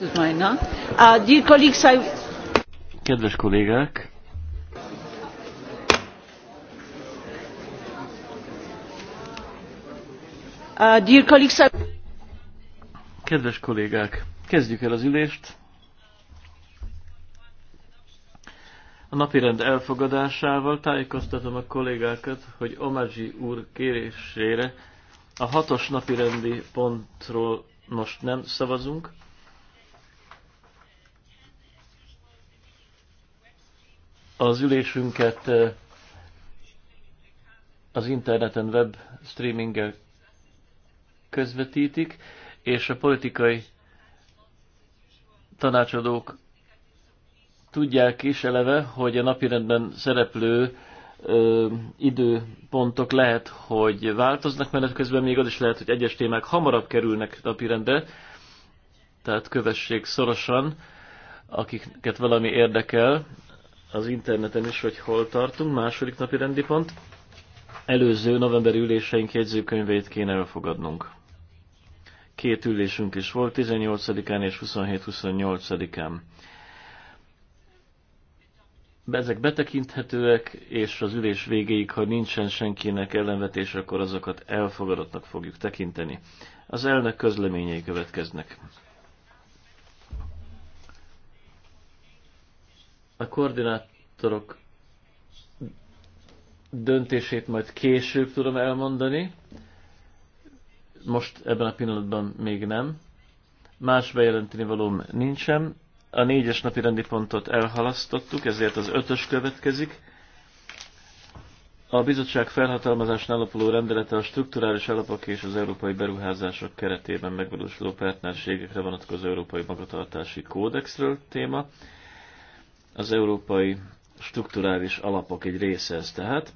Uh, Kedves kollégák! Uh, Kedves kollégák, kezdjük el az ülést. A napirend elfogadásával tájékoztatom a kollégákat, hogy Omadzsi úr kérésére a hatos napirendi pontról most nem szavazunk, Az ülésünket az interneten web streaminggel közvetítik, és a politikai tanácsadók tudják is eleve, hogy a napirendben szereplő ö, időpontok lehet, hogy változnak menet közben, még az is lehet, hogy egyes témák hamarabb kerülnek napirendre, tehát kövessék szorosan, akiket valami érdekel, az interneten is, hogy hol tartunk. Második napi rendi pont. Előző novemberi üléseink jegyzőkönyveit kéne elfogadnunk. Két ülésünk is volt, 18-án és 27-28-án. Ezek betekinthetőek, és az ülés végéig, ha nincsen senkinek ellenvetés, akkor azokat elfogadottnak fogjuk tekinteni. Az elnök közleményei következnek. A koordinátorok döntését majd később tudom elmondani. Most ebben a pillanatban még nem. Más bejelenteni valóm nincsen. A négyes napi rendi pontot elhalasztottuk, ezért az ötös következik. A bizottság felhatalmazásnál alapuló rendelete a strukturális alapok és az európai beruházások keretében megvalósuló partnerségekre vonatkozó európai magatartási kódexről téma az európai strukturális alapok egy része ez tehát.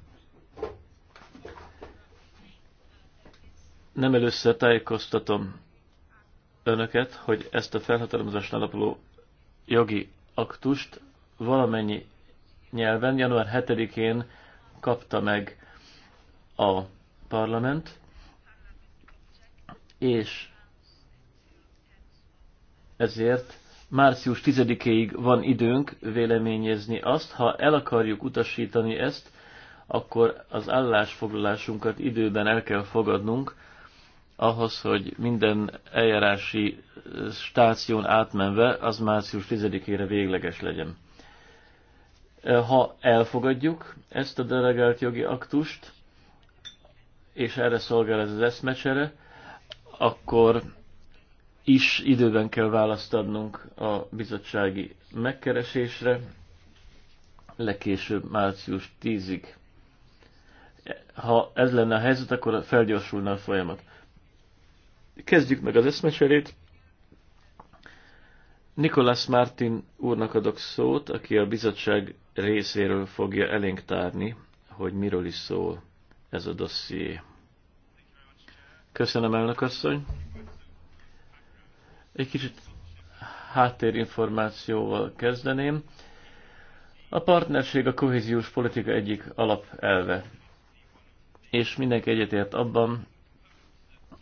Nem először tájékoztatom önöket, hogy ezt a felhatalmazást alapuló jogi aktust valamennyi nyelven január 7-én kapta meg a parlament, és ezért március 10-ig van időnk véleményezni azt, ha el akarjuk utasítani ezt, akkor az állásfoglalásunkat időben el kell fogadnunk, ahhoz, hogy minden eljárási stáción átmenve az március 10-ére végleges legyen. Ha elfogadjuk ezt a delegált jogi aktust, és erre szolgál ez az eszmecsere, akkor is időben kell választ adnunk a bizottsági megkeresésre, legkésőbb március 10-ig. Ha ez lenne a helyzet, akkor felgyorsulna a folyamat. Kezdjük meg az eszmeserét. Nikolas Martin úrnak adok szót, aki a bizottság részéről fogja elénk tárni, hogy miről is szól ez a dosszié. Köszönöm, elnök asszony! Egy kicsit háttérinformációval kezdeném. A partnerség a kohéziós politika egyik alapelve, és mindenki egyetért abban,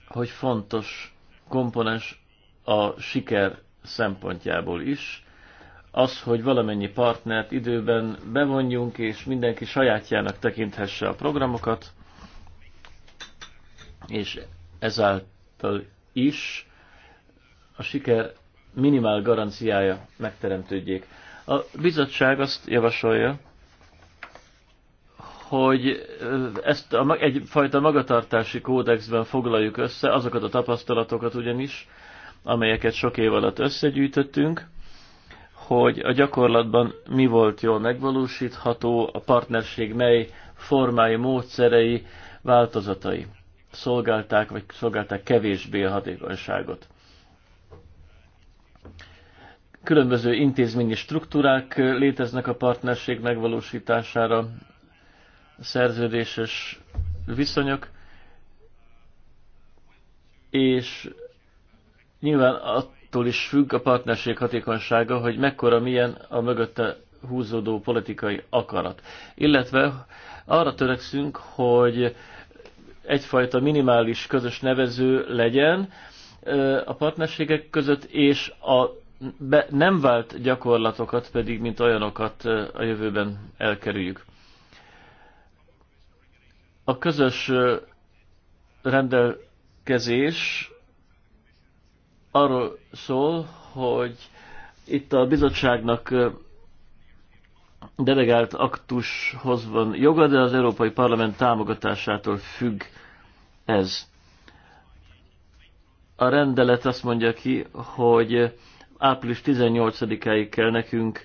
hogy fontos komponens a siker szempontjából is, az, hogy valamennyi partnert időben bevonjunk, és mindenki sajátjának tekinthesse a programokat, és ezáltal is a siker minimál garanciája megteremtődjék. A bizottság azt javasolja, hogy ezt a, egyfajta magatartási kódexben foglaljuk össze azokat a tapasztalatokat ugyanis, amelyeket sok év alatt összegyűjtöttünk, hogy a gyakorlatban mi volt jól megvalósítható, a partnerség mely formái, módszerei, változatai szolgálták, vagy szolgálták kevésbé a hatékonyságot. Különböző intézményi struktúrák léteznek a partnerség megvalósítására, szerződéses viszonyok, és nyilván attól is függ a partnerség hatékonysága, hogy mekkora milyen a mögötte húzódó politikai akarat. Illetve arra törekszünk, hogy egyfajta minimális közös nevező legyen a partnerségek között, és a be nem vált gyakorlatokat pedig, mint olyanokat a jövőben elkerüljük. A közös rendelkezés arról szól, hogy itt a bizottságnak delegált aktushoz van joga, de az Európai Parlament támogatásától függ ez. A rendelet azt mondja ki, hogy április 18-áig kell nekünk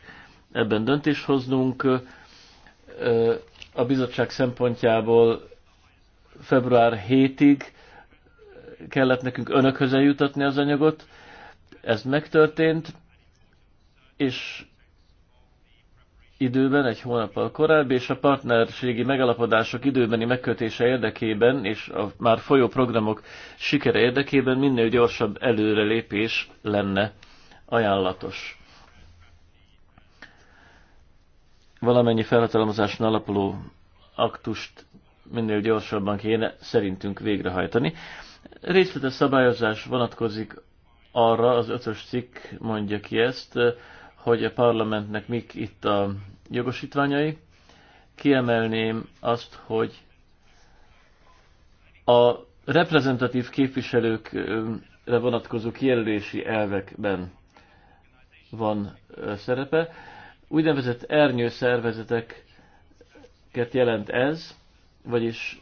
ebben döntést hoznunk. A bizottság szempontjából február 7-ig kellett nekünk önökhöz eljutatni az anyagot. Ez megtörtént, és időben, egy hónappal korábbi, és a partnerségi megalapodások időbeni megkötése érdekében, és a már folyó programok sikere érdekében minél gyorsabb előrelépés lenne ajánlatos. Valamennyi felhatalmazáson alapuló aktust minél gyorsabban kéne szerintünk végrehajtani. Részletes szabályozás vonatkozik arra, az ötös cikk mondja ki ezt, hogy a parlamentnek mik itt a jogosítványai. Kiemelném azt, hogy a reprezentatív képviselőkre vonatkozó kijelölési elvekben van szerepe. Úgynevezett ernyő szervezeteket jelent ez, vagyis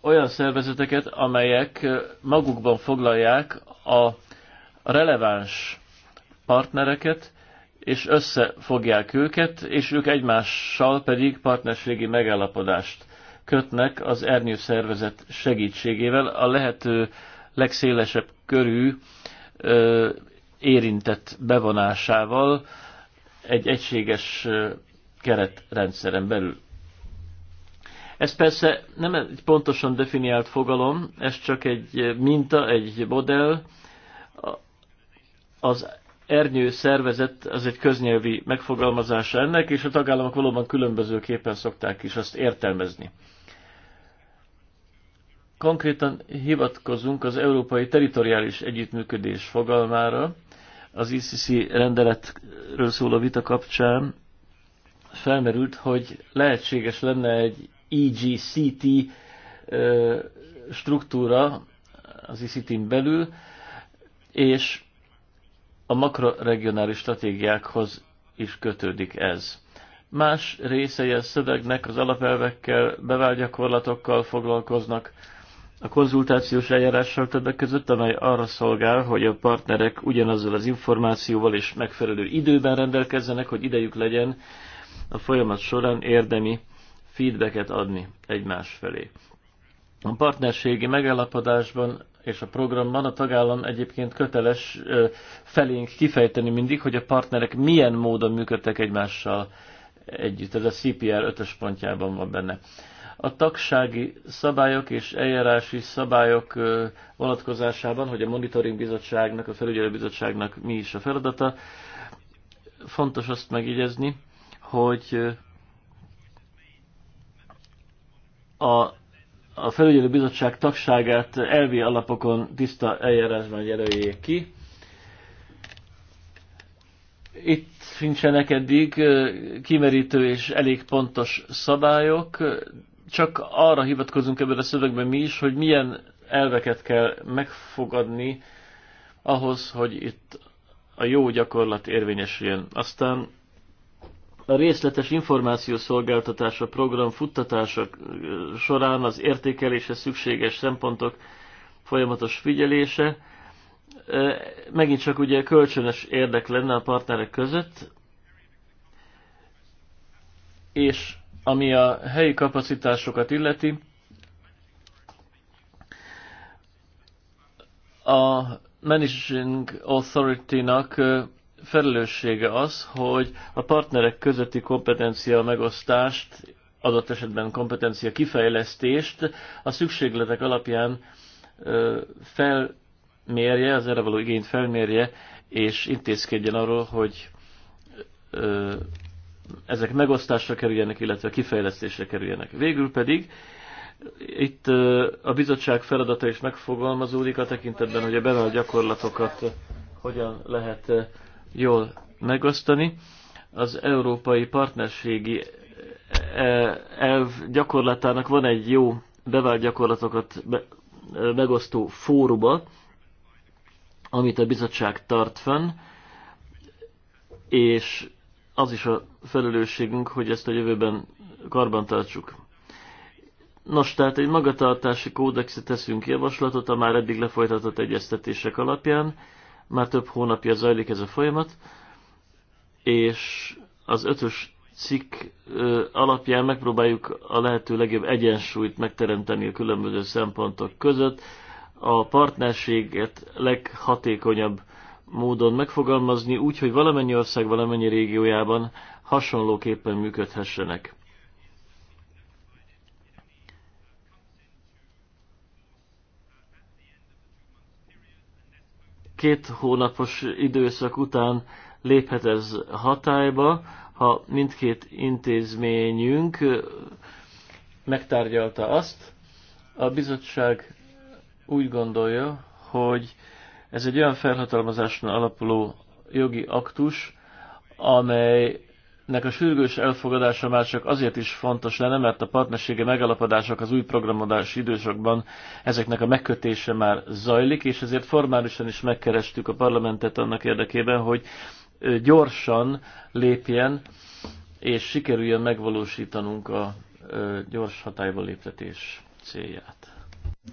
olyan szervezeteket, amelyek magukban foglalják a releváns partnereket, és összefogják őket, és ők egymással pedig partnerségi megállapodást kötnek az ernyő szervezet segítségével a lehető legszélesebb körű érintett bevonásával egy egységes keretrendszeren belül. Ez persze nem egy pontosan definiált fogalom, ez csak egy minta, egy modell. Az ernyő szervezet az egy köznyelvi megfogalmazása ennek, és a tagállamok valóban különbözőképpen szokták is azt értelmezni. Konkrétan hivatkozunk az európai teritoriális együttműködés fogalmára, az ICC rendeletről szóló vita kapcsán felmerült, hogy lehetséges lenne egy EGCT struktúra az ICT-n belül, és a makroregionális stratégiákhoz is kötődik ez. Más részei a szövegnek az alapelvekkel, bevált gyakorlatokkal foglalkoznak, a konzultációs eljárással többek között, amely arra szolgál, hogy a partnerek ugyanazzal az információval és megfelelő időben rendelkezzenek, hogy idejük legyen a folyamat során érdemi feedbacket adni egymás felé. A partnerségi megállapodásban és a programban a tagállam egyébként köteles felénk kifejteni mindig, hogy a partnerek milyen módon működtek egymással együtt. Ez a CPR ötös pontjában van benne a tagsági szabályok és eljárási szabályok vonatkozásában, hogy a monitoring bizottságnak, a felügyelő bizottságnak mi is a feladata, fontos azt megjegyezni, hogy a, a felügyelő bizottság tagságát elvi alapokon tiszta eljárásban jelöljék ki. Itt sincsenek eddig kimerítő és elég pontos szabályok, csak arra hivatkozunk ebben a szövegben mi is, hogy milyen elveket kell megfogadni ahhoz, hogy itt a jó gyakorlat érvényesüljön. Aztán a részletes információszolgáltatása program futtatása során az értékelése szükséges szempontok folyamatos figyelése. Megint csak ugye kölcsönös érdek lenne a partnerek között, és ami a helyi kapacitásokat illeti, a Managing Authority-nak felelőssége az, hogy a partnerek közötti kompetencia megosztást, adott esetben kompetencia kifejlesztést a szükségletek alapján felmérje, az erre való igényt felmérje, és intézkedjen arról, hogy ezek megosztásra kerüljenek, illetve kifejlesztésre kerüljenek. Végül pedig itt a bizottság feladata is megfogalmazódik a tekintetben, hogy a bevált gyakorlatokat hogyan lehet jól megosztani. Az európai partnerségi elv gyakorlatának van egy jó bevált gyakorlatokat megosztó fóruma, amit a bizottság tart fenn, és az is a felelősségünk, hogy ezt a jövőben karbantartsuk. Nos, tehát egy magatartási kódexet teszünk javaslatot a már eddig lefolytatott egyeztetések alapján, már több hónapja zajlik ez a folyamat, és az ötös cikk alapján megpróbáljuk a lehető legjobb egyensúlyt megteremteni a különböző szempontok között, a partnerséget leghatékonyabb módon megfogalmazni úgy, hogy valamennyi ország valamennyi régiójában hasonlóképpen működhessenek. Két hónapos időszak után léphet ez hatályba, ha mindkét intézményünk megtárgyalta azt, a bizottság úgy gondolja, hogy ez egy olyan felhatalmazáson alapuló jogi aktus, amelynek a sürgős elfogadása már csak azért is fontos lenne, mert a partnersége megalapodások az új programodási időszakban ezeknek a megkötése már zajlik, és ezért formálisan is megkerestük a parlamentet annak érdekében, hogy gyorsan lépjen, és sikerüljön megvalósítanunk a gyors hatályba léptetés célját.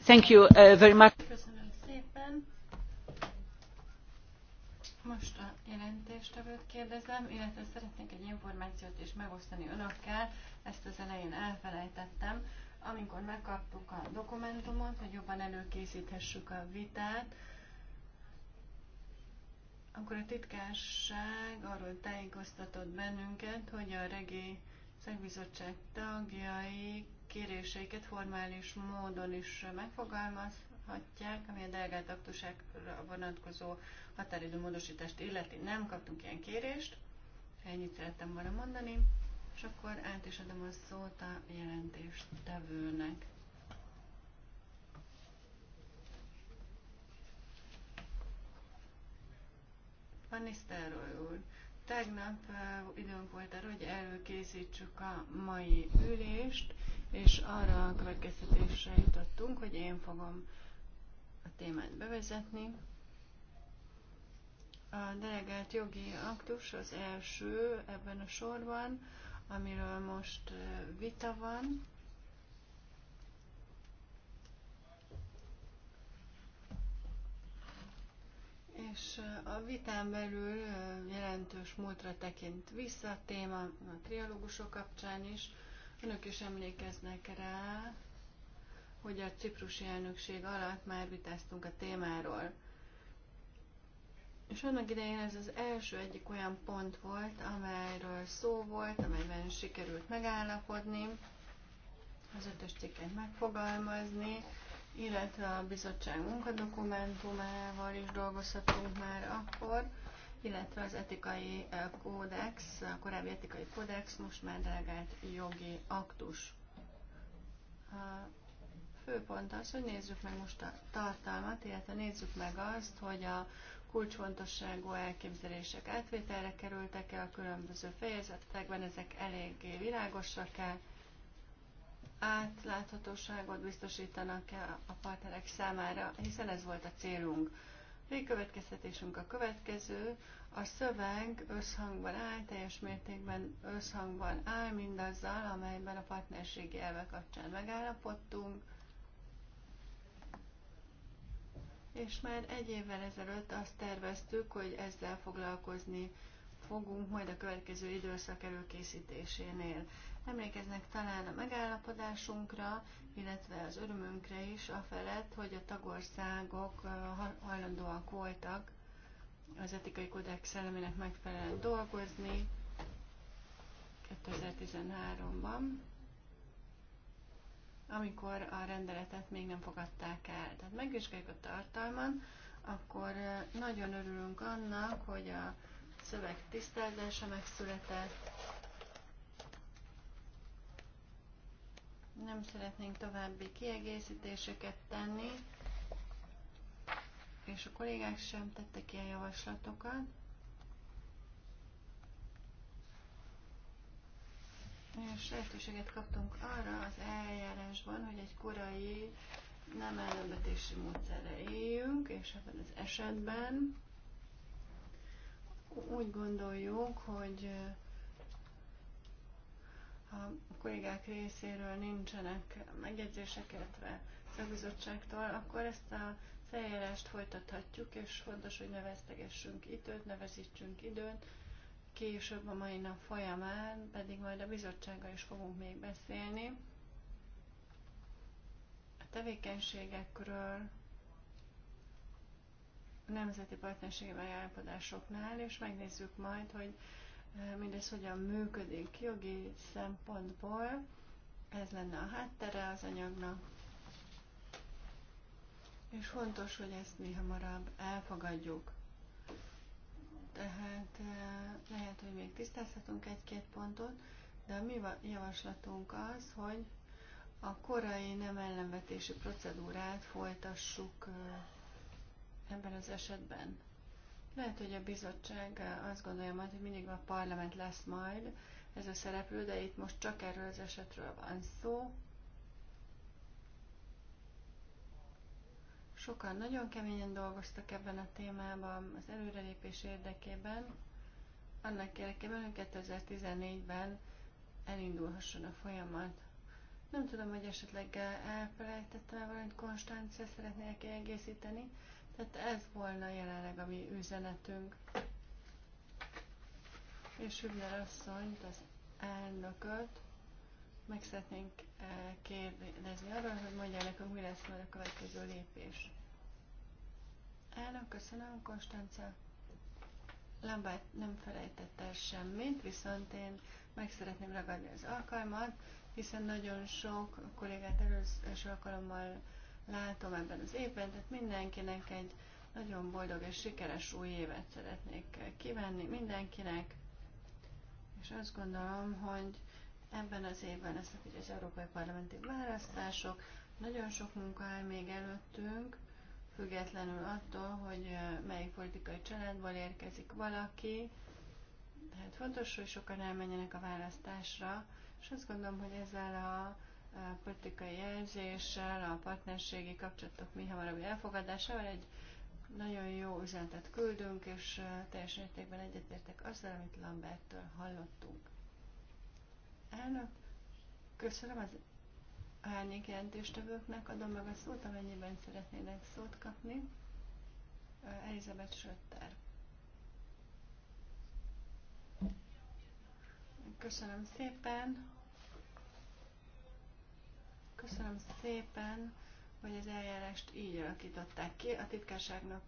Thank you uh, very much. Most a jelentéstevőt kérdezem, illetve szeretnék egy információt is megosztani önökkel, ezt az elején elfelejtettem. Amikor megkaptuk a dokumentumot, hogy jobban előkészíthessük a vitát, akkor a titkárság arról tájékoztatott bennünket, hogy a regi szakbizottság tagjai kéréseiket formális módon is megfogalmaz, hatják, ami a delegált aktusákra vonatkozó határidő módosítást illeti. Nem kaptunk ilyen kérést, ennyit szerettem volna mondani, és akkor át is adom a szót a tevőnek. Van Nisztelről úr. Tegnap uh, időnk volt arra, hogy előkészítsük a mai ülést, és arra a következtetésre jutottunk, hogy én fogom a témát bevezetni. A delegált jogi aktus az első ebben a sorban, amiről most vita van. És a vitán belül jelentős múltra tekint vissza a téma a trialógusok kapcsán is. Önök is emlékeznek rá, hogy a ciprusi elnökség alatt már vitáztunk a témáról. És annak idején ez az első egyik olyan pont volt, amelyről szó volt, amelyben sikerült megállapodni, az ötös cikket megfogalmazni, illetve a bizottság munkadokumentumával is dolgozhatunk már akkor, illetve az etikai eh, kódex, a korábbi etikai kódex most már delegált jogi aktus főpont az, hogy nézzük meg most a tartalmat, illetve nézzük meg azt, hogy a kulcsfontosságú elképzelések átvételre kerültek-e a különböző fejezetekben, ezek eléggé világosak-e, átláthatóságot biztosítanak-e a partnerek számára, hiszen ez volt a célunk. Végkövetkeztetésünk a következő, a szöveg összhangban áll, teljes mértékben összhangban áll mindazzal, amelyben a partnerségi elve kapcsán megállapodtunk, és már egy évvel ezelőtt azt terveztük, hogy ezzel foglalkozni fogunk majd a következő időszak előkészítésénél. Emlékeznek talán a megállapodásunkra, illetve az örömünkre is, a felett, hogy a tagországok uh, hajlandóak voltak az etikai kodex szellemének megfelelően dolgozni 2013-ban amikor a rendeletet még nem fogadták el. Tehát megvizsgáljuk a tartalmat, akkor nagyon örülünk annak, hogy a szöveg tisztázása megszületett. Nem szeretnénk további kiegészítéseket tenni, és a kollégák sem tettek ilyen javaslatokat. és lehetőséget kaptunk arra az eljárásban, hogy egy korai nem ellenvetési módszerre éljünk, és ebben az esetben úgy gondoljuk, hogy ha eh, a kollégák részéről nincsenek megjegyzések, illetve szakbizottságtól, akkor ezt a eljárást folytathatjuk, és fontos, hogy ne vesztegessünk időt, ne veszítsünk időt, később a mai nap folyamán, pedig majd a bizottsággal is fogunk még beszélni. A tevékenységekről, a nemzeti partnerségi megállapodásoknál, és megnézzük majd, hogy e, mindez hogyan működik jogi szempontból. Ez lenne a háttere az anyagnak. És fontos, hogy ezt mi hamarabb elfogadjuk tehát lehet, hogy még tisztázhatunk egy-két pontot, de a mi javaslatunk az, hogy a korai nem ellenvetési procedúrát folytassuk ebben az esetben. Lehet, hogy a bizottság azt gondolja majd, hogy mindig a parlament lesz majd ez a szereplő, de itt most csak erről az esetről van szó. Sokan nagyon keményen dolgoztak ebben a témában, az előrelépés érdekében, annak érdekében, hogy 2014-ben elindulhasson a folyamat. Nem tudom, hogy esetleg elfelejtettem valamit, Konstancia szeretnél kiegészíteni. Tehát ez volna jelenleg a mi üzenetünk. És Hübner asszonyt, az elnököt, meg szeretnénk eh, kérdezni arról, hogy mondja nekünk, mi lesz majd a következő lépés. Elnök, köszönöm, Konstanca. Lambát nem felejtett el semmit, viszont én meg szeretném ragadni az alkalmat, hiszen nagyon sok kollégát először alkalommal látom ebben az évben, tehát mindenkinek egy nagyon boldog és sikeres új évet szeretnék kívánni mindenkinek, és azt gondolom, hogy ebben az évben lesznek az európai parlamenti választások, nagyon sok munka áll még előttünk, függetlenül attól, hogy melyik politikai családból érkezik valaki. Tehát fontos, hogy sokan elmenjenek a választásra, és azt gondolom, hogy ezzel a politikai jelzéssel, a partnerségi kapcsolatok mi hamarabb elfogadásával egy nagyon jó üzenetet küldünk, és teljes mértékben egyetértek azzal, amit Lambertől hallottunk. Elnök, köszönöm az árnyék jelentéstevőknek adom meg a szót, amennyiben szeretnének szót kapni. Elizabeth Schröter. Köszönöm szépen. Köszönöm szépen, hogy az eljárást így alakították ki. A titkárságnak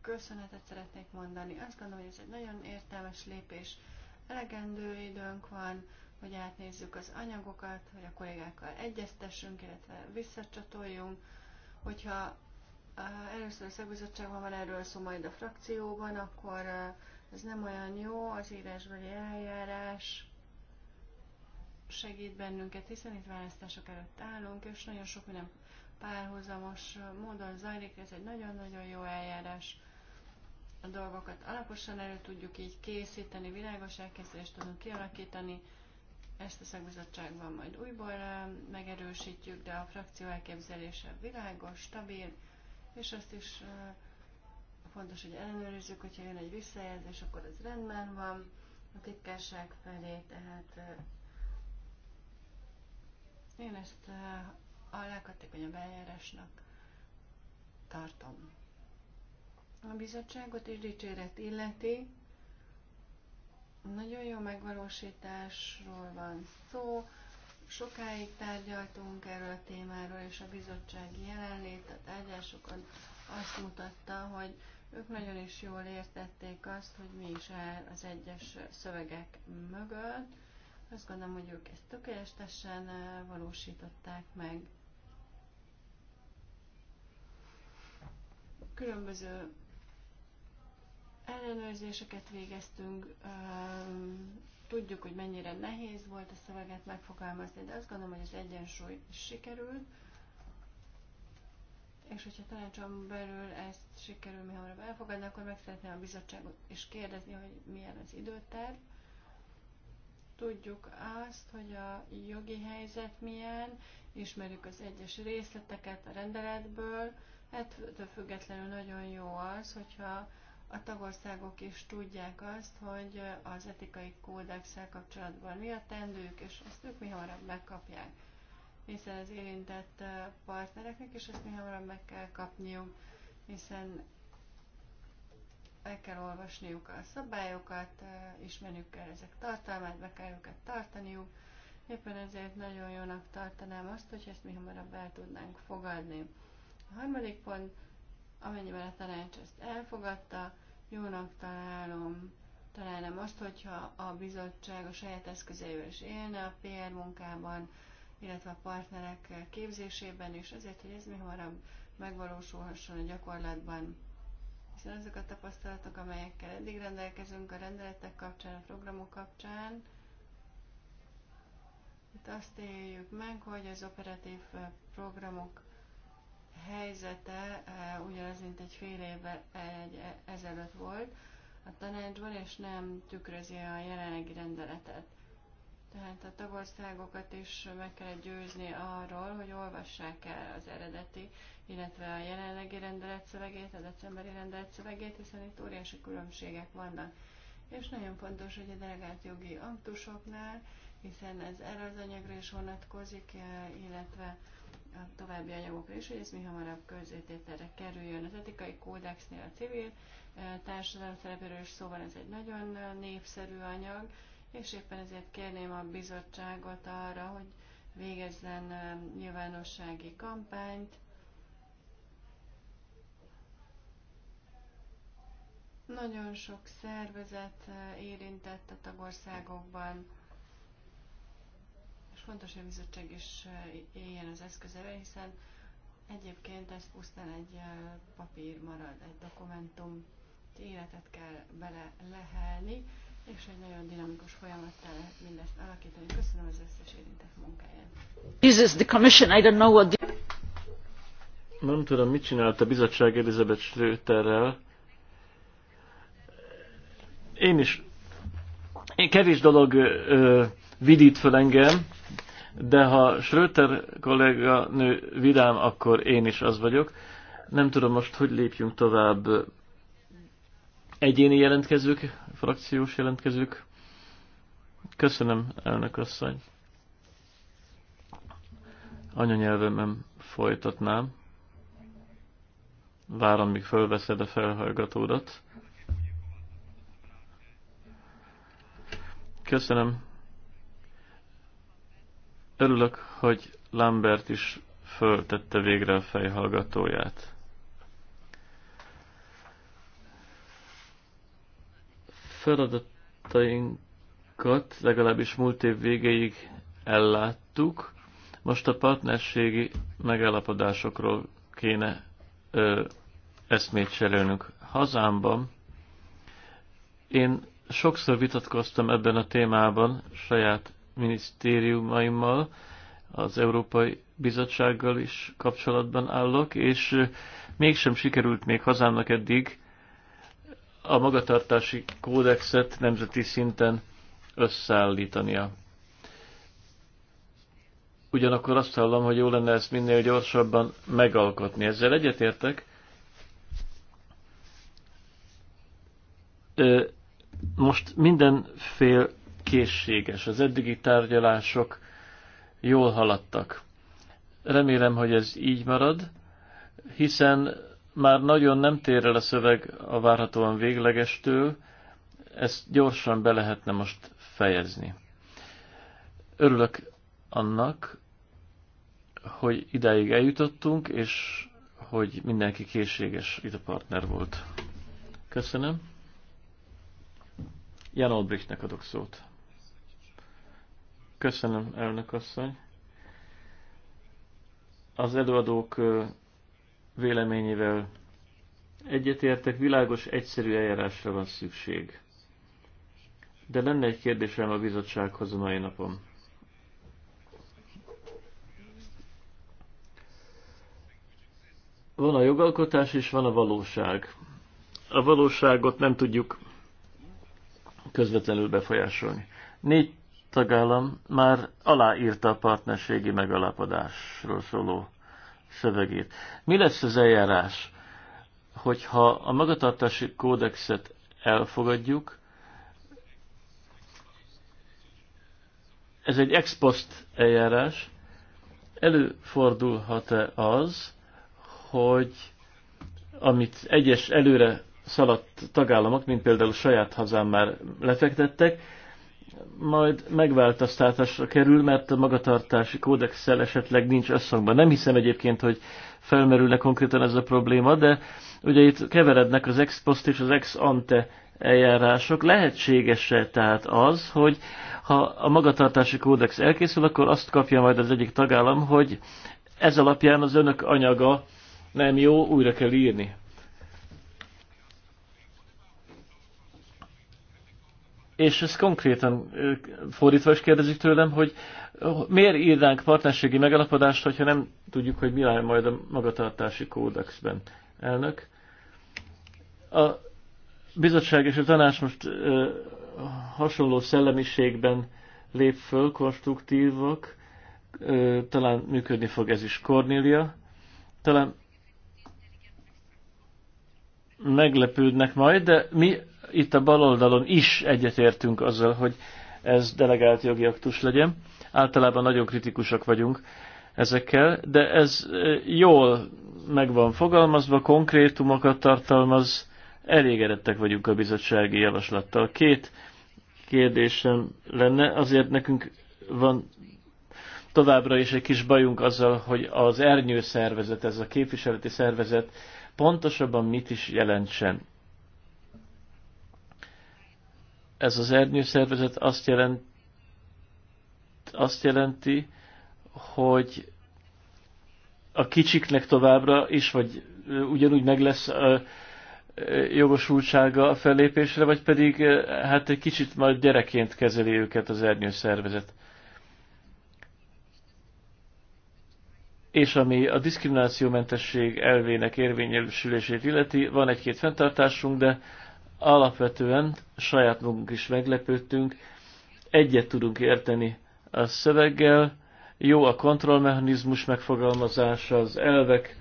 köszönetet szeretnék mondani. Azt gondolom, hogy ez egy nagyon értelmes lépés. Elegendő időnk van, hogy átnézzük az anyagokat, hogy a kollégákkal egyeztessünk, illetve visszacsatoljunk. Hogyha először a szakbizottságban van erről szó, majd a frakcióban, akkor ez nem olyan jó, az írásbeli eljárás segít bennünket, hiszen itt választások előtt állunk, és nagyon sok minden párhuzamos módon zajlik, ez egy nagyon-nagyon jó eljárás. A dolgokat alaposan elő tudjuk így készíteni, világos elképzelést tudunk kialakítani, ezt a szakbizottságban majd újból megerősítjük, de a frakció elképzelése világos, stabil, és azt is fontos, hogy ellenőrizzük, hogyha jön egy visszajelzés, akkor az rendben van a titkárság felé, tehát én ezt a leghatékonyabb eljárásnak tartom. A bizottságot is dicséret illeti, nagyon jó megvalósításról van szó. Sokáig tárgyaltunk erről a témáról, és a bizottsági jelenlét a tárgyásokon azt mutatta, hogy ők nagyon is jól értették azt, hogy mi is áll az egyes szövegek mögött. Azt gondolom, hogy ők ezt tökéletesen valósították meg. Különböző ellenőrzéseket végeztünk, tudjuk, hogy mennyire nehéz volt a szöveget megfogalmazni, de azt gondolom, hogy az egyensúly sikerült, és hogyha tanácsom belül ezt sikerül mi hamarabb elfogadni, akkor meg szeretném a bizottságot is kérdezni, hogy milyen az időterv. Tudjuk azt, hogy a jogi helyzet milyen, ismerjük az egyes részleteket a rendeletből, ettől függetlenül nagyon jó az, hogyha a tagországok is tudják azt, hogy az etikai kódexsel kapcsolatban mi a tendők, és ezt ők mi hamarabb megkapják. Hiszen az érintett partnereknek is ezt mi hamarabb meg kell kapniuk, hiszen el kell olvasniuk a szabályokat, ismerniük kell ezek tartalmát, be kell őket tartaniuk. Éppen ezért nagyon jónak tartanám azt, hogy ezt mi hamarabb el tudnánk fogadni. A harmadik pont, amennyiben a tanács ezt elfogadta, jónak találom, találnám azt, hogyha a bizottság a saját eszközeivel is élne a PR munkában, illetve a partnerek képzésében is, azért, hogy ez mi hamarabb megvalósulhasson a gyakorlatban. Hiszen azok a tapasztalatok, amelyekkel eddig rendelkezünk a rendeletek kapcsán, a programok kapcsán, itt azt éljük meg, hogy az operatív programok helyzete eh, ugyanaz, mint egy fél évvel egy, eh, ezelőtt volt a tanácsban, és nem tükrözi a jelenlegi rendeletet. Tehát a tagországokat is meg kell győzni arról, hogy olvassák el az eredeti, illetve a jelenlegi rendelet szövegét, a decemberi rendelet szövegét, hiszen itt óriási különbségek vannak. És nagyon fontos, hogy a delegált jogi aktusoknál, hiszen ez erre az anyagra is vonatkozik, eh, illetve a további anyagokra is, hogy ez mi hamarabb közvetételre kerüljön. Az etikai kódexnél a civil társadalom szerepéről is szóval ez egy nagyon népszerű anyag, és éppen ezért kérném a bizottságot arra, hogy végezzen nyilvánossági kampányt, Nagyon sok szervezet érintett a tagországokban, Fontos, hogy a bizottság is eh, éljen az eszközeve, hiszen egyébként ez pusztán egy eh, papír marad, egy dokumentum, életet kell bele lehelni, és egy nagyon dinamikus folyamattal lehet mindezt alakítani. Köszönöm az összes érintett munkáját. the commission, I don't know what the... Nem tudom, mit csinált a bizottság Elizabeth Schröterrel. Én is. Én kevés dolog ö, vidít föl engem, de ha Schröter kolléga nő vidám, akkor én is az vagyok. Nem tudom most, hogy lépjünk tovább. Egyéni jelentkezők, frakciós jelentkezők. Köszönöm, elnök asszony. Anyanyelvemen folytatnám. Várom, míg fölveszed a felhallgatódat. Köszönöm Örülök, hogy Lambert is föltette végre a fejhallgatóját. Feladatainkat legalábbis múlt év végéig elláttuk, most a partnerségi megállapodásokról kéne ö, eszmét cserélnünk. Hazámban én sokszor vitatkoztam ebben a témában saját minisztériumaimmal, az Európai Bizottsággal is kapcsolatban állok, és mégsem sikerült még hazámnak eddig a magatartási kódexet nemzeti szinten összeállítania. Ugyanakkor azt hallom, hogy jó lenne ezt minél gyorsabban megalkotni. Ezzel egyetértek. Most minden fél készséges. Az eddigi tárgyalások jól haladtak. Remélem, hogy ez így marad, hiszen már nagyon nem tér el a szöveg a várhatóan véglegestől, ezt gyorsan be lehetne most fejezni. Örülök annak, hogy idáig eljutottunk, és hogy mindenki készséges itt a partner volt. Köszönöm. Jan Olbrichtnek adok szót. Köszönöm, elnök asszony. Az előadók véleményével egyetértek, világos, egyszerű eljárásra van szükség. De lenne egy kérdésem a bizottsághoz a mai napon. Van a jogalkotás és van a valóság. A valóságot nem tudjuk közvetlenül befolyásolni. Négy tagállam már aláírta a partnerségi megalapodásról szóló szövegét. Mi lesz az eljárás, hogyha a magatartási kódexet elfogadjuk, ez egy ex post eljárás, előfordulhat-e az, hogy amit egyes előre szaladt tagállamok, mint például saját hazám már lefektettek, majd megváltoztatásra kerül, mert a magatartási kódexsel esetleg nincs összhangban. Nem hiszem egyébként, hogy felmerülne konkrétan ez a probléma, de ugye itt keverednek az ex post és az ex ante eljárások. Lehetséges-e tehát az, hogy ha a magatartási kódex elkészül, akkor azt kapja majd az egyik tagállam, hogy ez alapján az önök anyaga nem jó, újra kell írni. és ezt konkrétan fordítva is kérdezik tőlem, hogy miért írnánk partnerségi megalapodást, hogyha nem tudjuk, hogy mi áll majd a magatartási kódexben. Elnök, a bizottság és a tanács most ö, hasonló szellemiségben lép föl, konstruktívak, ö, talán működni fog ez is. Cornélia, talán meglepődnek majd, de mi itt a bal oldalon is egyetértünk azzal, hogy ez delegált jogi aktus legyen. Általában nagyon kritikusak vagyunk ezekkel, de ez e, jól meg van fogalmazva, konkrétumokat tartalmaz, elégedettek vagyunk a bizottsági javaslattal. Két kérdésem lenne, azért nekünk van továbbra is egy kis bajunk azzal, hogy az ernyőszervezet, szervezet, ez a képviseleti szervezet pontosabban mit is jelentsen ez az szervezet azt, jelent, azt jelenti, hogy a kicsiknek továbbra is, vagy ugyanúgy meg lesz a jogosultsága a fellépésre, vagy pedig hát egy kicsit majd gyerekként kezeli őket az szervezet. És ami a diszkriminációmentesség elvének érvényesülését illeti, van egy-két fenntartásunk, de alapvetően saját magunk is meglepődtünk, egyet tudunk érteni a szöveggel, jó a kontrollmechanizmus megfogalmazása, az elvek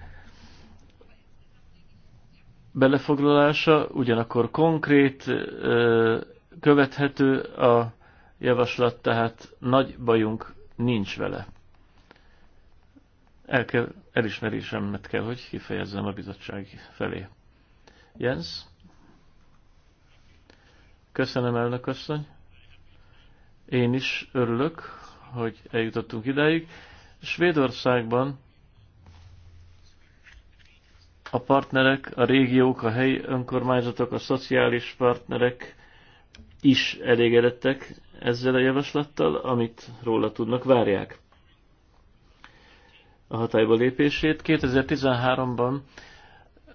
belefoglalása, ugyanakkor konkrét, követhető a javaslat, tehát nagy bajunk nincs vele. El kell, elismerésemet kell, hogy kifejezzem a bizottság felé. Jens? Köszönöm, elnök asszony. Én is örülök, hogy eljutottunk idáig. Svédországban a partnerek, a régiók, a helyi önkormányzatok, a szociális partnerek is elégedettek ezzel a javaslattal, amit róla tudnak, várják a hatályba lépését. 2013-ban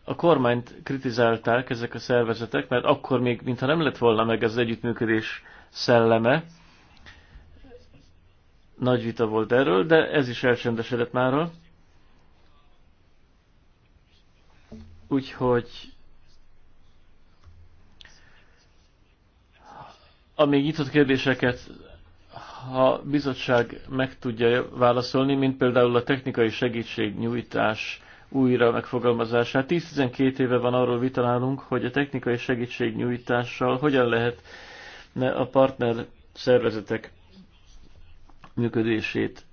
a kormányt kritizálták ezek a szervezetek, mert akkor még, mintha nem lett volna meg az együttműködés szelleme, nagy vita volt erről, de ez is elcsendesedett mára. Úgyhogy a még nyitott kérdéseket ha a bizottság meg tudja válaszolni, mint például a technikai segítség nyújtás újra megfogalmazását. 10-12 éve van arról vitalálunk, hogy a technikai segítségnyújtással hogyan lehet a partner szervezetek működését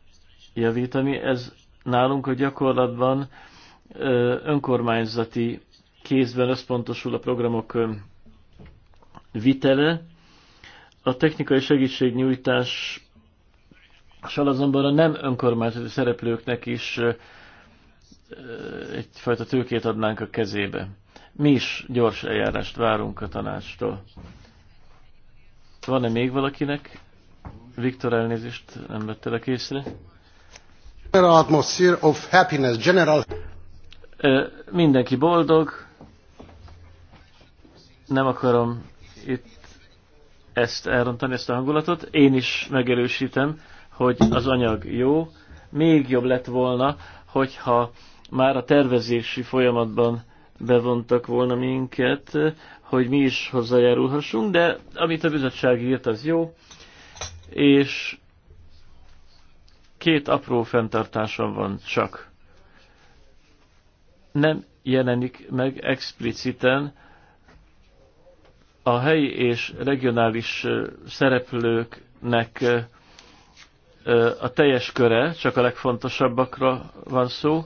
javítani. Ez nálunk a gyakorlatban önkormányzati kézben összpontosul a programok vitele. A technikai segítségnyújtás azonban a nem önkormányzati szereplőknek is egyfajta tőkét adnánk a kezébe. Mi is gyors eljárást várunk a tanácstól. Van-e még valakinek? Viktor, elnézést, nem vettelek észre. General atmosphere of happiness, general... mindenki boldog. Nem akarom itt ezt elrontani, ezt a hangulatot. Én is megerősítem, hogy az anyag jó. Még jobb lett volna, hogyha már a tervezési folyamatban bevontak volna minket, hogy mi is hozzájárulhassunk, de amit a bizottság írt, az jó, és két apró fenntartásom van csak. Nem jelenik meg expliciten a helyi és regionális szereplőknek a teljes köre, csak a legfontosabbakra van szó,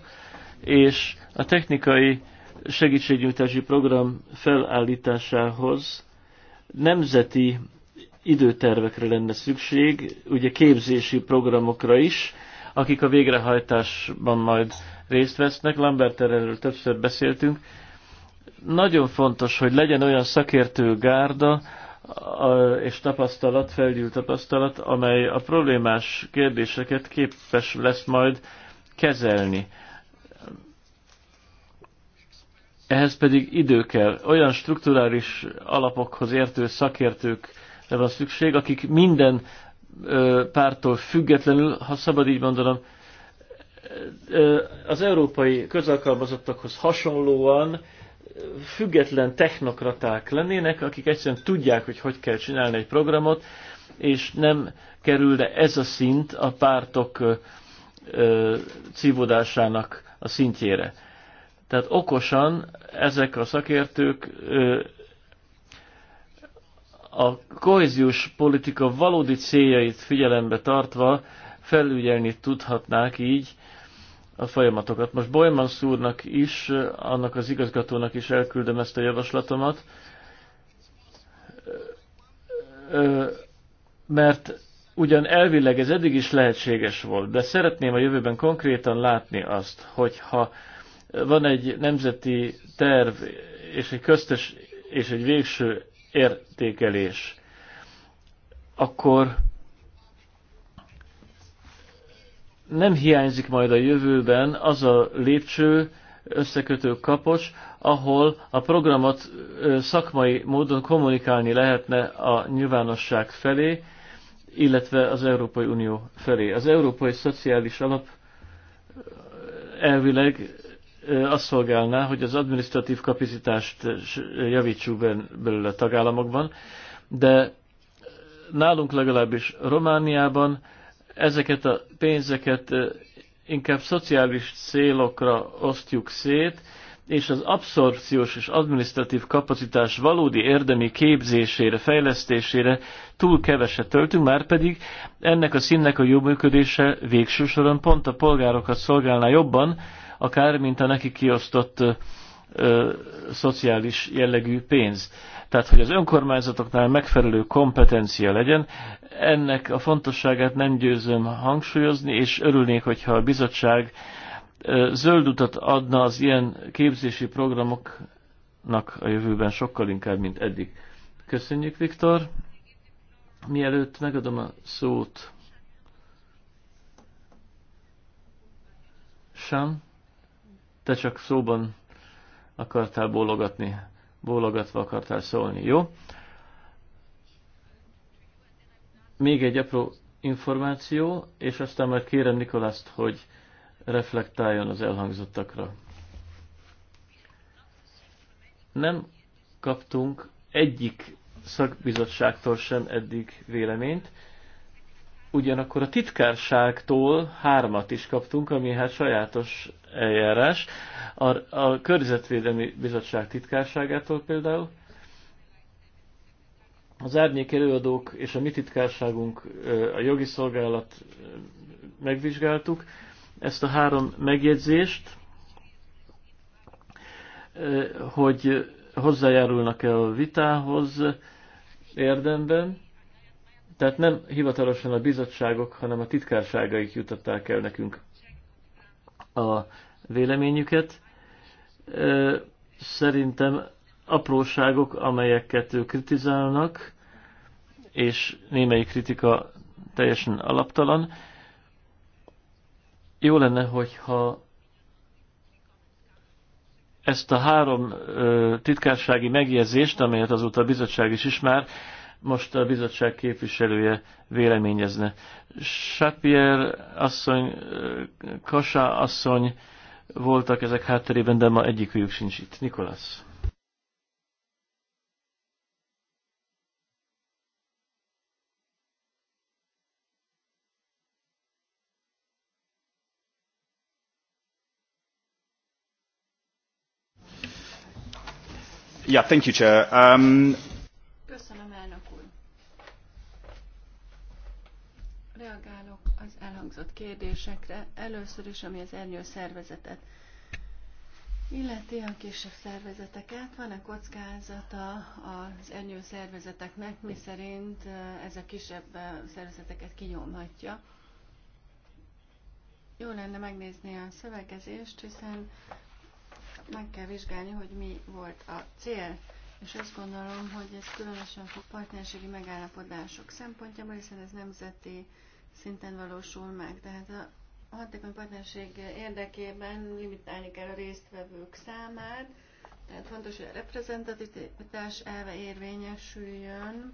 és a technikai segítségnyújtási program felállításához nemzeti időtervekre lenne szükség, ugye képzési programokra is, akik a végrehajtásban majd részt vesznek. Lambert erről többször beszéltünk. Nagyon fontos, hogy legyen olyan szakértő gárda és tapasztalat, felgyűlt tapasztalat, amely a problémás kérdéseket képes lesz majd kezelni. Ehhez pedig idő kell. Olyan strukturális alapokhoz értő szakértőkre van szükség, akik minden pártól függetlenül, ha szabad így mondanom, az európai közalkalmazottakhoz hasonlóan független technokraták lennének, akik egyszerűen tudják, hogy hogy kell csinálni egy programot, és nem kerülne ez a szint a pártok cívódásának a szintjére. Tehát okosan ezek a szakértők a kohéziós politika valódi céljait figyelembe tartva felügyelni tudhatnák így a folyamatokat. Most Bolyman szúrnak is, annak az igazgatónak is elküldöm ezt a javaslatomat, mert ugyan elvileg ez eddig is lehetséges volt, de szeretném a jövőben konkrétan látni azt, hogy ha van egy nemzeti terv, és egy köztes, és egy végső értékelés. Akkor nem hiányzik majd a jövőben az a lépcső, összekötő kapocs, ahol a programot szakmai módon kommunikálni lehetne a nyilvánosság felé, illetve az Európai Unió felé. Az Európai Szociális Alap elvileg azt szolgálná, hogy az administratív kapacitást javítsuk belőle a tagállamokban, de nálunk legalábbis Romániában ezeket a pénzeket inkább szociális célokra osztjuk szét, és az abszorpciós és administratív kapacitás valódi érdemi képzésére, fejlesztésére túl keveset töltünk, már pedig ennek a színnek a jó működése végső soron pont a polgárokat szolgálná jobban, akár mint a neki kiosztott ö, szociális jellegű pénz. Tehát, hogy az önkormányzatoknál megfelelő kompetencia legyen, ennek a fontosságát nem győzöm hangsúlyozni, és örülnék, hogyha a bizottság ö, zöld utat adna az ilyen képzési programoknak a jövőben sokkal inkább, mint eddig. Köszönjük, Viktor! Mielőtt megadom a szót Sam, te csak szóban akartál bólogatni, bólogatva akartál szólni, jó? Még egy apró információ, és aztán majd kérem Nikolászt, hogy reflektáljon az elhangzottakra. Nem kaptunk egyik szakbizottságtól sem eddig véleményt, ugyanakkor a titkárságtól hármat is kaptunk, ami hát sajátos eljárás. A, a Környezetvédelmi Bizottság titkárságától például. Az árnyék előadók és a mi titkárságunk, a jogi szolgálat megvizsgáltuk ezt a három megjegyzést, hogy hozzájárulnak-e a vitához érdemben, tehát nem hivatalosan a bizottságok, hanem a titkárságaik jutották el nekünk a véleményüket. Szerintem apróságok, amelyeket ők kritizálnak, és némelyik kritika teljesen alaptalan. Jó lenne, hogyha ezt a három titkársági megjegyzést, amelyet azóta a bizottság is ismer, most a bizottság képviselője véleményezne. Sapier asszony, Kasa asszony voltak ezek hátterében, de ma egyikük sincs itt. Nikolasz. Yeah, thank you, Chair. Um, Köszönöm, elnök úr. Reagálok az elhangzott kérdésekre. Először is, ami az ernyő szervezetet illeti a kisebb szervezeteket. Van-e kockázata az ernyő szervezeteknek, mi szerint eh, ez a kisebb eh, szervezeteket kinyomhatja? Jó lenne megnézni a szövegezést, hiszen meg kell vizsgálni, hogy mi volt a cél és azt gondolom, hogy ez különösen fog partnerségi megállapodások szempontjából, hiszen ez nemzeti szinten valósul meg. Tehát a hatékony partnerség érdekében limitálni kell a résztvevők számát, tehát fontos, hogy a reprezentativitás elve érvényesüljön,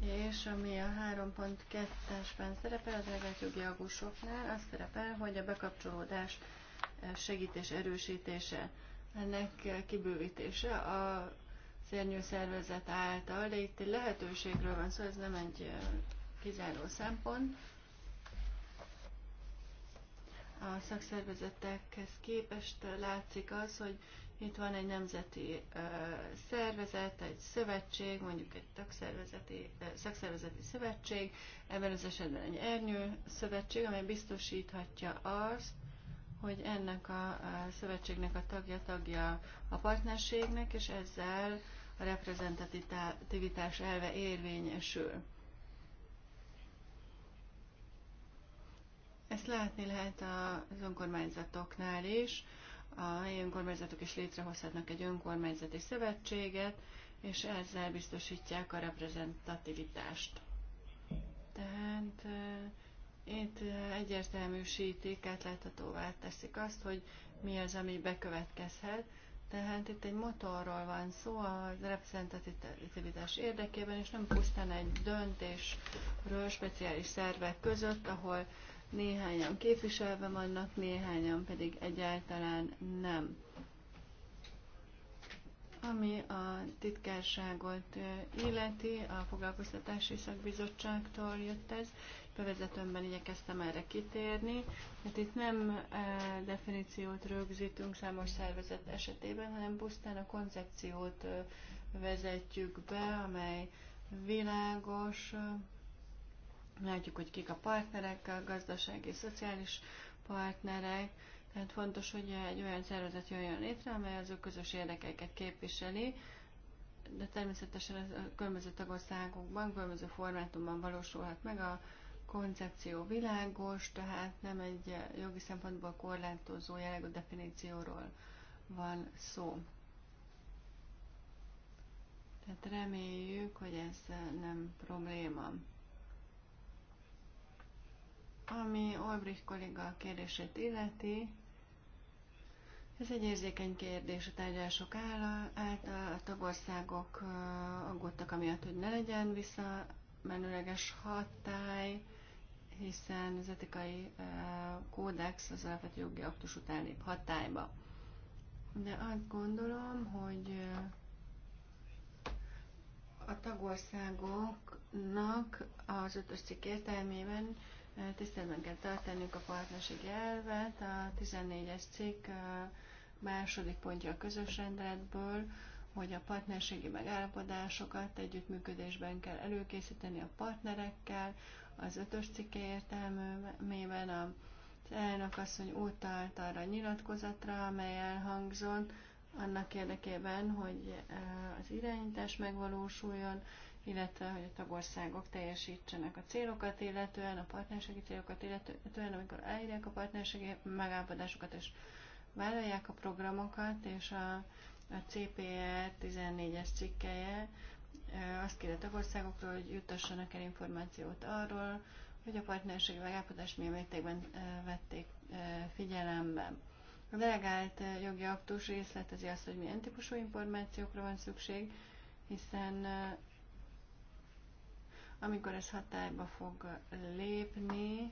és ami a 3.2-esben szerepel, az elvett jogi agusoknál, az szerepel, hogy a bekapcsolódás segítés erősítése ennek kibővítése a szérnyő szervezet által, de itt egy lehetőségről van szó, szóval ez nem egy kizáró szempont. A szakszervezetekhez képest látszik az, hogy itt van egy nemzeti szervezet, egy szövetség, mondjuk egy tagszervezeti, szakszervezeti szövetség, ebben az esetben egy ernyő szövetség, amely biztosíthatja azt, hogy ennek a szövetségnek a tagja tagja a partnerségnek, és ezzel a reprezentativitás elve érvényesül. Ezt látni lehet az önkormányzatoknál is. A helyi önkormányzatok is létrehozhatnak egy önkormányzati szövetséget, és ezzel biztosítják a reprezentativitást. Tehát itt egyértelműsítik, átláthatóvá teszik azt, hogy mi az, ami bekövetkezhet. Tehát itt egy motorról van szó a reprezentativitás érdekében, és nem pusztán egy döntésről speciális szervek között, ahol néhányan képviselve vannak, néhányan pedig egyáltalán nem. Ami a titkárságot illeti, a foglalkoztatási szakbizottságtól jött ez, bevezetőmben igyekeztem erre kitérni. mert hát itt nem e, definíciót rögzítünk számos szervezet esetében, hanem pusztán a koncepciót e, vezetjük be, amely világos, e, látjuk, hogy kik a partnerek, a gazdasági és szociális partnerek, tehát fontos, hogy egy olyan szervezet jöjjön létre, amely az ő közös érdekeiket képviseli, de természetesen a különböző tagországokban, különböző formátumban valósulhat meg a koncepció világos, tehát nem egy jogi szempontból korlátozó jellegű definícióról van szó. Tehát reméljük, hogy ez nem probléma. Ami Olbrich kolléga kérdését illeti, ez egy érzékeny kérdés a tárgyalások által. A tagországok aggódtak amiatt, hogy ne legyen visszamenőleges hatály, hiszen az etikai kódex az alapvető jogi aktus után lép hatályba. De azt gondolom, hogy a tagországoknak az ötös cikk értelmében tiszteletben kell tartaniuk a partnerség elvet. A 14-es cikk második pontja a közös rendeletből, hogy a partnerségi megállapodásokat együttműködésben kell előkészíteni a partnerekkel, az ötös cikke értelmében a elnök asszony utalt arra a nyilatkozatra, amely elhangzott, annak érdekében, hogy eh, az irányítás megvalósuljon, illetve hogy a tagországok teljesítsenek a célokat, illetően a partnerségi célokat, illetően amikor elírják a partnerségi megállapodásokat és vállalják a programokat, és a, a CPR 14-es cikkeje azt kér a tagországokról, hogy juttassanak el információt arról, hogy a partnerségi megállapodást milyen mértékben vették figyelembe. A delegált jogi aktus részletezi azt, hogy milyen típusú információkra van szükség, hiszen amikor ez hatályba fog lépni,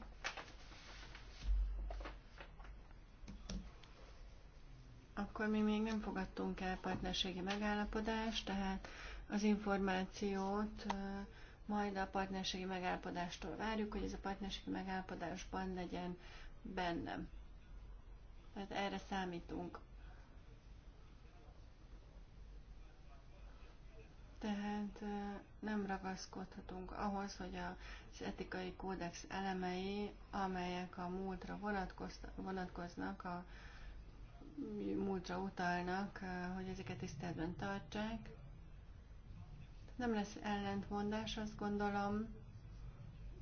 akkor mi még nem fogadtunk el partnerségi megállapodást, tehát az információt majd a partnerségi megállapodástól várjuk, hogy ez a partnerségi megállapodásban legyen bennem. Tehát erre számítunk. Tehát nem ragaszkodhatunk ahhoz, hogy az etikai kódex elemei, amelyek a múltra vonatkoznak, a múltra utalnak, hogy ezeket tiszteletben tartsák. Nem lesz ellentmondás, azt gondolom.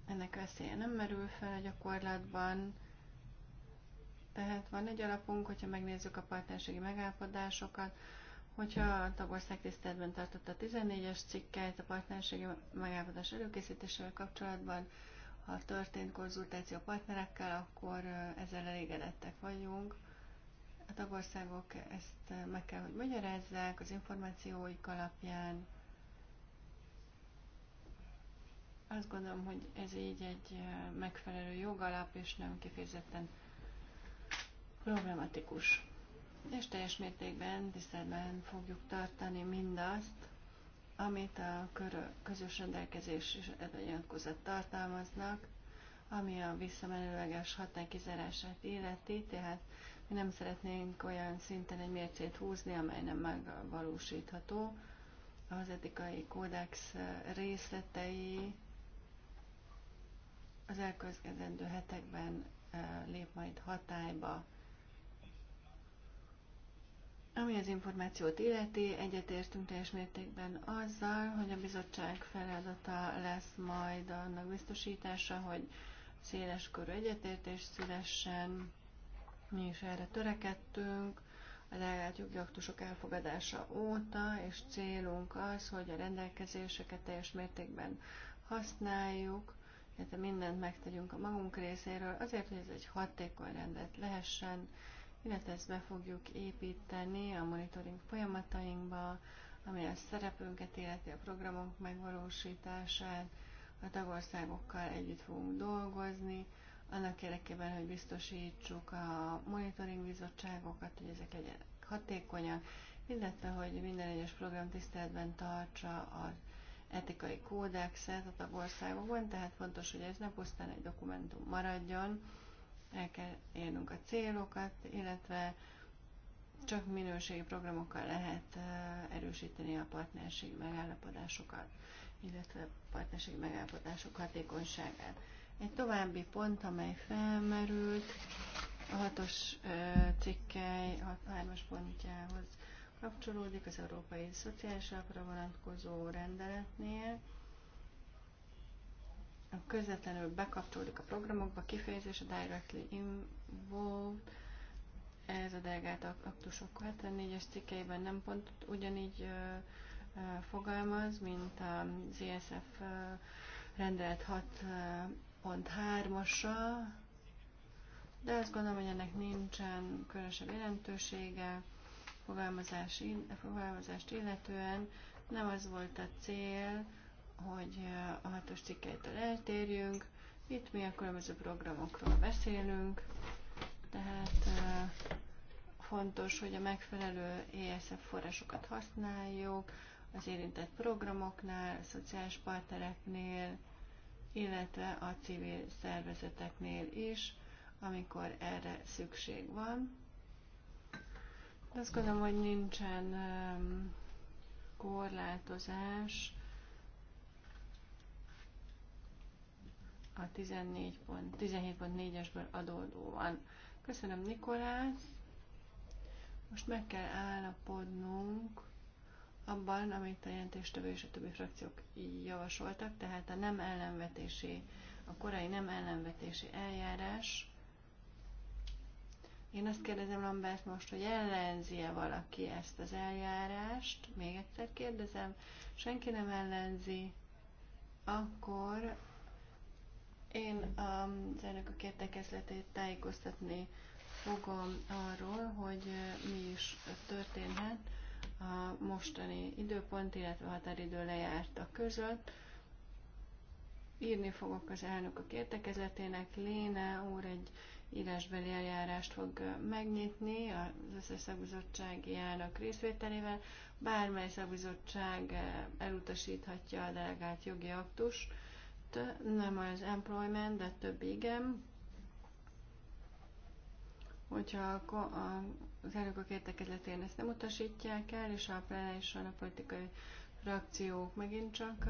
Ennek veszélye nem merül fel a gyakorlatban. Tehát van egy alapunk, hogyha megnézzük a partnerségi megállapodásokat, hogyha a tagország tiszteletben tartotta a 14-es cikkeit a partnerségi megállapodás előkészítésével kapcsolatban, ha történt konzultáció partnerekkel, akkor ezzel elégedettek vagyunk. A tagországok ezt meg kell, hogy magyarázzák az információik alapján, Azt gondolom, hogy ez így egy megfelelő jogalap, és nem kifejezetten problematikus. És teljes mértékben tiszteletben fogjuk tartani mindazt, amit a közös rendelkezés és nyilatkozat tartalmaznak, ami a visszamenőleges hatály kizárását illeti, tehát mi nem szeretnénk olyan szinten egy mércét húzni, amely nem megvalósítható. Az etikai kódex részletei az elkövetkezendő hetekben lép majd hatályba. Ami az információt illeti, egyetértünk teljes mértékben azzal, hogy a bizottság feladata lesz majd annak biztosítása, hogy széles körű egyetértés szülessen. Mi is erre törekedtünk a delegált jogi aktusok elfogadása óta, és célunk az, hogy a rendelkezéseket teljes mértékben használjuk, illetve mindent megtegyünk a magunk részéről, azért, hogy ez egy hatékony rendet lehessen, illetve ezt be fogjuk építeni a monitoring folyamatainkba, ami a szerepünket illeti a programok megvalósítását, a tagországokkal együtt fogunk dolgozni, annak érdekében, hogy biztosítsuk a monitoring bizottságokat, hogy ezek legyenek hatékonyak, illetve hogy minden egyes program tiszteletben tartsa a etikai kódexet a tagországokban, tehát fontos, hogy ez ne pusztán egy dokumentum maradjon, el kell érnünk a célokat, illetve csak minőségi programokkal lehet erősíteni a partnerségi megállapodásokat, illetve a partnerségi megállapodások hatékonyságát. Egy további pont, amely felmerült, a hatos cikkely, a hármas pontjához kapcsolódik az Európai Szociális Alapra vonatkozó rendeletnél. A közvetlenül bekapcsolódik a programokba, kifejezés a directly involved, ez a delegált aktusok 74-es cikkeiben nem pont ugyanígy ö, ö, fogalmaz, mint a ZSF rendelet 6.3-asa, de azt gondolom, hogy ennek nincsen különösebb jelentősége fogalmazás, fogalmazást illetően nem az volt a cél, hogy a hatos cikkeitől eltérjünk. Itt mi a különböző programokról beszélünk, tehát fontos, hogy a megfelelő ESF forrásokat használjuk az érintett programoknál, a szociális partnereknél, illetve a civil szervezeteknél is, amikor erre szükség van. Azt gondolom, hogy nincsen korlátozás a 17.4-esből adódóan. Köszönöm, Nikolász. Most meg kell állapodnunk abban, amit a jelentéstevő és a többi frakciók javasoltak, tehát a nem ellenvetési, a korai nem ellenvetési eljárás én azt kérdezem Lambert most, hogy ellenzi-e valaki ezt az eljárást? Még egyszer kérdezem, senki nem ellenzi, akkor én az a kértekezletét tájékoztatni fogom arról, hogy mi is történhet a mostani időpont, illetve határidő lejárta között. Írni fogok az a kértekezletének. Léne úr egy írásbeli eljárást fog megnyitni az összes szakbizottsági elnök részvételével. Bármely szakbizottság elutasíthatja a delegált jogi aktust, nem az employment, de több igen. Hogyha az elnökök értekezletén ezt nem utasítják el, és a plenárison a politikai frakciók megint csak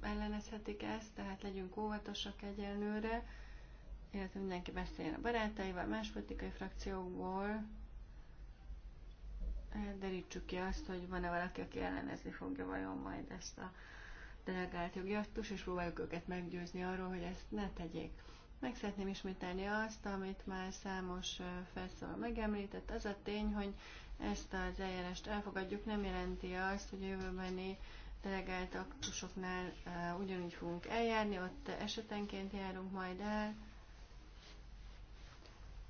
ellenezhetik ezt, tehát legyünk óvatosak egyenlőre illetve mindenki beszéljen a barátaival, más politikai frakciókból, hát derítsük ki azt, hogy van-e valaki, aki ellenezni fogja vajon majd ezt a delegált jogi aktus, és próbáljuk őket meggyőzni arról, hogy ezt ne tegyék. Meg szeretném ismételni azt, amit már számos felszólal megemlített, az a tény, hogy ezt az eljárást elfogadjuk, nem jelenti azt, hogy a jövőbeni delegált aktusoknál ugyanúgy fogunk eljárni, ott esetenként járunk majd el,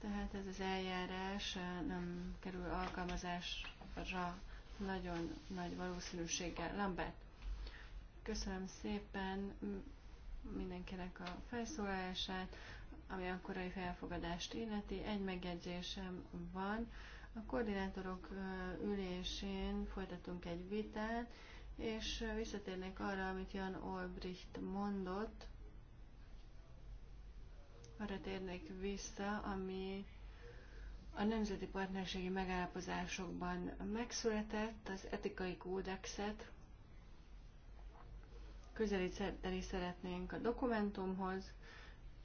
tehát ez az eljárás nem kerül alkalmazásra nagyon nagy valószínűséggel. Lambert, köszönöm szépen mindenkinek a felszólalását, ami a korai felfogadást illeti. Egy megjegyzésem van. A koordinátorok ülésén folytatunk egy vitát, és visszatérnék arra, amit Jan Olbricht mondott, arra térnék vissza, ami a nemzeti partnerségi megállapozásokban megszületett, az etikai kódexet közelíteni szeretnénk a dokumentumhoz,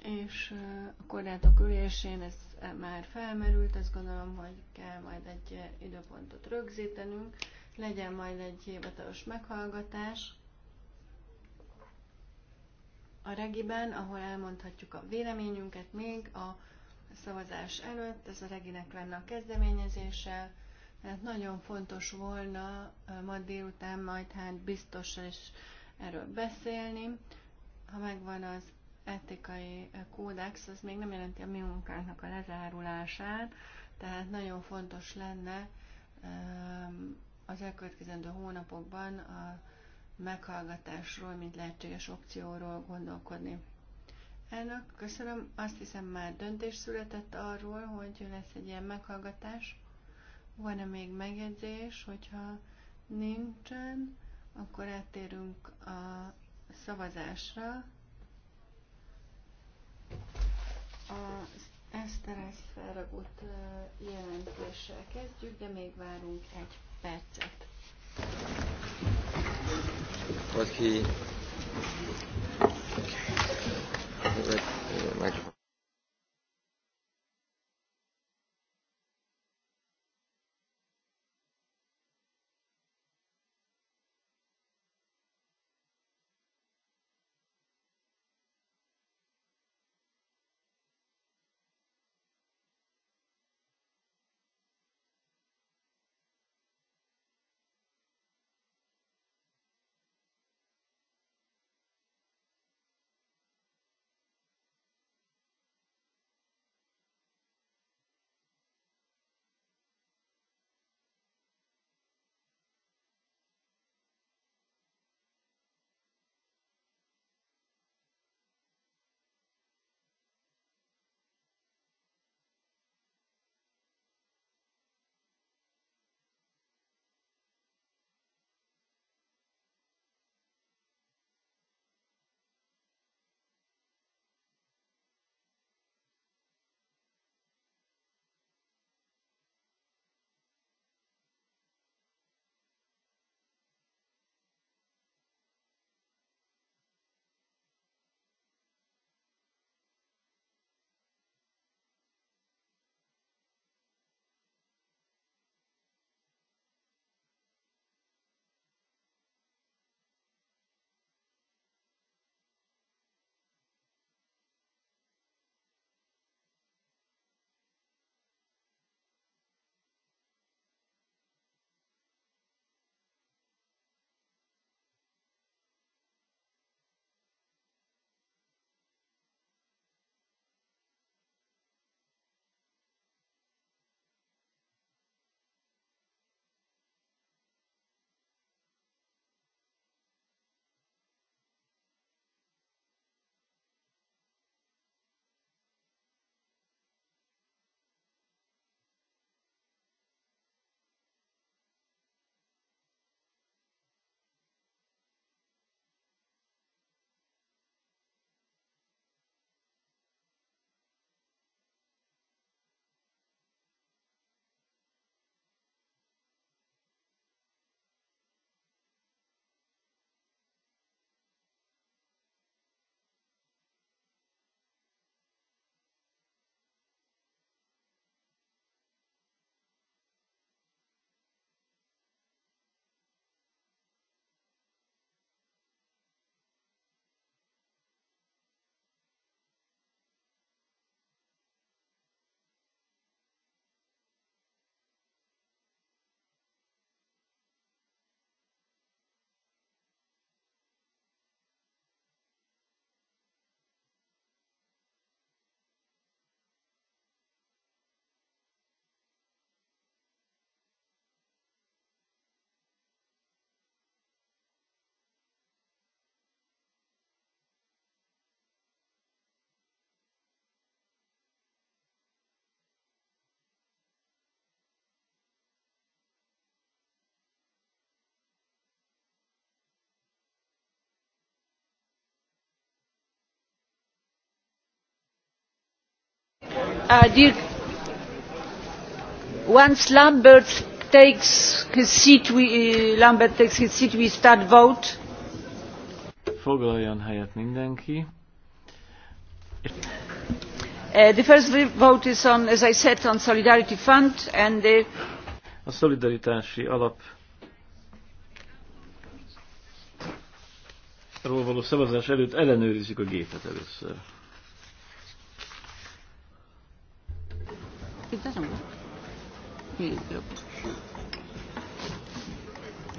és a korlátok ülésén ez már felmerült, azt gondolom, hogy kell majd egy időpontot rögzítenünk, legyen majd egy hivatalos meghallgatás, a regiben, ahol elmondhatjuk a véleményünket még a szavazás előtt, ez a reginek lenne a kezdeményezése, tehát nagyon fontos volna ma délután majd hát biztosan is erről beszélni. Ha megvan az etikai kódex, az még nem jelenti a mi munkánknak a lezárulását, tehát nagyon fontos lenne az elkövetkezendő hónapokban a meghallgatásról, mint lehetséges opcióról gondolkodni. Elnök, köszönöm. Azt hiszem már döntés született arról, hogy lesz egy ilyen meghallgatás. Van-e még megjegyzés? Hogyha nincsen, akkor áttérünk a szavazásra. Az Eszteres felragott jelentéssel kezdjük, de még várunk egy percet. Okay. Okay. Okay. Uh, dear, once uh, Lambert takes his seat, we, start vote. Foglaljon helyet mindenki. Uh, the first vote is on, as I said, on Solidarity Fund and the... A szolidaritási alap ról való szavazás előtt ellenőrizzük a gépet először. It doesn't work.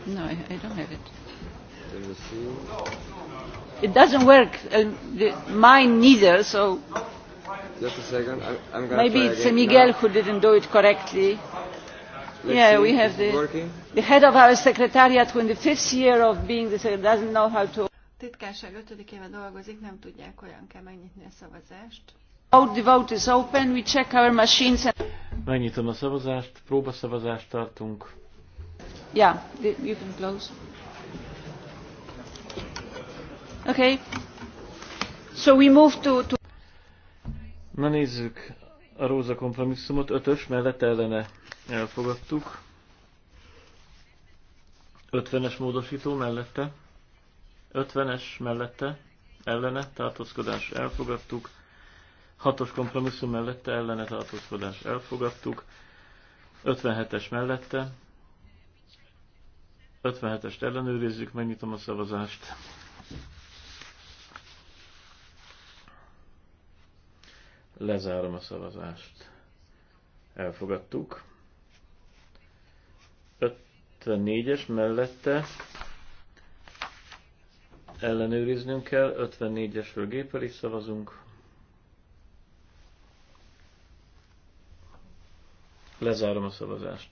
No, I, I don't have it. It doesn't work. Um, the, mine neither. So. Just a second. I, I'm gonna Maybe it's again. Miguel no. who didn't do it correctly. Let's yeah, see. we have the, the head of our secretariat who in the fifth year of being the doesn't know how to. Titkárság ötödik éve dolgozik, nem tudják, olyan kell megnyitni a szavazást. Megnyitom a szavazást, próbaszavazást tartunk. Yeah, you can close. Okay. So we move to, to... Na nézzük a róza kompromisszumot, ötös mellett ellene elfogadtuk. 50-es módosító mellette, 50-es mellette, ellene, tartózkodás elfogadtuk, Hatos kompromisszum mellette ellene tartózkodás elfogadtuk. 57-es mellette. 57-est ellenőrizzük, megnyitom a szavazást. Lezárom a szavazást. Elfogadtuk. 54-es mellette ellenőriznünk kell, 54-esről géppel is szavazunk. Lezárom a szavazást.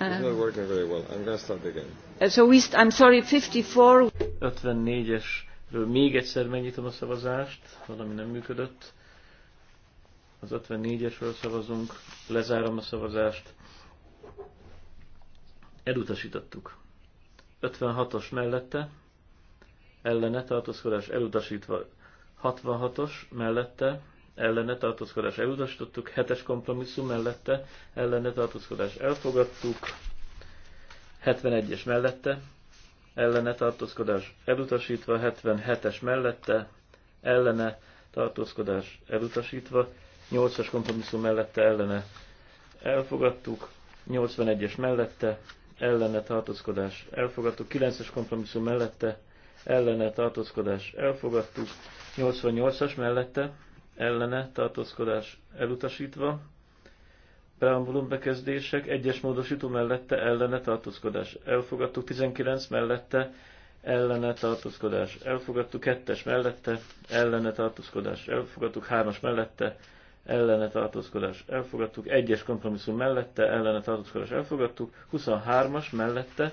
Uh-huh. It's not working very well. I'm going to start again. Uh, so we st I'm sorry, 54. 54-esről még egyszer megnyitom a szavazást, valami nem működött. Az 54-esről szavazunk, lezárom a szavazást. Elutasítottuk. 56-os mellette, ellene tartózkodás elutasítva 66-os mellette, ellene tartózkodás elutasítottuk, 7-es kompromisszum mellette, ellene tartózkodás elfogadtuk, 71-es mellette, ellene tartózkodás elutasítva, 77-es mellette, ellene tartózkodás elutasítva, 8-as kompromisszum mellette ellene elfogadtuk, 81-es mellette ellene tartózkodás elfogadtuk, 9-es kompromisszum mellette ellene tartózkodás elfogadtuk, 88-as mellette ellene tartózkodás elutasítva, preambulum bekezdések, egyes módosító mellette ellene tartózkodás elfogadtuk, 19 mellette ellene tartózkodás elfogadtuk, 2-es mellette ellene tartózkodás elfogadtuk, hármas mellette ellene tartózkodás elfogadtuk, egyes kompromisszum mellette ellene tartózkodás elfogadtuk, 23-as mellette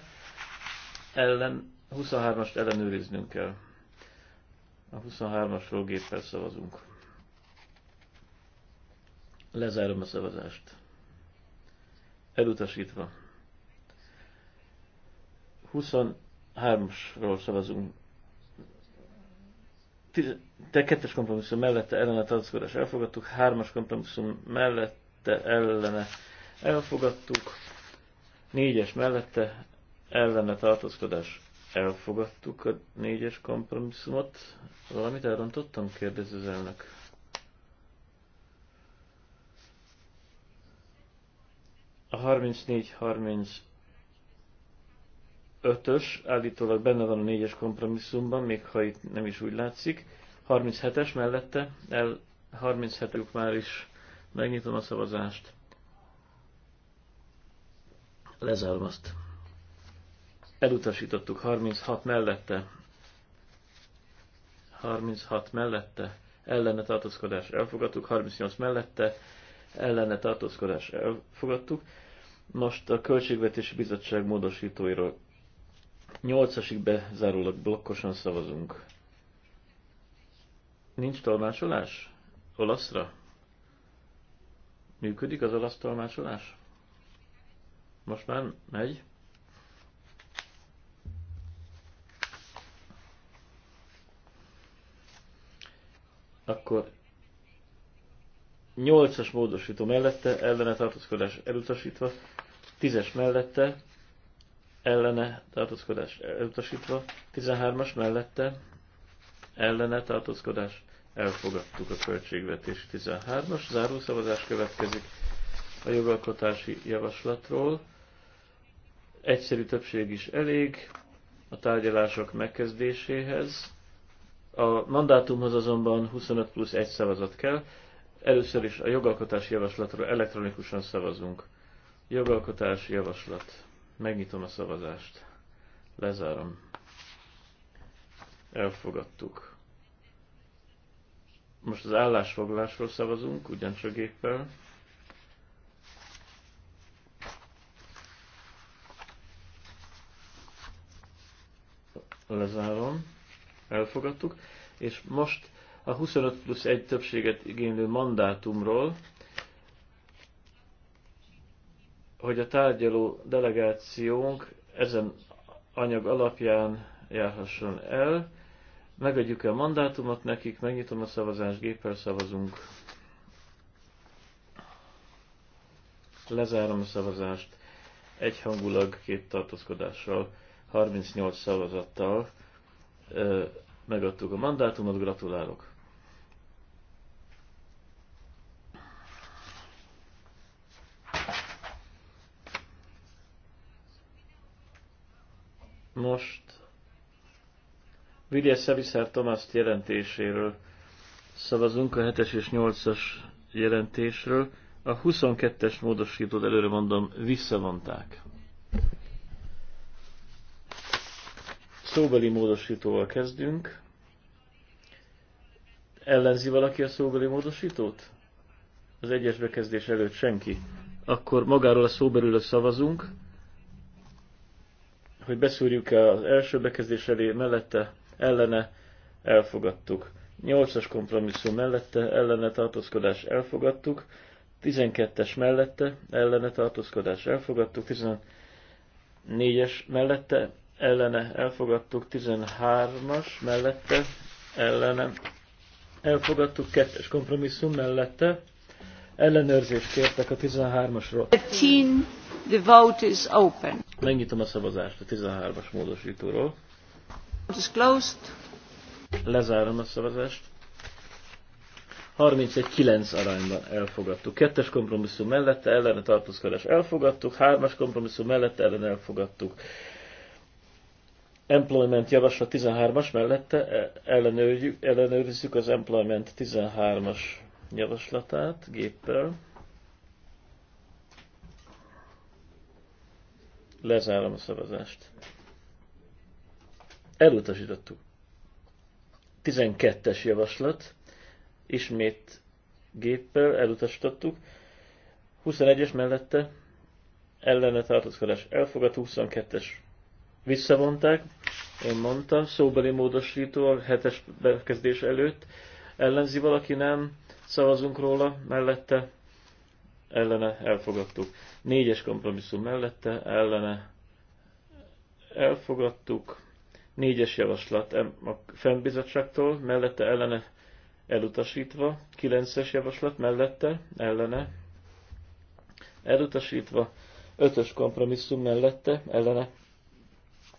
ellen, 23-ast ellenőriznünk kell. A 23-asról géppel szavazunk. Lezárom a szavazást. Elutasítva. 23-asról szavazunk te kettes kompromisszum mellette ellene tartozkodás elfogadtuk, hármas kompromisszum mellette ellene elfogadtuk, négyes mellette ellene tartózkodás elfogadtuk a négyes kompromisszumot. Valamit elrontottam? kérdez az elnök. A 34-35 35-ös, állítólag benne van a 4-es kompromisszumban, még ha itt nem is úgy látszik. 37-es mellette, el 37-ük már is megnyitom a szavazást. Lezárom azt. Elutasítottuk 36 mellette. 36 mellette. Ellene tartózkodás elfogadtuk. 38 mellette. Ellene tartózkodás elfogadtuk. Most a Költségvetési Bizottság módosítóiról Nyolcasig bezárólag blokkosan szavazunk. Nincs tolmácsolás? Olaszra? Működik az olasz tolmácsolás? Most már megy? Akkor 8-as módosító mellette, ellene tartózkodás elutasítva, 10-es mellette, ellene tartózkodás elutasítva, 13-as mellette ellene tartózkodás elfogadtuk a költségvetés 13-as. Zárószavazás következik a jogalkotási javaslatról. Egyszerű többség is elég a tárgyalások megkezdéséhez. A mandátumhoz azonban 25 plusz 1 szavazat kell. Először is a jogalkotási javaslatról elektronikusan szavazunk. Jogalkotási javaslat. Megnyitom a szavazást. Lezárom. Elfogadtuk. Most az állásfoglalásról szavazunk, ugyancsak géppel. Lezárom. Elfogadtuk. És most a 25 plusz 1 többséget igénylő mandátumról hogy a tárgyaló delegációnk ezen anyag alapján járhasson el. Megadjuk el mandátumot nekik, megnyitom a szavazást, géppel szavazunk. Lezárom a szavazást egyhangulag két tartózkodással, 38 szavazattal megadtuk a mandátumot, gratulálok! Most Vilja Szeviszer Tomaszt jelentéséről szavazunk, a 7-es és 8-as jelentésről. A 22-es módosítót előre mondom, visszavonták. Szóbeli módosítóval kezdünk. Ellenzi valaki a szóbeli módosítót? Az egyes bekezdés előtt senki. Akkor magáról a szóbelülről szavazunk hogy beszúrjuk -e az első bekezdés elé, mellette, ellene, elfogadtuk. 8-as kompromisszum mellette, ellene tartózkodás elfogadtuk. 12-es mellette, ellene tartózkodás elfogadtuk. 14-es mellette, ellene elfogadtuk. 13-as mellette, ellene elfogadtuk. 2-es kompromisszum mellette, ellenőrzést kértek a 13-asról. The vote is open. Megnyitom a szavazást a 13-as módosítóról. It is closed. Lezárom a szavazást. 31-9 arányban elfogadtuk. Kettes kompromisszum mellette ellene tartózkodás elfogadtuk, hármas kompromisszum mellette ellen elfogadtuk. Employment javaslat 13-as mellette e- ellenőrizzük, az Employment 13-as javaslatát géppel. Lezárom a szavazást. Elutasítottuk. 12-es javaslat. Ismét géppel elutasítottuk. 21-es mellette ellene tartózkodás elfogadt, 22-es visszavonták, én mondtam, szóbeli módosító a 7-es bekezdés előtt, ellenzi valaki nem, szavazunk róla, mellette ellene elfogadtuk. Négyes kompromisszum mellette ellene elfogadtuk. Négyes javaslat a fennbizottságtól mellette ellene elutasítva. Kilences javaslat mellette ellene elutasítva. Ötös kompromisszum mellette ellene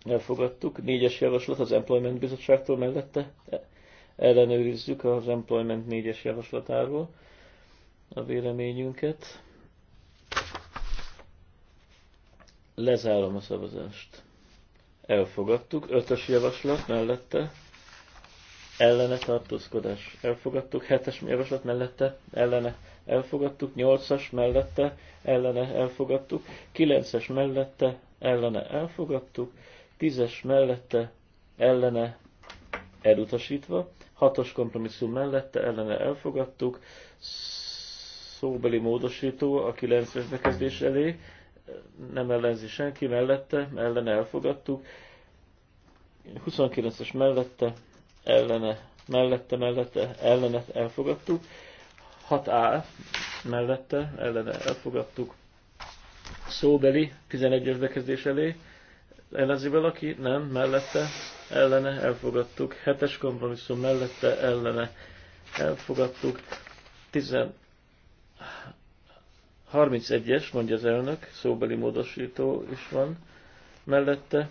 elfogadtuk. Négyes javaslat az Employment Bizottságtól mellette e, ellenőrizzük az Employment négyes javaslatáról a véleményünket. Lezárom a szavazást. Elfogadtuk. Ötös javaslat mellette. Ellene tartózkodás. Elfogadtuk. Hetes javaslat mellette. Ellene. Elfogadtuk. Nyolcas mellette. Ellene. Elfogadtuk. Kilences mellette. Ellene. Elfogadtuk. Tízes mellette. Ellene. Elutasítva. Hatos kompromisszum mellette. Ellene. Elfogadtuk. Szóbeli módosító a kilences bekezdés elé nem ellenzi senki, mellette, ellene elfogadtuk. 29-es mellette, ellene, mellette, mellette, ellene elfogadtuk. 6A mellette, ellene elfogadtuk. Szóbeli, 11-es bekezdés elé, ellenzi valaki? Nem, mellette, ellene elfogadtuk. 7-es kompromisszum mellette, ellene elfogadtuk. 10 31-es, mondja az elnök, szóbeli módosító is van mellette,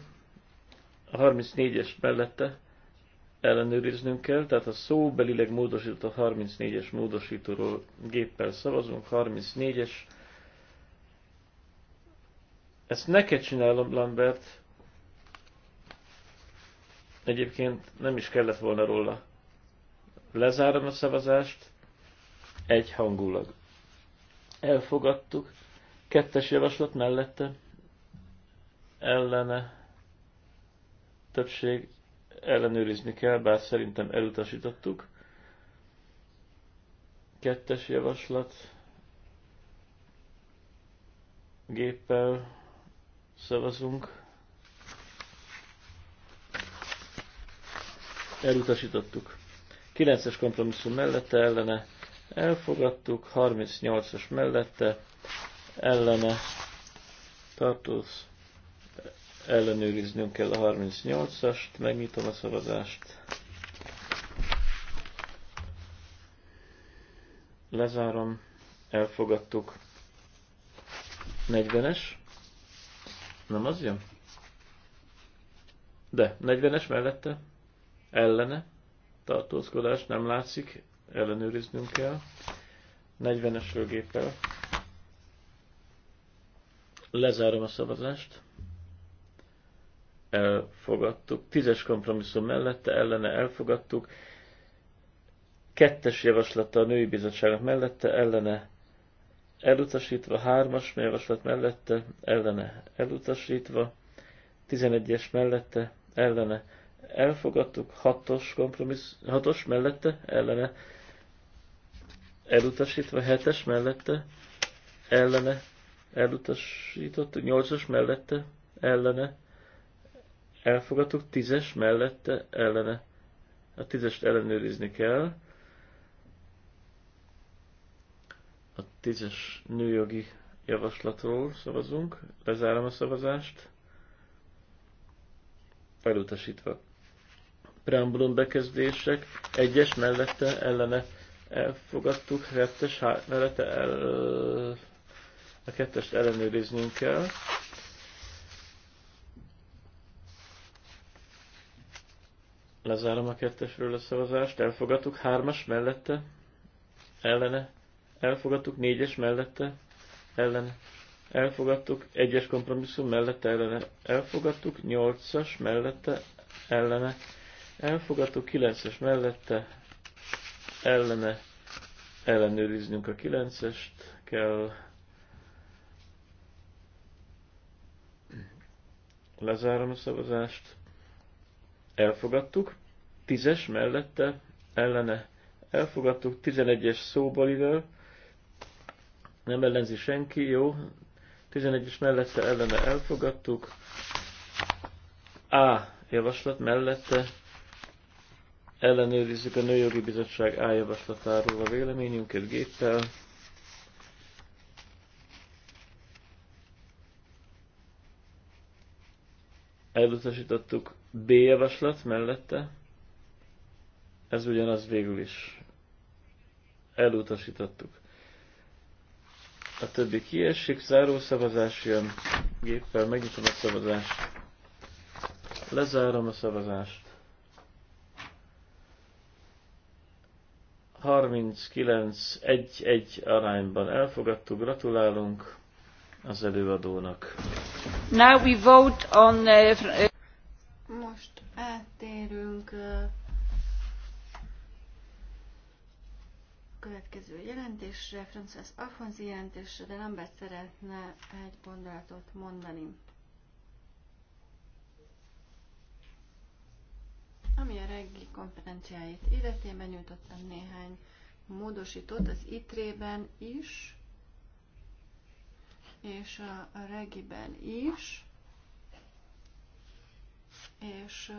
a 34-es mellette ellenőriznünk kell, tehát a szóbelileg módosított 34-es módosítóról géppel szavazunk, 34-es. Ezt neked csinálom, Lambert. Egyébként nem is kellett volna róla. Lezárom a szavazást, egyhangulag elfogadtuk. Kettes javaslat mellette ellene többség ellenőrizni kell, bár szerintem elutasítottuk. Kettes javaslat géppel szavazunk. Elutasítottuk. 9-es kompromisszum mellette ellene elfogadtuk, 38-as mellette ellene tartóz, ellenőriznünk kell a 38-ast, megnyitom a szavazást, lezárom, elfogadtuk, 40-es, nem az jön? De, 40-es mellette, ellene, tartózkodás nem látszik, ellenőriznünk kell. 40 es géppel. Lezárom a szavazást. Elfogadtuk. Tízes kompromisszum mellette, ellene elfogadtuk. Kettes javaslata a női bizottságnak mellette, ellene elutasítva. Hármas javaslat mellette, ellene elutasítva. Tizenegyes mellette, ellene elfogadtuk. Hatos kompromissz, hatos mellette, ellene elutasítva, hetes mellette, ellene, elutasítottuk, nyolcas mellette, ellene, elfogadtuk, tízes mellette, ellene. A tízest ellenőrizni kell. A tízes nőjogi javaslatról szavazunk, lezárom a szavazást, elutasítva. Preambulum bekezdések, egyes mellette ellene elfogadtuk, kettes mellette el, a kettest ellenőriznünk kell. Lezárom a kettesről a szavazást, elfogadtuk, hármas mellette, ellene, elfogadtuk, négyes mellette, ellene, elfogadtuk, egyes kompromisszum mellette, ellene, elfogadtuk, nyolcas mellette, ellene, elfogadtuk, kilences mellette, ellene, ellenőriznünk a kilencest, kell, lezárom a szavazást, elfogadtuk, tízes mellette, ellene, elfogadtuk, tizenegyes es szóbalivel, nem ellenzi senki, jó, tizenegyes mellette, ellene elfogadtuk, A javaslat mellette, ellenőrizzük a Nőjogi Bizottság álljavaslatáról a véleményünket géppel. Elutasítottuk B javaslat mellette. Ez ugyanaz végül is. Elutasítottuk. A többi kiesik, záró szavazás jön. Géppel megnyitom a szavazást. Lezárom a szavazást. 39 1 arányban elfogadtuk. Gratulálunk az előadónak. Now we vote on... Uh, uh Most áttérünk uh, következő jelentésre, Frances Afonzi jelentésre, de Lambert szeretne egy gondolatot mondani. Ami a reggi konferenciáit illeti, én benyújtottam néhány módosítót az ITRE-ben is, és a, a regiben is, és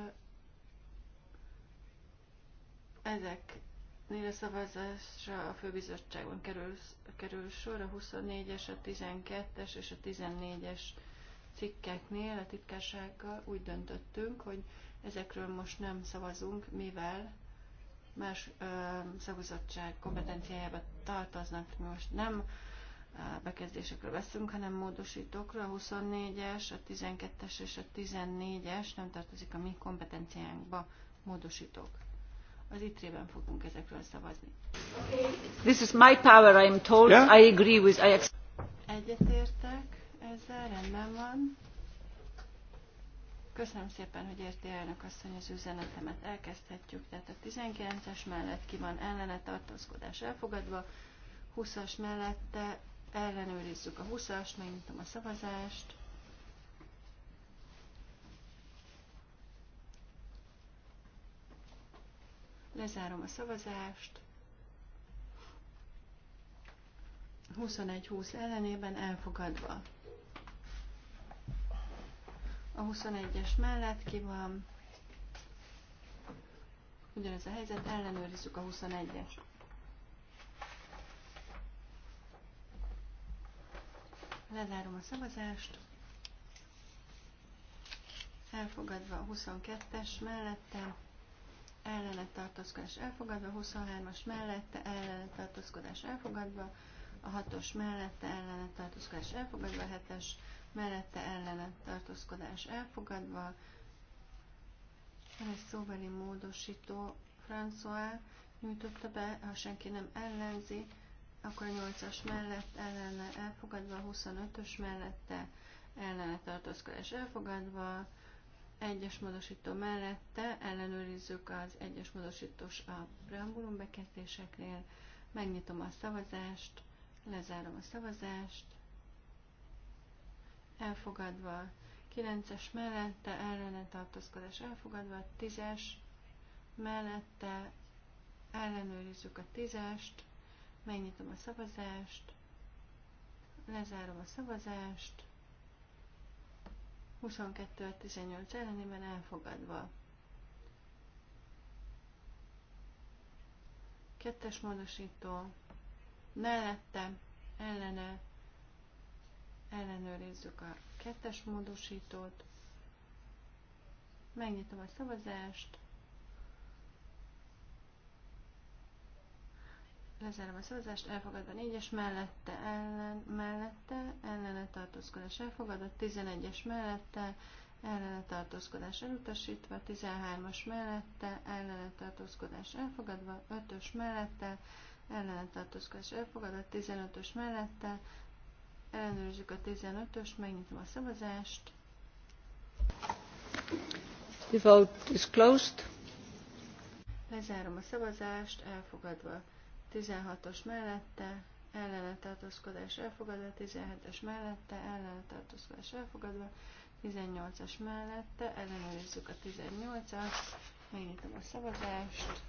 ezeknél a szavazásra a főbizottságon kerül, kerül sor, a 24-es, a 12-es és a 14-es cikkeknél a titkársággal úgy döntöttünk, hogy ezekről most nem szavazunk, mivel más ö, szakbizottság kompetenciájába tartoznak. Mi Most nem bekezdésekről veszünk, hanem módosítókra. A 24-es, a 12-es és a 14-es nem tartozik a mi kompetenciánkba módosítók. Az itre fogunk ezekről szavazni. This is my power, I am told. Yeah? I agree with... I... Egyetértek ezzel, rendben van. Köszönöm szépen, hogy érti elnök asszony az üzenetemet. Elkezdhetjük, tehát a 19-es mellett ki van ellene tartózkodás elfogadva, 20-as mellette ellenőrizzük a 20-ast, megnyitom a szavazást. Lezárom a szavazást. 21-20 ellenében elfogadva. A 21-es mellett ki van. Ugyanez a helyzet, ellenőrizzük a 21-es. Lezárom a szavazást. Elfogadva a 22-es mellette, ellene tartózkodás elfogadva, 23-as mellette, ellene tartózkodás elfogadva, a 6-os mellette, ellene tartózkodás elfogadva, a 7-es mellette ellene tartózkodás elfogadva, van egy szóbeli módosító, François nyújtotta be, ha senki nem ellenzi, akkor a 8-as mellett ellene elfogadva, a 25-ös mellette ellene tartózkodás elfogadva, egyes módosító mellette ellenőrizzük az egyes módosítós a preambulum bekezdéseknél, megnyitom a szavazást, lezárom a szavazást, elfogadva, 9-es mellette ellene tartózkodás elfogadva, 10-es mellette ellenőrizzük a 10-est, megnyitom a szavazást, lezárom a szavazást, 22-18 ellenében elfogadva. Kettes módosító mellette ellene ellenőrizzük a kettes módosítót, megnyitom a szavazást, lezárom a szavazást, elfogadva 4-es, mellette, ellen, mellette, ellene tartózkodás elfogadott, 11-es mellette, ellene tartózkodás elutasítva, 13-as mellette, ellene tartózkodás elfogadva, 5-ös mellette, ellene tartózkodás elfogadott, 15-ös mellette, Ellenőrzzük a 15 ös megnyitom a szavazást. The vote is closed. Lezárom a szavazást, elfogadva 16-os mellette, ellene tartózkodás elfogadva, 17-es mellette, ellene tartózkodás elfogadva, 18-as mellette, ellenőrizzük a 18-as, megnyitom a szavazást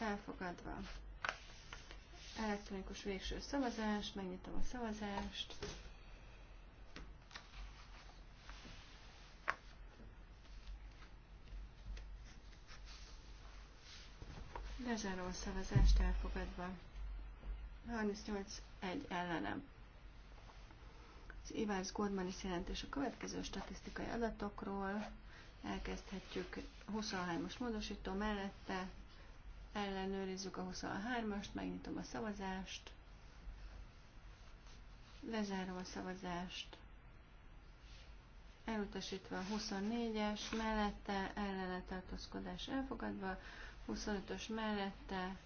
elfogadva. Elektronikus végső szavazás, megnyitom a szavazást. Lezáró a szavazást elfogadva. 38 egy ellenem. Az Ivars Gormanis jelentés a következő statisztikai adatokról. Elkezdhetjük 23-as módosító mellette ellenőrizzük a 23-ast, megnyitom a szavazást, lezárom a szavazást, elutasítva a 24-es, mellette ellene tartózkodás elfogadva, 25-ös mellette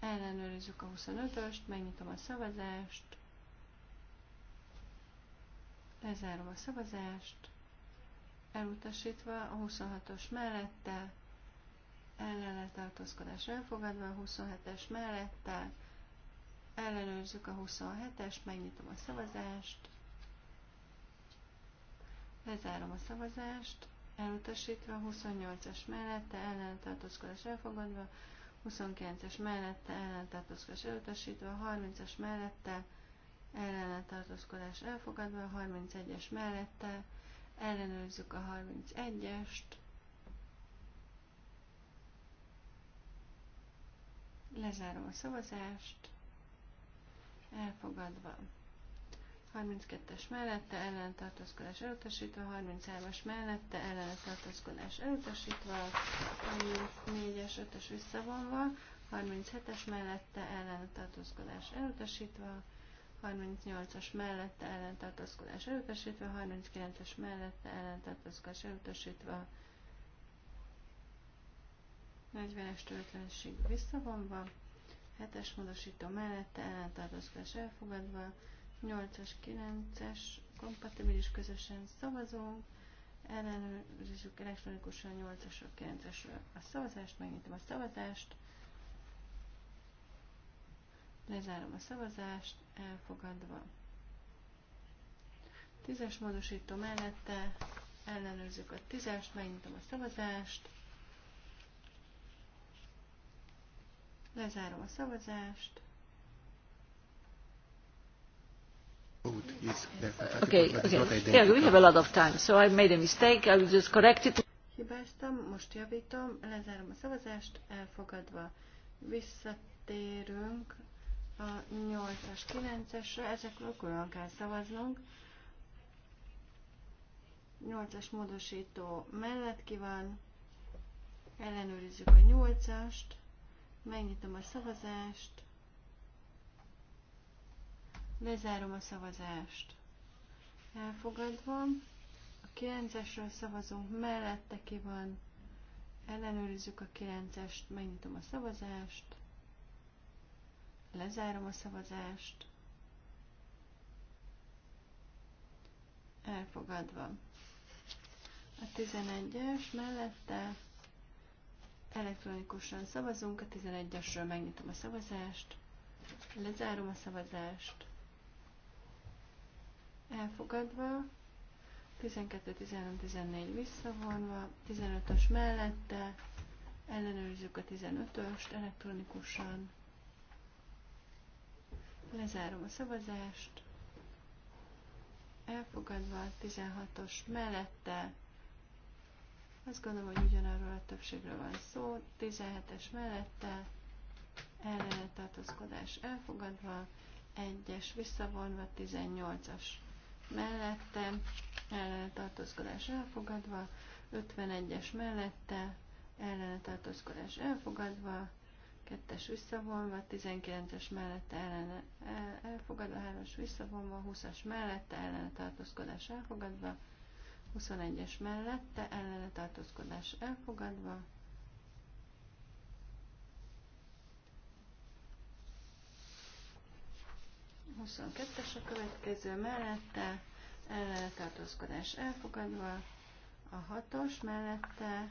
ellenőrizzük a 25-öst, megnyitom a szavazást, lezárom a szavazást, elutasítva a 26-os mellette, ellene tartózkodás elfogadva, a 27-es mellette ellenőrzük a 27-est, megnyitom a szavazást, lezárom a szavazást, elutasítva, 28-es mellette ellene tartózkodás elfogadva, 29-es mellette ellen tartózkodás elutasítva, 30-es mellette ellene tartózkodás elfogadva, 31-es mellette ellenőrzzük a 31-est, Lezárom a szavazást. Elfogadva. 32-es mellette ellentartózkodás elutasítva, 33-as mellette ellentartózkodás elutasítva, 34-es, 5-ös visszavonva, 37-es mellette ellentartózkodás elutasítva, 38-as mellette ellentartózkodás elutasítva, 39-es mellette ellentartózkodás elutasítva, 40-es töltlenség visszavonva, 7-es módosító mellette ellentartozkodás elfogadva, 8-as, 9-es kompatibilis közösen szavazunk, ellenőrizzük elektronikusan 8 as 9 es a szavazást, megnyitom a szavazást, lezárom a szavazást, elfogadva. 10-es módosító mellette ellenőrizzük a 10-est, megnyitom a szavazást, Lezárom a szavazást. Okay, okay. Yeah, we have a lot of time, so I made a mistake. I will just correct it. Hibáztam, most javítom, lezárom a szavazást, elfogadva. Visszatérünk a 8-as, 9-esre, ezekről külön kell szavaznunk. 8-as módosító mellett ki van, ellenőrizzük a 8-ast. Megnyitom a szavazást. Lezárom a szavazást. Elfogadva. A 9-esről szavazunk, mellette ki van. Ellenőrizzük a 9-est, megnyitom a szavazást. Lezárom a szavazást. Elfogadva. A 11-es mellette Elektronikusan szavazunk, a 11-esről megnyitom a szavazást, lezárom a szavazást, elfogadva, 12-13-14 visszavonva, 15-ös mellette, ellenőrizzük a 15-öst elektronikusan, lezárom a szavazást, elfogadva, 16-os mellette, azt gondolom, hogy ugyanarról a többségről van szó. 17-es mellette ellene tartózkodás elfogadva, 1-es visszavonva, 18-as mellette ellene tartózkodás elfogadva, 51-es mellette ellene tartózkodás elfogadva, 2-es visszavonva, 19-es mellette ellene elfogadva, 3-as visszavonva, 20-as mellette ellene tartózkodás elfogadva, 21-es mellette ellene tartózkodás elfogadva. es a következő mellette ellene tartózkodás elfogadva. A hatos mellette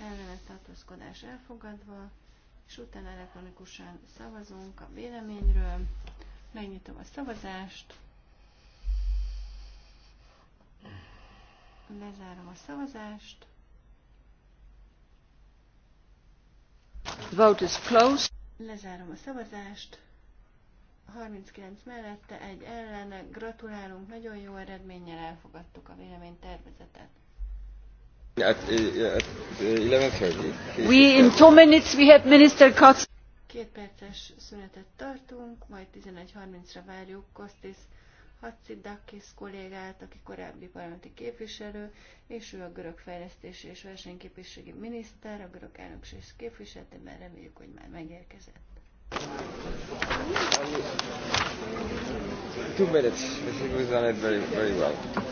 ellene tartózkodás elfogadva. És utána elektronikusan szavazunk a véleményről. Megnyitom a szavazást. Lezárom a szavazást. Vote is closed. Lezárom a szavazást. 39 mellette, egy ellene. Gratulálunk, nagyon jó eredménnyel elfogadtuk a véleménytervezetet. At, uh, at, at uh, we in two minutes we have Minister Katz. Két perces szünetet tartunk, majd 11.30-ra várjuk Kostis Dakis kollégát, aki korábbi parlamenti képviselő, és ő a görög fejlesztési és versenyképviselő miniszter, a görög elnökség képviseletében reméljük, hogy már megérkezett. Two minutes. I think we've done it very, very well.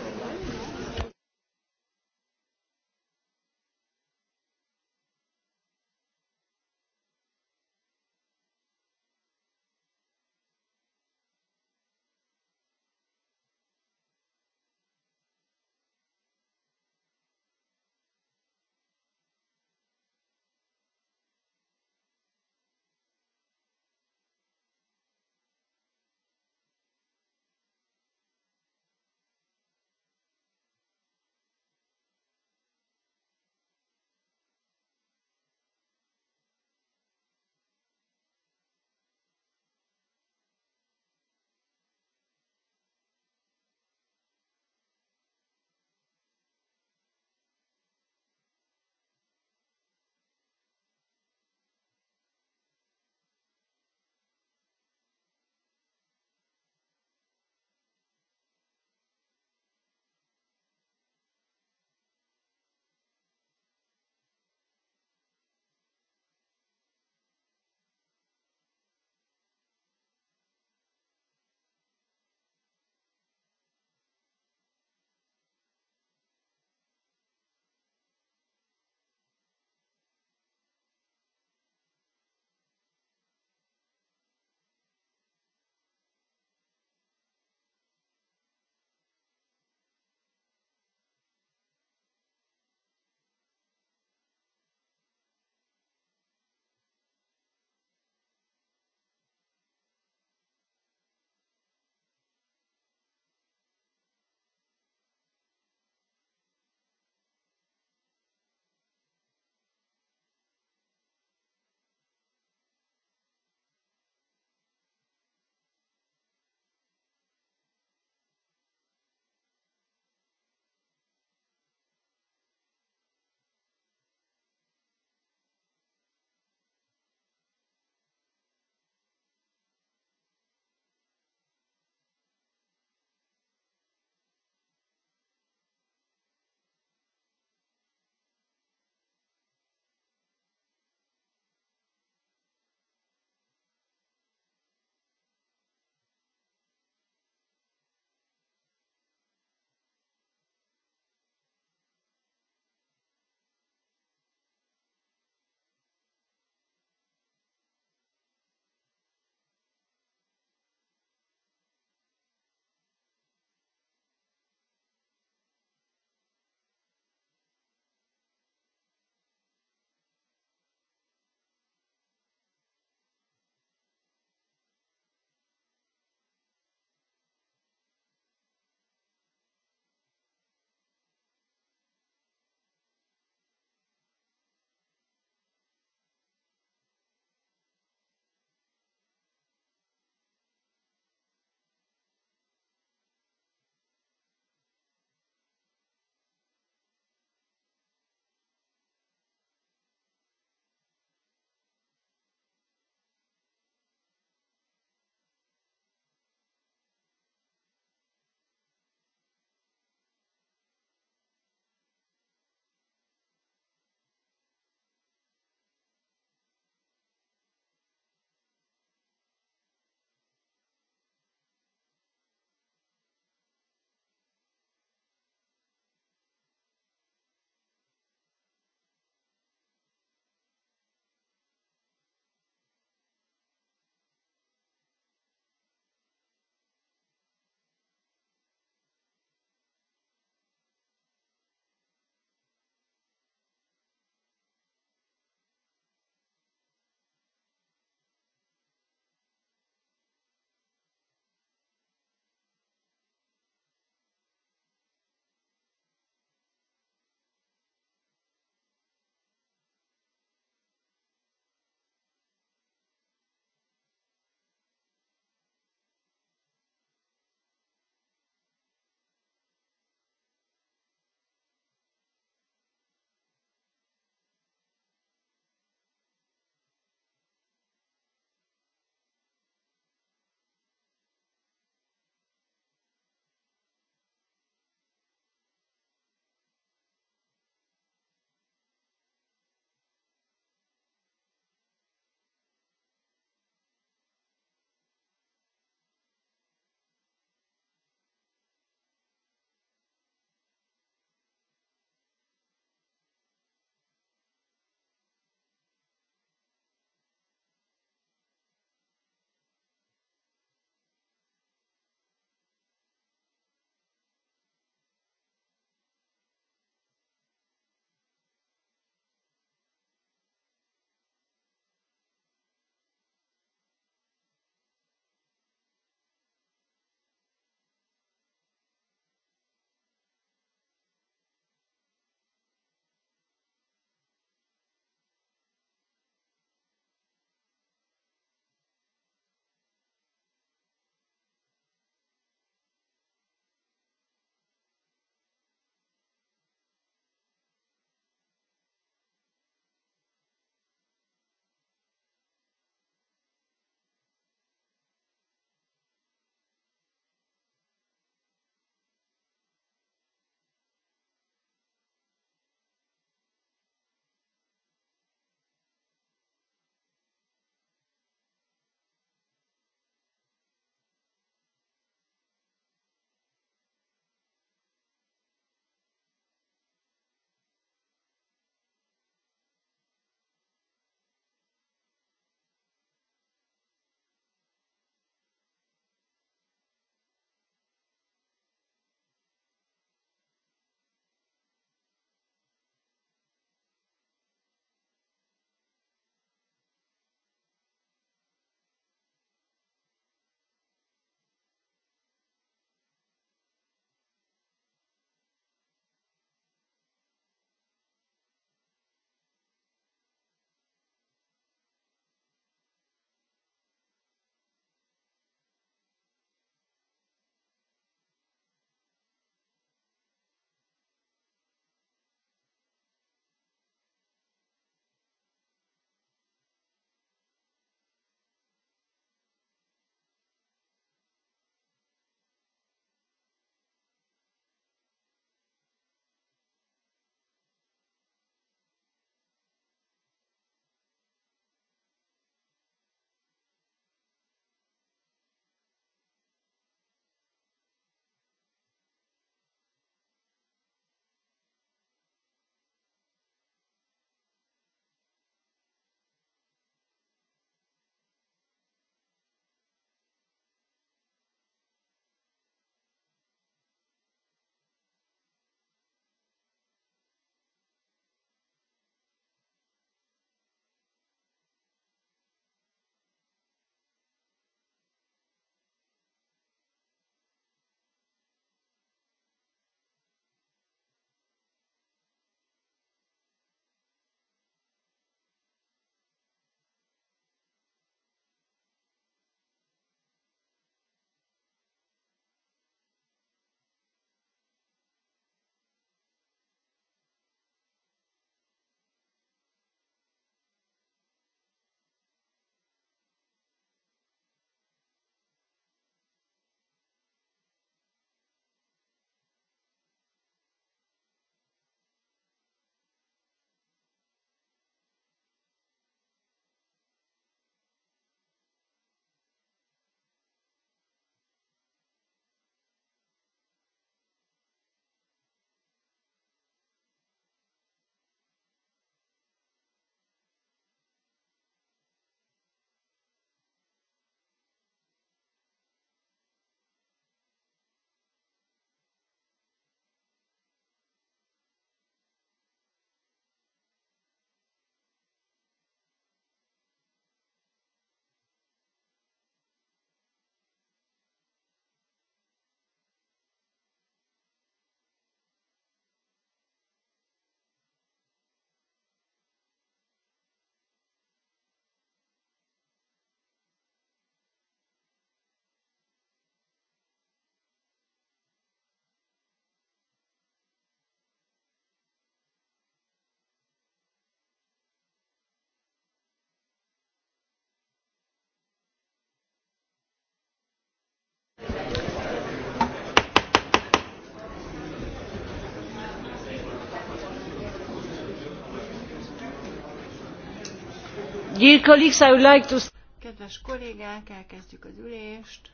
Dear colleagues, I would like to... Kedves kollégák, elkezdjük az ülést.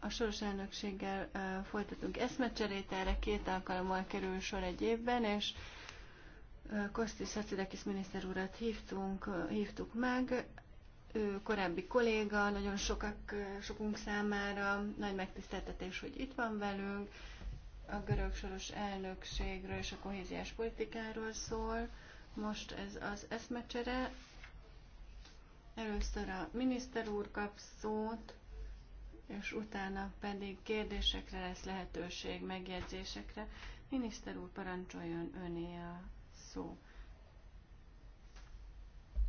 A soros elnökséggel folytatunk eszmecserét, erre két alkalommal kerül sor egy évben, és Kostis Hacidekis miniszter urat hívtunk, hívtuk meg, ő korábbi kolléga, nagyon sokak, sokunk számára nagy megtiszteltetés, hogy itt van velünk. A görög soros elnökségről és a kohéziás politikáról szól. Most ez az eszmecsere. Először a miniszter úr kap szót, és utána pedig kérdésekre lesz lehetőség, megjegyzésekre. Miniszter úr, parancsoljon öné a szó.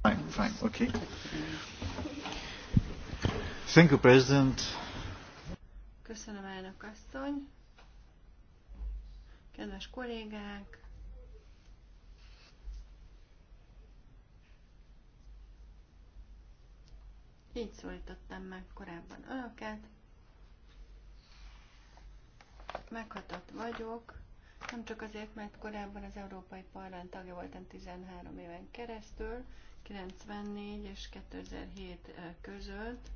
Fine, fine, okay. Thank you, President. Köszönöm, elnök asszony. Kedves kollégák, Így szólítottam meg korábban önöket. Meghatott vagyok, nem csak azért, mert korábban az Európai Parlament tagja voltam 13 éven keresztül, 94 és 2007 eh, között,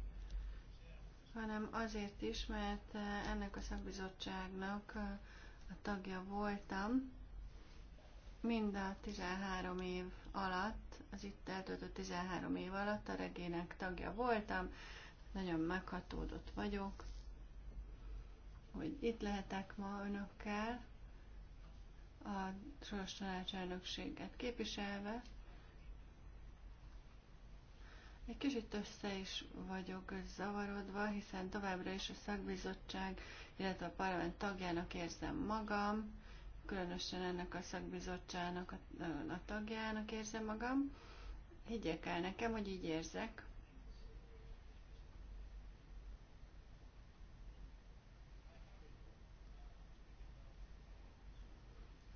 hanem azért is, mert eh, ennek a szakbizottságnak eh, a tagja voltam mind a 13 év alatt, az itt eltöltött 13 év alatt a regének tagja voltam, nagyon meghatódott vagyok, hogy itt lehetek ma önökkel, a Soros Tanácselnökséget képviselve. Egy kicsit össze is vagyok zavarodva, hiszen továbbra is a szakbizottság, illetve a parlament tagjának érzem magam, különösen ennek a szakbizottságnak a, a tagjának érzem magam. Higgyek el nekem, hogy így érzek.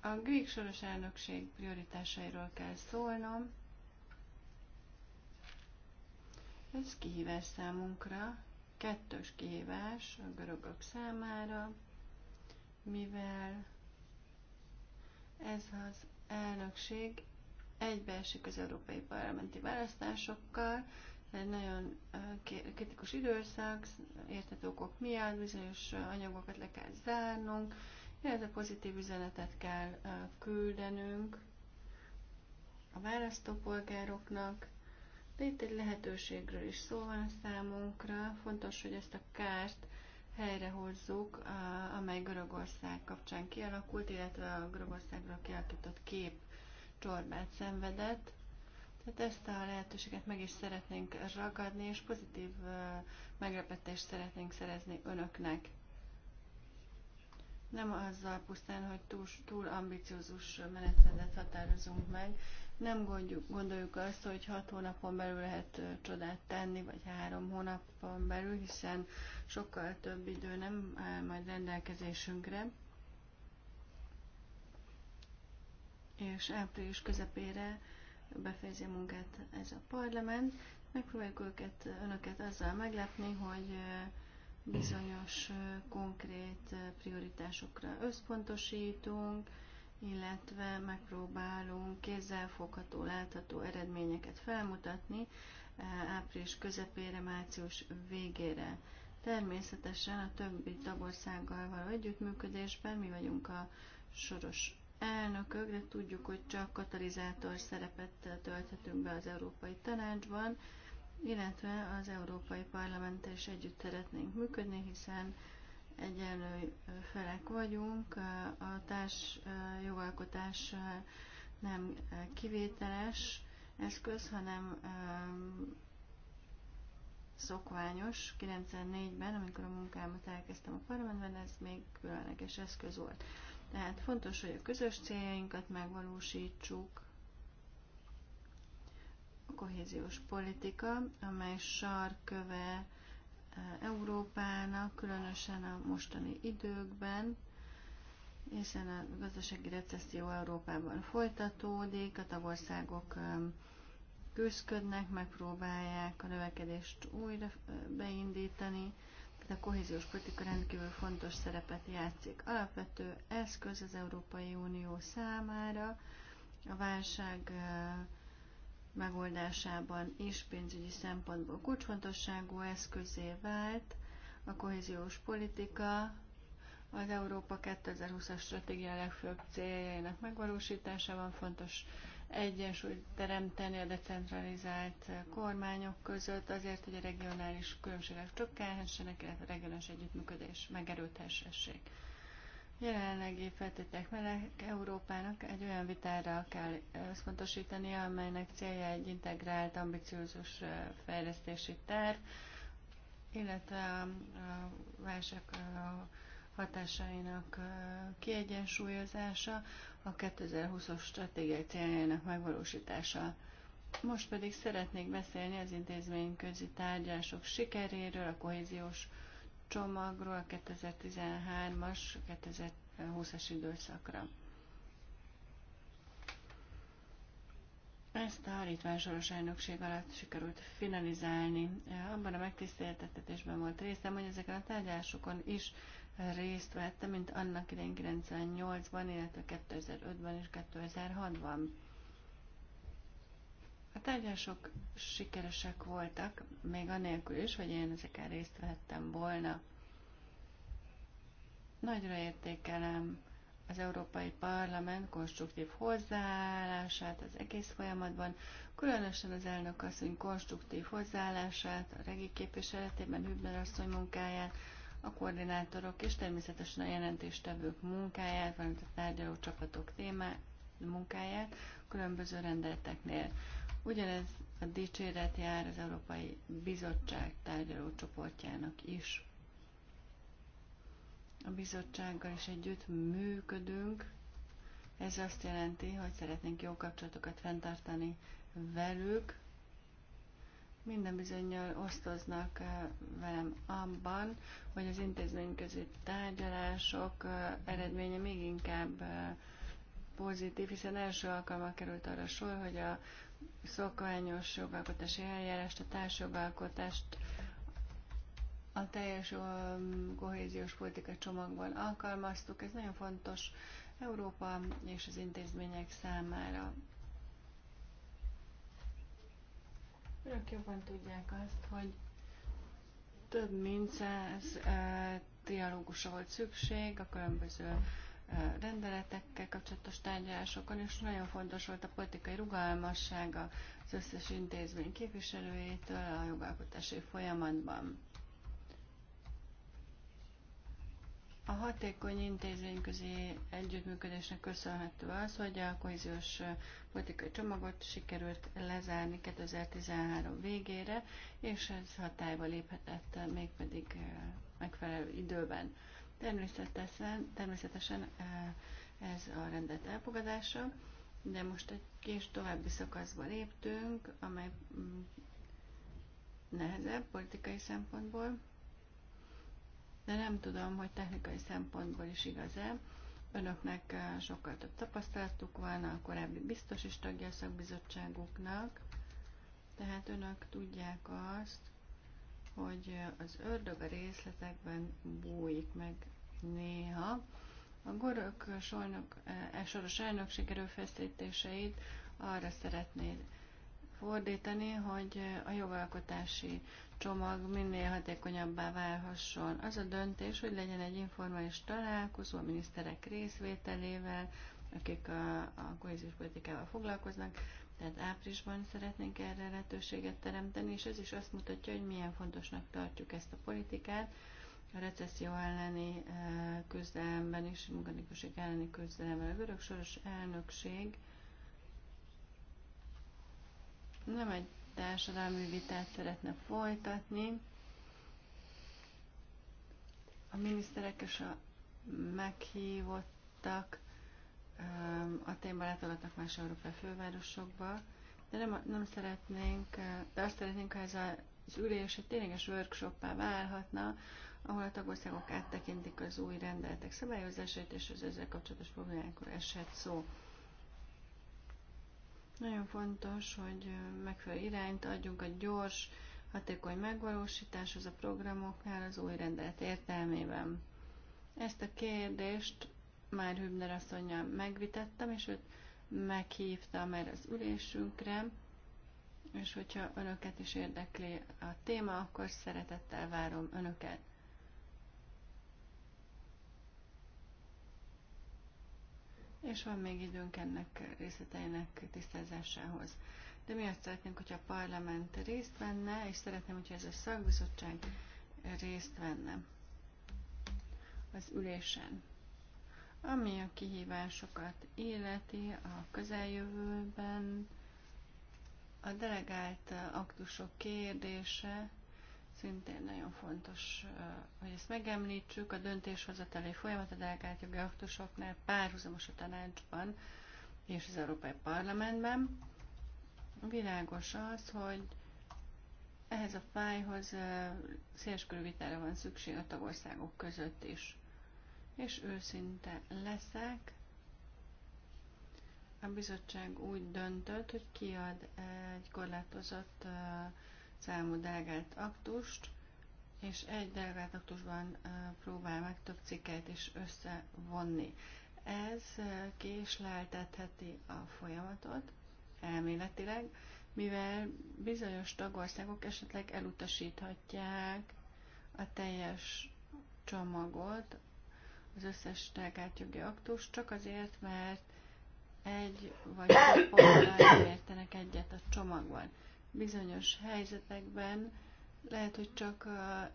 A grík soros elnökség prioritásairól kell szólnom. Ez kihívás számunkra, kettős kihívás a görögök számára, mivel ez az elnökség egybeesik az európai parlamenti választásokkal, egy nagyon kritikus időszak, értető okok miatt bizonyos anyagokat le kell zárnunk, illetve pozitív üzenetet kell küldenünk a választópolgároknak, de itt egy lehetőségről is szó van számunkra. Fontos, hogy ezt a kárt helyrehozzuk, amely Görögország kapcsán kialakult, illetve a Görögországról kialakított kép csorbát szenvedett. Tehát ezt a lehetőséget meg is szeretnénk ragadni, és pozitív meglepetést szeretnénk szerezni önöknek nem azzal pusztán, hogy túl, túl ambiciózus menetrendet határozunk meg, nem gondoljuk, gondoljuk azt, hogy hat hónapon belül lehet csodát tenni, vagy három hónapon belül, hiszen sokkal több idő nem áll majd rendelkezésünkre. És április közepére befejezi a munkát ez a parlament. Megpróbáljuk őket, önöket azzal meglepni, hogy bizonyos konkrét prioritásokra összpontosítunk, illetve megpróbálunk kézzelfogható, látható eredményeket felmutatni április közepére, március végére. Természetesen a többi tagországgal való együttműködésben mi vagyunk a soros elnökök, de tudjuk, hogy csak katalizátor szerepet tölthetünk be az Európai Tanácsban, illetve az Európai Parlamenttel is együtt szeretnénk működni, hiszen egyenlő felek vagyunk, a társ jogalkotás nem kivételes eszköz, hanem szokványos. 94-ben, amikor a munkámat elkezdtem a parlamentben, ez még különleges eszköz volt. Tehát fontos, hogy a közös céljainkat megvalósítsuk, a kohéziós politika, amely sarköve e, Európának, különösen a mostani időkben, hiszen a gazdasági recesszió Európában folytatódik, a tagországok e, küzdködnek, megpróbálják a növekedést újra e, beindítani, tehát a kohéziós politika rendkívül fontos szerepet játszik. Alapvető eszköz az Európai Unió számára a válság megoldásában és pénzügyi szempontból kulcsfontosságú eszközé vált a kohéziós politika, az Európa 2020-as stratégia legfőbb céljainak megvalósításában fontos egyensúlyt teremteni a decentralizált kormányok között, azért, hogy a regionális különbségek csökkenhessenek, illetve a regionális együttműködés megerőthessessék. Jelenlegi feltétek mellett Európának egy olyan vitára kell összpontosítani, amelynek célja egy integrált, ambiciózus fejlesztési terv, illetve a válság hatásainak kiegyensúlyozása, a 2020 os stratégiai céljainak megvalósítása. Most pedig szeretnék beszélni az intézményközi tárgyások sikeréről, a kohéziós csomagról 2013-as, 2020-as időszakra. Ezt a hárítvány soros elnökség alatt sikerült finalizálni. Abban a megtiszteltetésben volt részem, hogy ezeken a tárgyalásokon is részt vettem, mint annak idején 98-ban, illetve 2005-ben és 2006-ban. A tárgyások sikeresek voltak, még anélkül is, hogy én ezeken részt vehettem volna. Nagyra értékelem az Európai Parlament konstruktív hozzáállását az egész folyamatban, különösen az elnök asszony konstruktív hozzáállását, a regi képviseletében Hübner asszony munkáját, a koordinátorok és természetesen a jelentéstevők munkáját, valamint a tárgyaló csapatok témá, munkáját különböző rendeleteknél. Ugyanez a dicséret jár az Európai Bizottság tárgyaló csoportjának is. A bizottsággal is együtt működünk. Ez azt jelenti, hogy szeretnénk jó kapcsolatokat fenntartani velük. Minden bizonyal osztoznak eh, velem abban, hogy az intézményközi tárgyalások eh, eredménye még inkább eh, pozitív, hiszen első alkalommal került arra sor, hogy a szokványos jogalkotási eljárást, a társjogalkotást a teljes kohéziós politika csomagban alkalmaztuk. Ez nagyon fontos Európa és az intézmények számára. Önök jobban tudják azt, hogy több mint száz dialógusa volt szükség a különböző rendeletekkel kapcsolatos tárgyalásokon, és nagyon fontos volt a politikai rugalmasság az összes intézmény képviselőjétől a jogalkotási folyamatban. A hatékony intézményközi együttműködésnek köszönhető az, hogy a kohéziós politikai csomagot sikerült lezárni 2013 végére, és ez hatályba léphetett mégpedig megfelelő időben. Természetesen, természetesen ez a rendet elfogadása, de most egy kis további szakaszba léptünk, amely mm, nehezebb politikai szempontból, de nem tudom, hogy technikai szempontból is igaz-e. Önöknek sokkal több tapasztalatuk van, a korábbi biztos is tagja a szakbizottságuknak, tehát önök tudják azt, hogy az ördög a részletekben bújik meg néha. A görög solnok, e, soros elnökség erőfeszítéseit arra szeretnéd fordítani, hogy a jogalkotási csomag minél hatékonyabbá válhasson. Az a döntés, hogy legyen egy informális találkozó a miniszterek részvételével, akik a, a kohéziós politikával foglalkoznak, tehát áprilisban szeretnénk erre lehetőséget teremteni, és ez is azt mutatja, hogy milyen fontosnak tartjuk ezt a politikát. A recesszió elleni eh, küzdelemben is, munkanélküliség elleni küzdelemben a görög soros elnökség nem egy társadalmi vitát szeretne folytatni. A miniszterek és a meghívottak a témbarát alatnak más európai fővárosokba, de nem, nem szeretnénk, de azt szeretnénk, ha ez az ülés egy tényleges workshoppá válhatna, ahol a tagországok áttekintik az új rendeletek szabályozását és az ezzel kapcsolatos problémákról esett szó. Nagyon fontos, hogy megfelelő irányt adjunk a gyors, hatékony megvalósításhoz a programoknál az új rendelet értelmében. Ezt a kérdést már Hübner asszonynal megvitettem, és őt meghívtam erre az ülésünkre, és hogyha önöket is érdekli a téma, akkor szeretettel várom önöket. És van még időnk ennek részleteinek tisztázásához. De mi azt szeretnénk, hogyha a parlament részt venne, és szeretném, hogyha ez a szakbizottság részt venne az ülésen. Ami a kihívásokat életi a közeljövőben, a delegált aktusok kérdése szintén nagyon fontos, hogy ezt megemlítsük. A döntéshozatali folyamat a delegált jogi aktusoknál párhuzamos a tanácsban és az Európai Parlamentben. Világos az, hogy ehhez a fájhoz széleskörű vitára van szükség a tagországok között is és őszinte leszek. A bizottság úgy döntött, hogy kiad egy korlátozott számú delegált aktust, és egy delegált aktusban próbál meg több cikket is összevonni. Ez késleltetheti a folyamatot, elméletileg, mivel bizonyos tagországok esetleg elutasíthatják a teljes csomagot az összes delegált jogi aktus, csak azért, mert egy vagy több ponttal értenek egyet a csomagban. Bizonyos helyzetekben lehet, hogy csak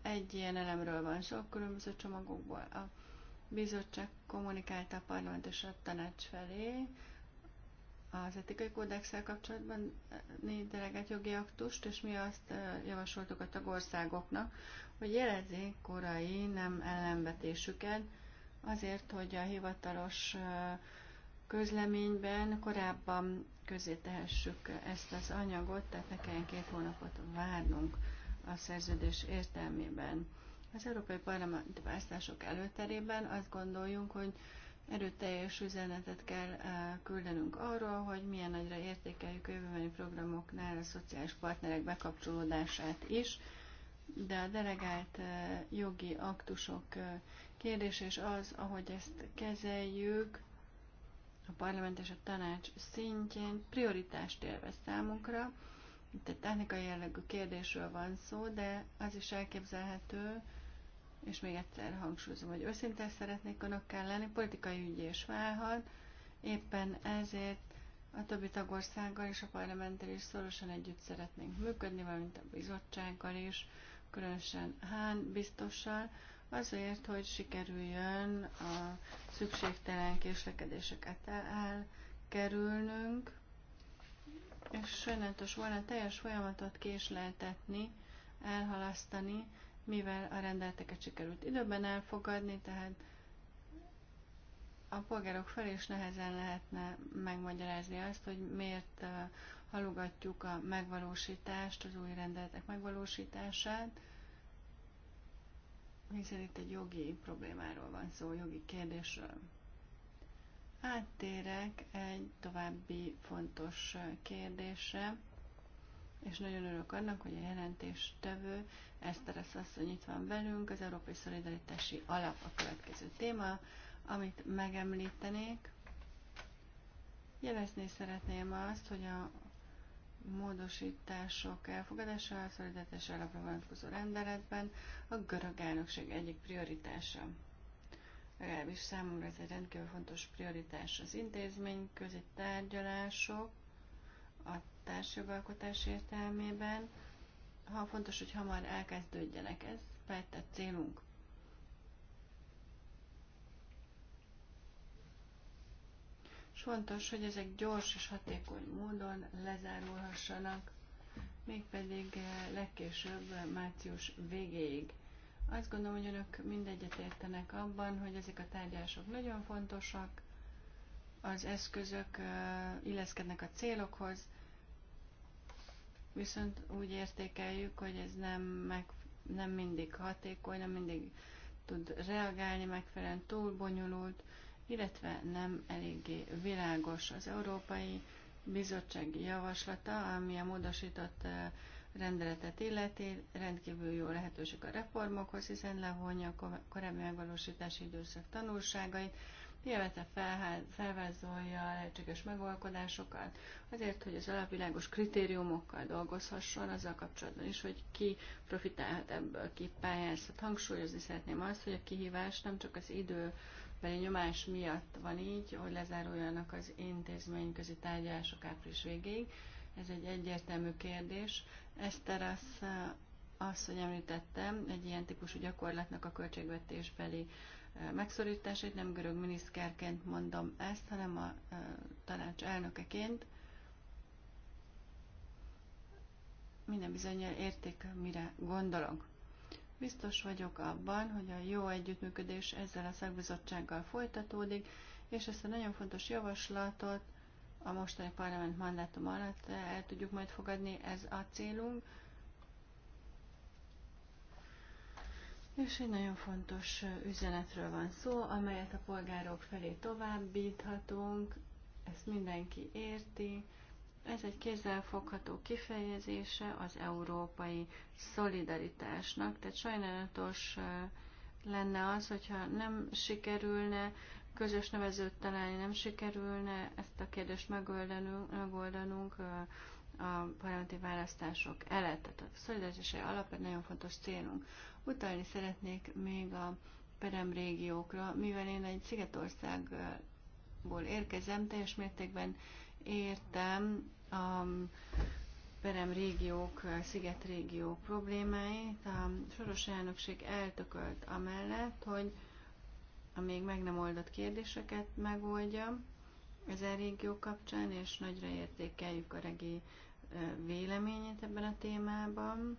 egy ilyen elemről van szó, különböző csomagokból. A bizottság kommunikálta a parlament és a tanács felé az etikai kódexsel kapcsolatban négy delegált jogi aktust, és mi azt javasoltuk a tagországoknak, hogy jelezzék korai nem ellenvetésüket, azért, hogy a hivatalos közleményben korábban közé tehessük ezt az anyagot, tehát ne kelljen két hónapot várnunk a szerződés értelmében. Az európai Parlament választások előterében azt gondoljunk, hogy erőteljes üzenetet kell küldenünk arról, hogy milyen nagyra értékeljük a jövőbeni programoknál a szociális partnerek bekapcsolódását is, de a delegált jogi aktusok kérdés, és az, ahogy ezt kezeljük a parlament és a tanács szintjén, prioritást élvez számunkra. Itt egy technikai jellegű kérdésről van szó, de az is elképzelhető, és még egyszer hangsúlyozom, hogy őszinte szeretnék önökkel lenni, politikai ügy és válhat, éppen ezért a többi tagországgal és a parlamenttel is szorosan együtt szeretnénk működni, valamint a bizottsággal is, különösen Hán biztossal, azért, hogy sikerüljön a szükségtelen késlekedéseket elkerülnünk, és sajnálatos volna teljes folyamatot késleltetni, elhalasztani, mivel a rendelteket sikerült időben elfogadni, tehát a polgárok felé is nehezen lehetne megmagyarázni azt, hogy miért uh, halogatjuk a megvalósítást, az új rendeletek megvalósítását, hiszen itt egy jogi problémáról van szó, jogi kérdésről. Áttérek egy további fontos kérdésre, és nagyon örülök annak, hogy a jelentéstevő Eszteres asszony itt van velünk, az Európai Szolidaritási Alap a következő téma, amit megemlítenék. Jelezni szeretném azt, hogy a módosítások elfogadása a szolidaritás alapra vonatkozó rendeletben a görög elnökség egyik prioritása. Legalábbis számomra ez egy rendkívül fontos prioritás az intézmény közi tárgyalások a társjogalkotás értelmében. Ha fontos, hogy hamar elkezdődjenek, ez lett a célunk. fontos, hogy ezek gyors és hatékony módon lezárulhassanak, mégpedig eh, legkésőbb március végéig. Azt gondolom, hogy önök mindegyet értenek abban, hogy ezek a tárgyalások nagyon fontosak, az eszközök eh, illeszkednek a célokhoz, viszont úgy értékeljük, hogy ez nem, meg, nem mindig hatékony, nem mindig tud reagálni megfelelően, túl bonyolult, illetve nem eléggé világos az Európai Bizottsági Javaslata, ami a módosított eh, rendeletet illeti, rendkívül jó lehetőség a reformokhoz, hiszen levonja a korábbi megvalósítási időszak tanulságait, illetve felvázolja a lehetséges megalkodásokat, azért, hogy az alapvilágos kritériumokkal dolgozhasson, azzal kapcsolatban is, hogy ki profitálhat ebből, ki pályázhat. Hangsúlyozni szeretném azt, hogy a kihívás nem csak az idő beli nyomás miatt van így, hogy lezáruljanak az intézményközi tárgyalások április végéig. Ez egy egyértelmű kérdés. Ezt az, eh, hogy említettem egy ilyen típusú gyakorlatnak a költségvetésbeli eh, megszorításait, nem görög miniszterként mondom ezt, hanem a eh, tanács elnökeként. Minden bizonyal érték, mire gondolok. Biztos vagyok abban, hogy a jó együttműködés ezzel a szakbizottsággal folytatódik, és ezt a nagyon fontos javaslatot a mostani parlament mandátum alatt el tudjuk majd fogadni, ez a célunk. És egy nagyon fontos üzenetről van szó, amelyet a polgárok felé továbbíthatunk, ezt mindenki érti, ez egy kézzelfogható kifejezése az európai szolidaritásnak, tehát sajnálatos lenne az, hogyha nem sikerülne közös nevezőt találni, nem sikerülne ezt a kérdést megoldanunk, megoldanunk a parlamenti választások előtt. Tehát a szolidaritási alap egy nagyon fontos célunk. Utalni szeretnék még a peremrégiókra, mivel én egy szigetország ból érkezem, teljes mértékben értem a perem régiók, sziget régiók problémáit. A soros elnökség eltökölt amellett, hogy a még meg nem oldott kérdéseket megoldja ezen régió kapcsán, és nagyra értékeljük a regi véleményét ebben a témában.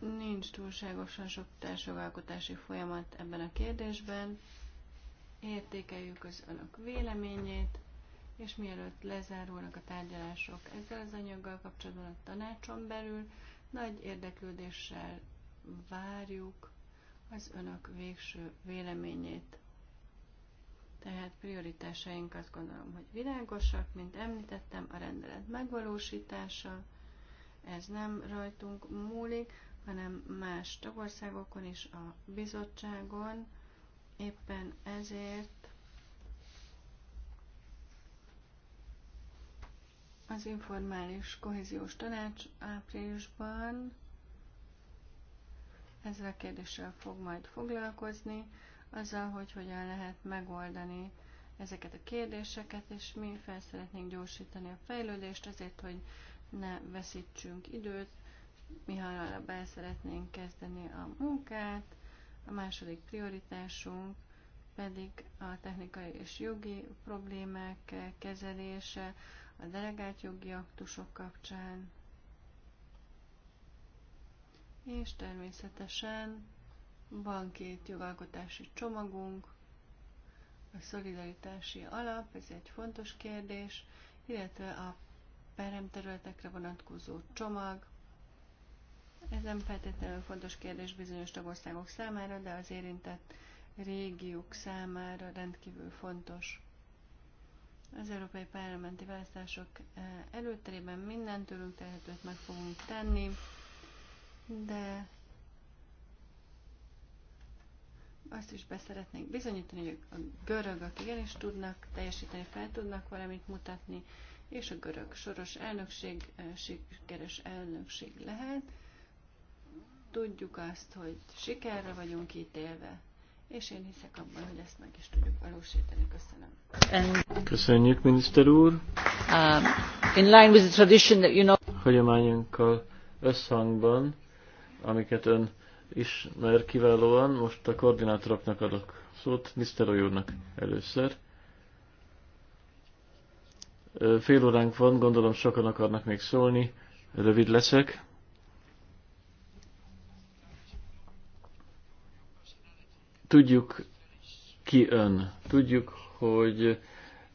Nincs túlságosan sok társjogalkotási folyamat ebben a kérdésben. Értékeljük az önök véleményét, és mielőtt lezárulnak a tárgyalások ezzel az anyaggal kapcsolatban a tanácson belül, nagy érdeklődéssel várjuk az önök végső véleményét. Tehát prioritásaink azt gondolom, hogy világosak, mint említettem, a rendelet megvalósítása, ez nem rajtunk múlik, hanem más tagországokon is, a bizottságon. Éppen ezért az informális kohéziós tanács áprilisban ezzel a kérdéssel fog majd foglalkozni, azzal, hogy hogyan lehet megoldani ezeket a kérdéseket, és mi fel szeretnénk gyorsítani a fejlődést azért, hogy ne veszítsünk időt, mi hamarabb be szeretnénk kezdeni a munkát. A második prioritásunk pedig a technikai és jogi problémák kezelése a delegált jogi aktusok kapcsán. És természetesen van két jogalkotási csomagunk, a szolidaritási alap, ez egy fontos kérdés, illetve a peremterületekre vonatkozó csomag, ez nem feltétlenül fontos kérdés bizonyos tagországok számára, de az érintett régiók számára rendkívül fontos. Az európai parlamenti választások eh, előterében mindent tőlünk tehetőt meg fogunk tenni, de azt is beszeretnénk bizonyítani, hogy a görögök igenis tudnak teljesíteni, fel tudnak valamit mutatni, és a görög soros elnökség eh, sikeres elnökség lehet tudjuk azt, hogy sikerre vagyunk ítélve, és én hiszek abban, hogy ezt meg is tudjuk valósítani. Köszönöm. Köszönjük, miniszter úr. Uh, in line with the tradition that you know... Hagyományunkkal összhangban, amiket ön ismer kiválóan, most a koordinátoroknak adok szót, Mr. úrnak először. Fél óránk van, gondolom sokan akarnak még szólni, rövid leszek. Tudjuk ki ön, tudjuk, hogy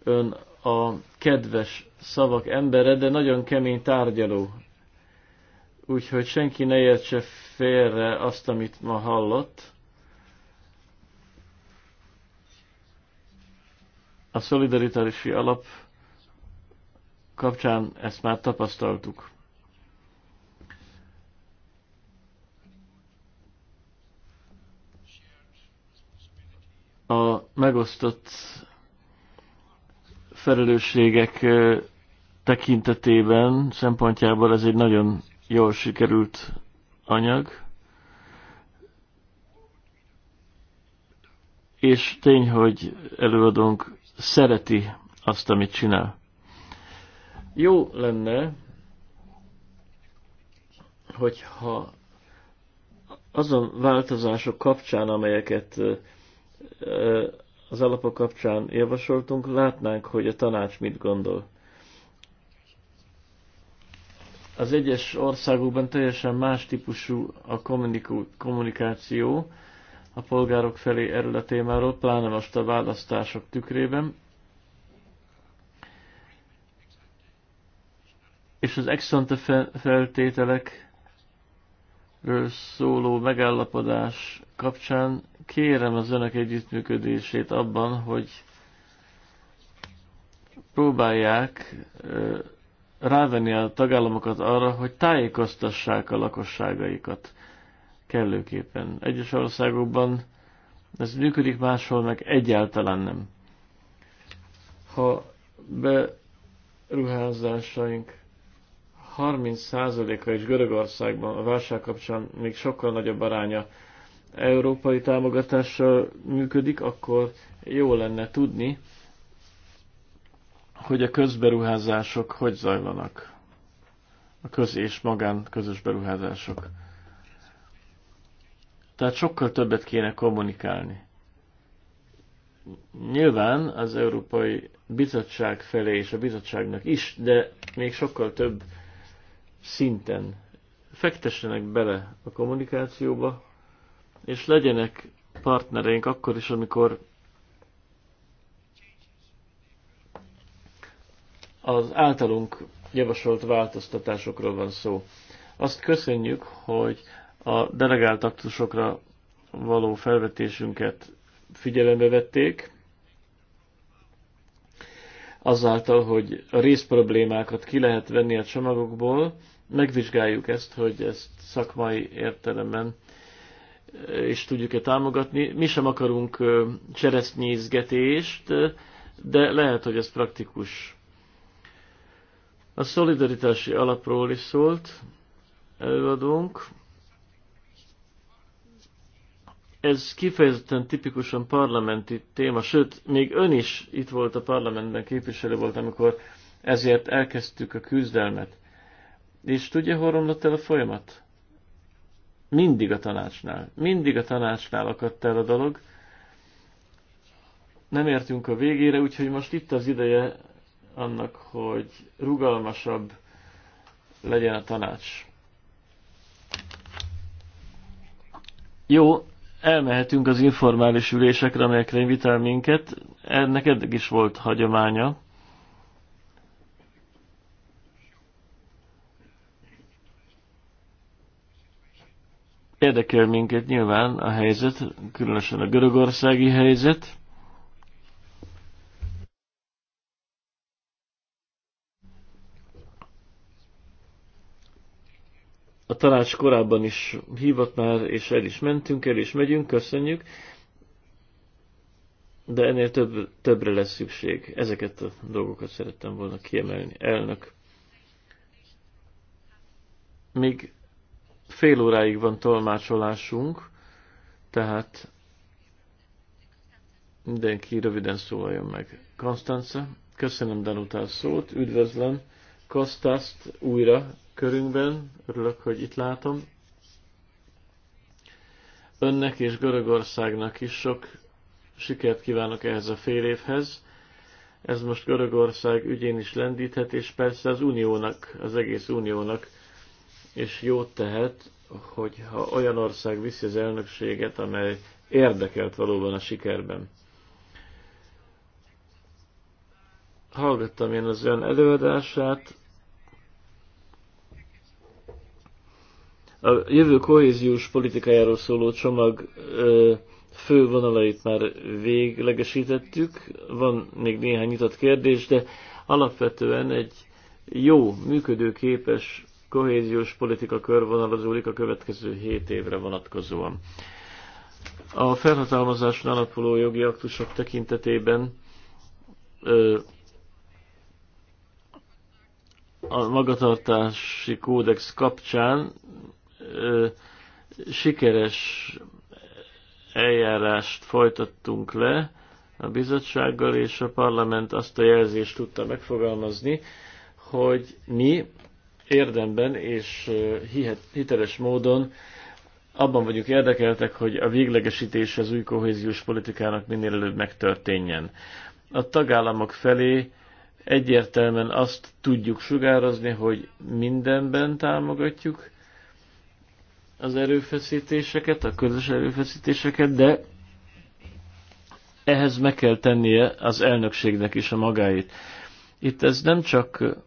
ön a kedves szavak embere, de nagyon kemény tárgyaló. Úgyhogy senki ne értse félre azt, amit ma hallott. A szolidaritási alap kapcsán ezt már tapasztaltuk. a megosztott felelősségek tekintetében, szempontjából ez egy nagyon jól sikerült anyag. És tény, hogy előadónk szereti azt, amit csinál. Jó lenne, hogyha azon változások kapcsán, amelyeket az alapok kapcsán javasoltunk, látnánk, hogy a tanács mit gondol. Az egyes országokban teljesen más típusú a kommunikáció a polgárok felé erről a témáról, pláne most a választások tükrében. És az exante feltételekről szóló megállapodás kapcsán kérem az önök együttműködését abban, hogy próbálják rávenni a tagállamokat arra, hogy tájékoztassák a lakosságaikat kellőképpen. Egyes országokban ez működik, máshol meg egyáltalán nem. Ha beruházásaink 30%-a is Görögországban a válság kapcsán még sokkal nagyobb aránya európai támogatással működik, akkor jó lenne tudni, hogy a közberuházások hogy zajlanak. A köz és magán közös beruházások. Tehát sokkal többet kéne kommunikálni. Nyilván az Európai Bizottság felé és a bizottságnak is, de még sokkal több szinten fektessenek bele a kommunikációba, és legyenek partnereink akkor is, amikor az általunk javasolt változtatásokról van szó. Azt köszönjük, hogy a delegált aktusokra való felvetésünket figyelembe vették, azáltal, hogy a részproblémákat ki lehet venni a csomagokból, megvizsgáljuk ezt, hogy ezt szakmai értelemben és tudjuk-e támogatni. Mi sem akarunk cseresznyézgetést, de lehet, hogy ez praktikus. A szolidaritási alapról is szólt előadónk. Ez kifejezetten tipikusan parlamenti téma, sőt, még ön is itt volt a parlamentben, képviselő volt, amikor ezért elkezdtük a küzdelmet. És tudja, hol romlott el a folyamat? Mindig a tanácsnál. Mindig a tanácsnál akadt el a dolog. Nem értünk a végére, úgyhogy most itt az ideje annak, hogy rugalmasabb legyen a tanács. Jó, elmehetünk az informális ülésekre, amelyekre invitál minket. Ennek eddig is volt hagyománya. Érdekel minket nyilván a helyzet, különösen a görögországi helyzet. A tanács korábban is hívott már, és el is mentünk, el is megyünk, köszönjük, de ennél több, többre lesz szükség. Ezeket a dolgokat szerettem volna kiemelni. Elnök. Még fél óráig van tolmácsolásunk, tehát mindenki röviden szólaljon meg. Konstance, köszönöm Danutás szót, üdvözlöm Kostaszt újra körünkben, örülök, hogy itt látom. Önnek és Görögországnak is sok sikert kívánok ehhez a fél évhez. Ez most Görögország ügyén is lendíthet, és persze az uniónak, az egész uniónak és jót tehet, hogy ha olyan ország viszi az elnökséget, amely érdekelt valóban a sikerben. Hallgattam én az ön előadását. A jövő kohéziós politikájáról szóló csomag ö, fő vonalait már véglegesítettük. Van még néhány nyitott kérdés, de alapvetően egy jó, működőképes kohéziós politika körvonalazódik a következő 7 évre vonatkozóan. A felhatalmazáson alapuló jogi aktusok tekintetében ö, a magatartási kódex kapcsán ö, sikeres eljárást folytattunk le a bizottsággal, és a parlament azt a jelzést tudta megfogalmazni, hogy mi érdemben és hiteles módon abban vagyunk érdekeltek, hogy a véglegesítése az új kohéziós politikának minél előbb megtörténjen. A tagállamok felé egyértelműen azt tudjuk sugározni, hogy mindenben támogatjuk az erőfeszítéseket, a közös erőfeszítéseket, de ehhez meg kell tennie az elnökségnek is a magáit. Itt ez nem csak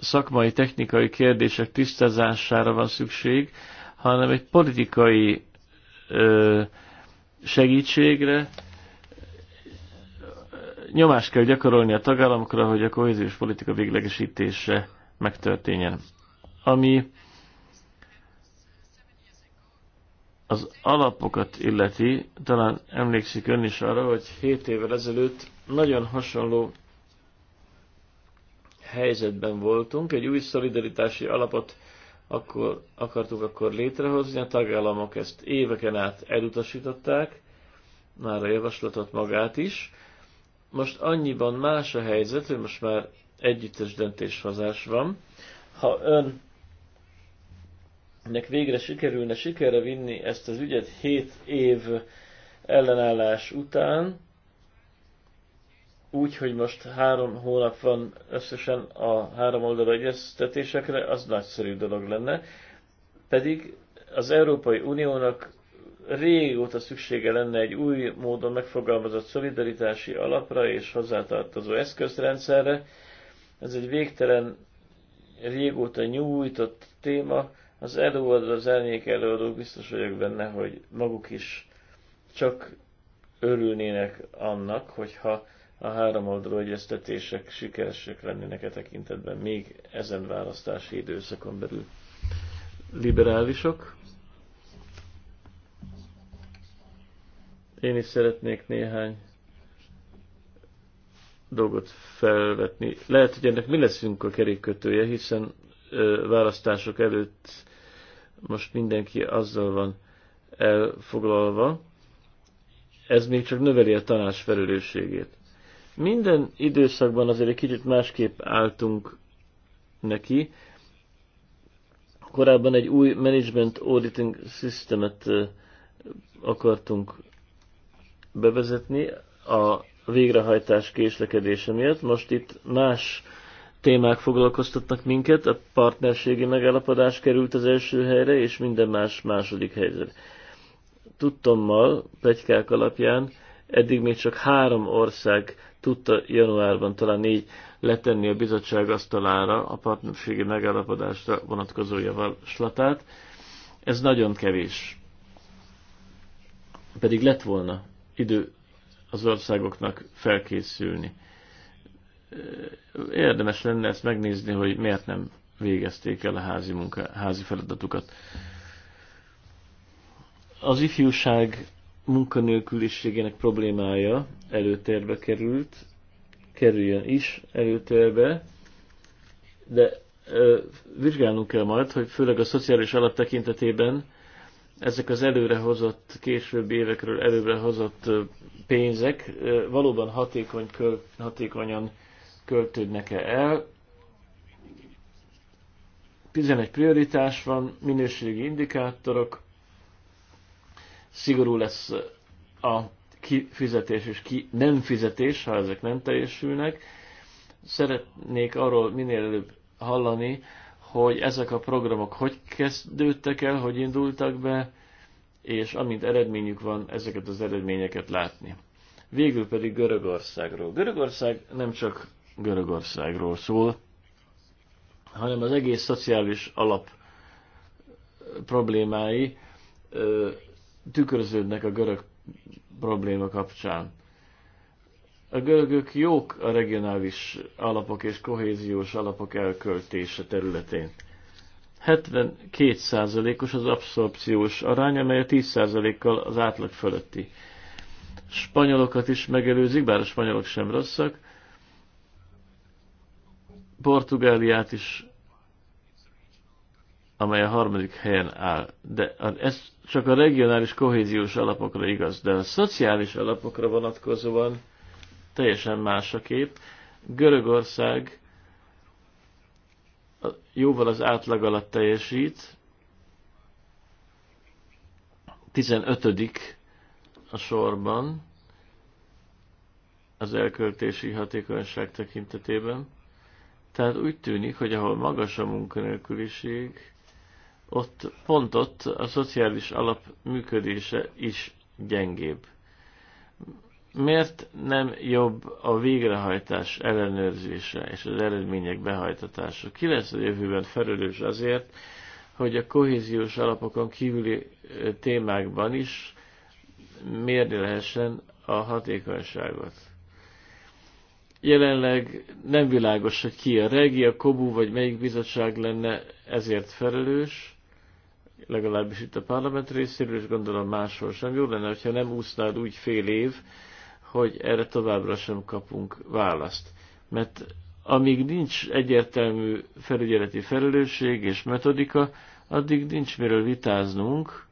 szakmai, technikai kérdések tisztázására van szükség, hanem egy politikai ö, segítségre, nyomást kell gyakorolni a tagállamokra, hogy a kohéziós politika véglegesítése megtörténjen. Ami az alapokat illeti, talán emlékszik ön is arra, hogy 7 évvel ezelőtt nagyon hasonló helyzetben voltunk, egy új szolidaritási alapot akkor, akartuk akkor létrehozni, a tagállamok ezt éveken át elutasították, már a javaslatot magát is. Most annyiban más a helyzet, hogy most már együttes döntéshozás van. Ha ön nek végre sikerülne sikerre vinni ezt az ügyet 7 év ellenállás után, úgy, hogy most három hónap van összesen a három oldalra egyeztetésekre, az nagyszerű dolog lenne. Pedig az Európai Uniónak régóta szüksége lenne egy új módon megfogalmazott szolidaritási alapra és hozzátartozó eszközrendszerre. Ez egy végtelen, régóta nyújtott téma. Az előadó, az elnék előadók biztos vagyok benne, hogy maguk is csak örülnének annak, hogyha a három oldalú egyeztetések sikeresek lennének e tekintetben még ezen választási időszakon belül. Liberálisok. Én is szeretnék néhány dolgot felvetni. Lehet, hogy ennek mi leszünk a kerékkötője, hiszen ö, választások előtt most mindenki azzal van elfoglalva. Ez még csak növeli a tanács felelősségét minden időszakban azért egy kicsit másképp álltunk neki. Korábban egy új management auditing systemet akartunk bevezetni a végrehajtás késlekedése miatt. Most itt más témák foglalkoztatnak minket, a partnerségi megállapodás került az első helyre, és minden más második helyre. Tudtommal, plegykák alapján eddig még csak három ország tudta januárban talán így letenni a bizottság asztalára a partnerségi megállapodásra vonatkozó javaslatát. Ez nagyon kevés. Pedig lett volna idő az országoknak felkészülni. Érdemes lenne ezt megnézni, hogy miért nem végezték el a házi, munka, házi feladatukat. Az ifjúság munkanélküliségének problémája előtérbe került, kerüljön is előtérbe, de ö, vizsgálnunk kell majd, hogy főleg a szociális alap tekintetében ezek az előrehozott, későbbi évekről előrehozott pénzek ö, valóban hatékony köl, hatékonyan költődnek-e el. 11 prioritás van, minőségi indikátorok, szigorú lesz a kifizetés és ki nem fizetés, ha ezek nem teljesülnek. Szeretnék arról minél előbb hallani, hogy ezek a programok hogy kezdődtek el, hogy indultak be, és amint eredményük van, ezeket az eredményeket látni. Végül pedig Görögországról. Görögország nem csak Görögországról szól, hanem az egész szociális alap problémái tükröződnek a görög probléma kapcsán. A görögök jók a regionális alapok és kohéziós alapok elköltése területén. 72%-os az abszorpciós arány, amely a 10%-kal az átlag fölötti. Spanyolokat is megelőzik, bár a spanyolok sem rosszak. Portugáliát is amely a harmadik helyen áll. De ez csak a regionális kohéziós alapokra igaz, de a szociális alapokra vonatkozóan teljesen más a kép. Görögország jóval az átlag alatt teljesít, 15 a sorban az elköltési hatékonyság tekintetében. Tehát úgy tűnik, hogy ahol magas a munkanélküliség, ott pont ott a szociális alap működése is gyengébb. Miért nem jobb a végrehajtás ellenőrzése és az eredmények behajtatása? Ki lesz a jövőben felelős azért, hogy a kohéziós alapokon kívüli témákban is mérni lehessen a hatékonyságot? Jelenleg nem világos, hogy ki a regi, a kobu vagy melyik bizottság lenne ezért felelős legalábbis itt a parlament részéről, és gondolom máshol sem. Jó lenne, hogyha nem úsznád úgy fél év, hogy erre továbbra sem kapunk választ. Mert amíg nincs egyértelmű felügyeleti felelősség és metodika, addig nincs miről vitáznunk,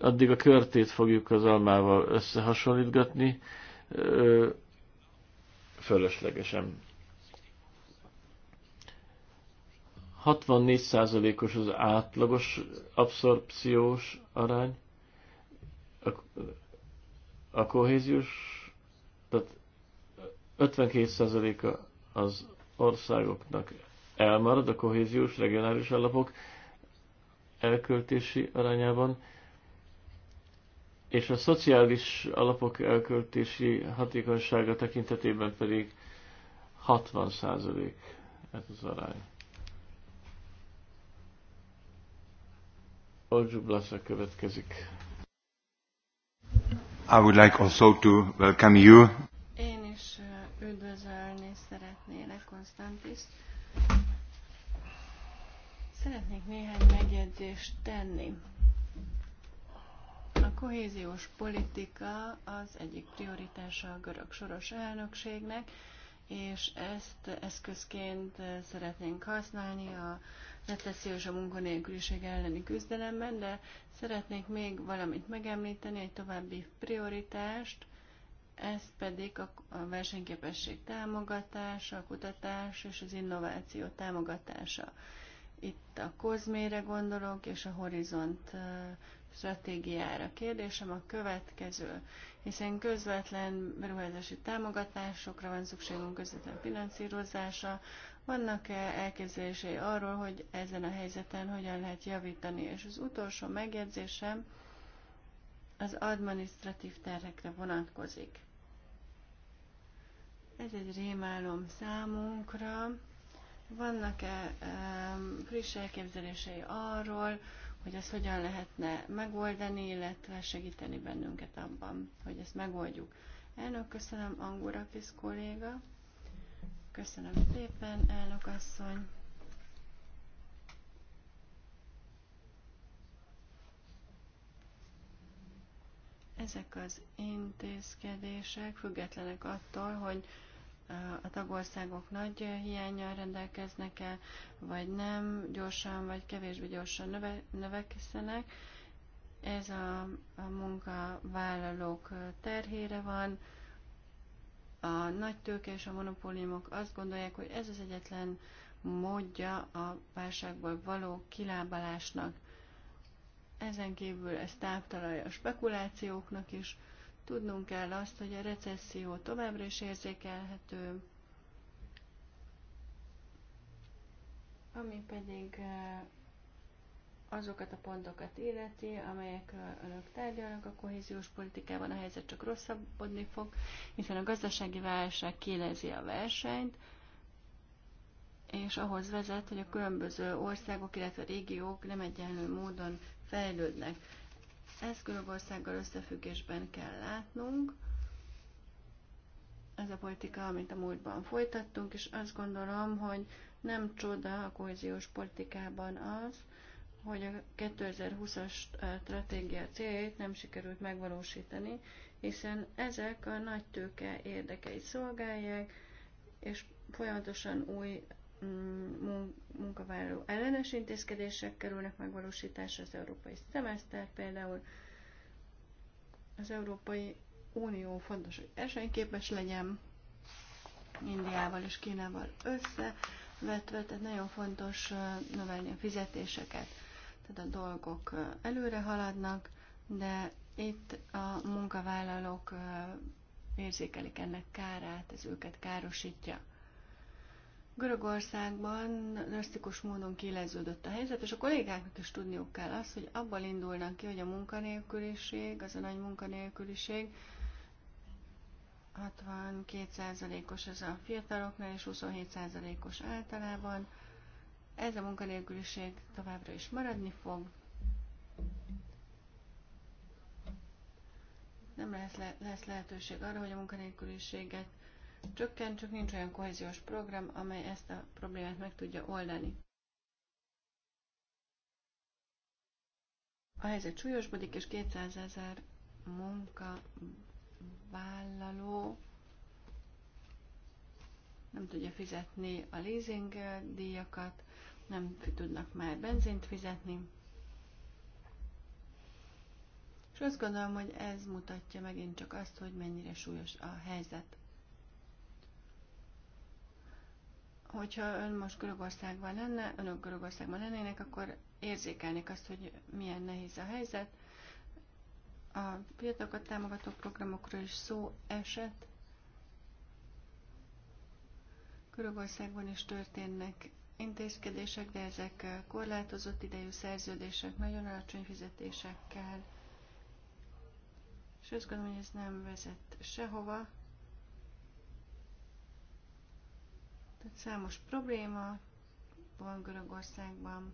addig a körtét fogjuk az almával összehasonlítgatni, fölöslegesen. 64%-os az átlagos abszorpciós arány, a, a kohéziós, tehát 52%-a az országoknak elmarad a kohéziós regionális alapok elköltési arányában, és a szociális alapok elköltési hatékonysága tekintetében pedig 60 százalék ez az arány. Oljublasza következik. I would like also to welcome you. Én is üdvözölni szeretnélek, Konstantis. Szeretnék néhány megjegyzést tenni. A kohéziós politika az egyik prioritása a görög soros elnökségnek, és ezt eszközként szeretnénk használni a recessziós a munkanélküliség elleni küzdelemben, de szeretnék még valamit megemlíteni, egy további prioritást, ez pedig a versenyképesség támogatása, a kutatás és az innováció támogatása. Itt a kozmére gondolok, és a horizont stratégiára. Kérdésem a következő, hiszen közvetlen beruházási támogatásokra van szükségünk, közvetlen finanszírozása, vannak-e elképzelései arról, hogy ezen a helyzeten hogyan lehet javítani? És az utolsó megjegyzésem az administratív terhekre vonatkozik. Ez egy rémálom számunkra. Vannak-e um, friss elképzelései arról, hogy ezt hogyan lehetne megoldani, illetve segíteni bennünket abban, hogy ezt megoldjuk? Elnök, köszönöm, Angurakis kolléga. Köszönöm szépen, elnök asszony. Ezek az intézkedések függetlenek attól, hogy a tagországok nagy hiányjal rendelkeznek-e, vagy nem, gyorsan vagy kevésbé gyorsan növe, növekszenek. Ez a, a munkavállalók terhére van, a nagy tőke és a monopóliumok azt gondolják, hogy ez az egyetlen módja a válságból való kilábalásnak. Ezen kívül ez táptalaj a spekulációknak is. Tudnunk kell azt, hogy a recesszió továbbra is érzékelhető, ami pedig eh, azokat a pontokat illeti, amelyekről önök tárgyalnak, a kohéziós politikában a helyzet csak rosszabbodni fog, hiszen a gazdasági válság kélezi a versenyt, és ahhoz vezet, hogy a különböző országok, illetve régiók nem egyenlő módon fejlődnek. Ezt Görögországgal összefüggésben kell látnunk. Ez a politika, amit a múltban folytattunk, és azt gondolom, hogy nem csoda a kohéziós politikában az, hogy a 2020-as stratégia céljait nem sikerült megvalósítani, hiszen ezek a nagy tőke érdekeit szolgálják, és folyamatosan új mm, munkavállaló ellenes intézkedések kerülnek megvalósításra, az európai szemeszter például. Az Európai Unió fontos, hogy versenyképes legyen, Indiával és Kínával összevetve, tehát nagyon fontos növelni a fizetéseket tehát a dolgok előre haladnak, de itt a munkavállalók érzékelik ennek kárát, ez őket károsítja. Görögországban drasztikus módon kéleződött a helyzet, és a kollégáknak is tudniuk kell az, hogy abból indulnak ki, hogy a munkanélküliség, az a nagy munkanélküliség, 62%-os ez a fiataloknál, és 27%-os általában, ez a munkanélküliség továbbra is maradni fog. Nem lesz, le, lesz lehetőség arra, hogy a munkanélküliséget csak nincs olyan kohéziós program, amely ezt a problémát meg tudja oldani. A helyzet súlyosbodik, és 200 ezer munkavállaló nem tudja fizetni a leasing díjakat, nem tudnak már benzint fizetni. És azt gondolom, hogy ez mutatja megint csak azt, hogy mennyire súlyos a helyzet. Hogyha ön most Görögországban lenne, önök Görögországban lennének, akkor érzékelnék azt, hogy milyen nehéz a helyzet. A fiatalokat támogató programokról is szó esett. Görögországban is történnek intézkedések, de ezek eh, korlátozott idejű szerződések, nagyon alacsony fizetésekkel, és azt gondolom, hogy ez nem vezet sehova. Tehát számos probléma van Görögországban,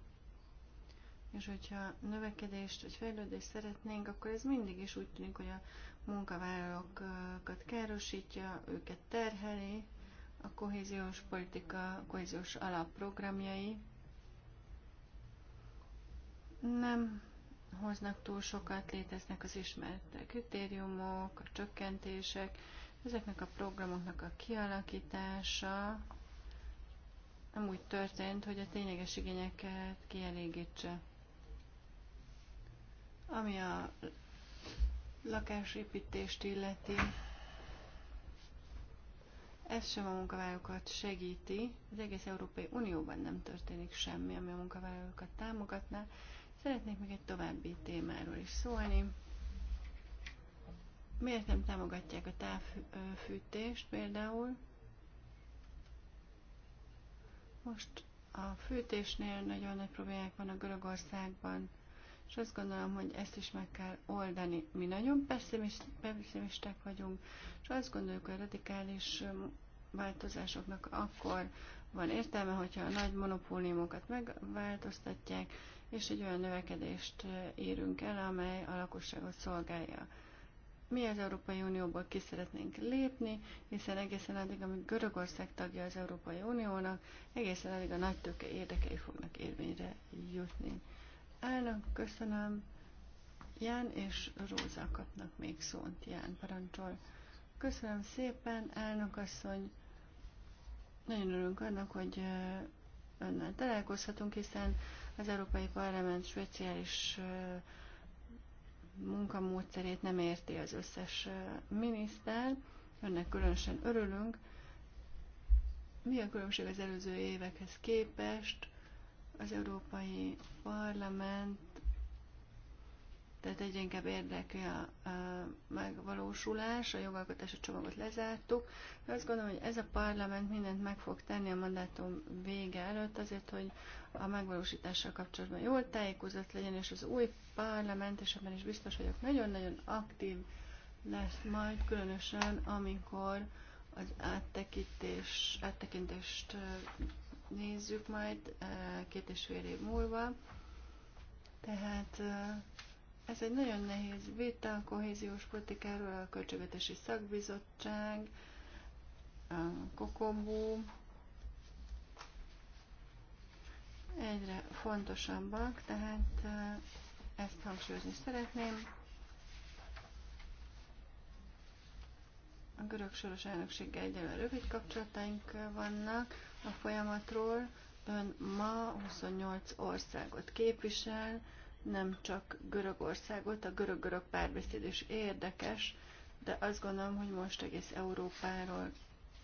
és hogyha növekedést vagy fejlődést szeretnénk, akkor ez mindig is úgy tűnik, hogy a munkavállalókat károsítja, őket terheli, a kohéziós politika, a kohéziós alapprogramjai nem hoznak túl sokat, léteznek az ismert kritériumok, a csökkentések, ezeknek a programoknak a kialakítása nem úgy történt, hogy a tényleges igényeket kielégítse. Ami a lakásépítést illeti, ez sem a munkavállalókat segíti. Az egész Európai Unióban nem történik semmi, ami a munkavállalókat támogatná. Szeretnék még egy további témáról is szólni. Miért nem támogatják a távfűtést például? Most a fűtésnél nagyon nagy problémák vannak Görögországban, és azt gondolom, hogy ezt is meg kell oldani. Mi nagyon pessimisták vagyunk, és azt gondoljuk, hogy a radikális um, változásoknak akkor van értelme, hogyha a nagy monopóliumokat megváltoztatják, és egy olyan növekedést uh, érünk el, amely a lakosságot szolgálja. Mi az Európai Unióból ki szeretnénk lépni, hiszen egészen addig, amíg Görögország tagja az Európai Uniónak, egészen addig a nagy tőke érdekei fognak érvényre jutni. Elnök, köszönöm. Ján és Róza kapnak még szót. Ján parancsol. Köszönöm szépen, elnök asszony. Nagyon örülünk annak, hogy önnel találkozhatunk, hiszen az Európai Parlament speciális munkamódszerét nem érti az összes miniszter. Önnek különösen örülünk. Mi a különbség az előző évekhez képest? az Európai Parlament tehát egyre inkább érdekli a, a megvalósulás, a jogalkotási csomagot lezártuk. De azt gondolom, hogy ez a parlament mindent meg fog tenni a mandátum vége előtt azért, hogy a megvalósítással kapcsolatban jól tájékozott legyen, és az új parlament, és ebben is biztos vagyok, nagyon-nagyon aktív lesz majd, különösen amikor az áttekintést nézzük majd két és fél év múlva. Tehát ez egy nagyon nehéz vita a kohéziós politikáról, a Költségvetési Szakbizottság, a Kokombó, egyre fontosabbak, tehát ezt hangsúlyozni szeretném. A görög soros elnökséggel egyelőre rövid kapcsolataink vannak, a folyamatról. Ön ma 28 országot képvisel, nem csak Görögországot, a görög-görög párbeszéd is érdekes, de azt gondolom, hogy most egész Európáról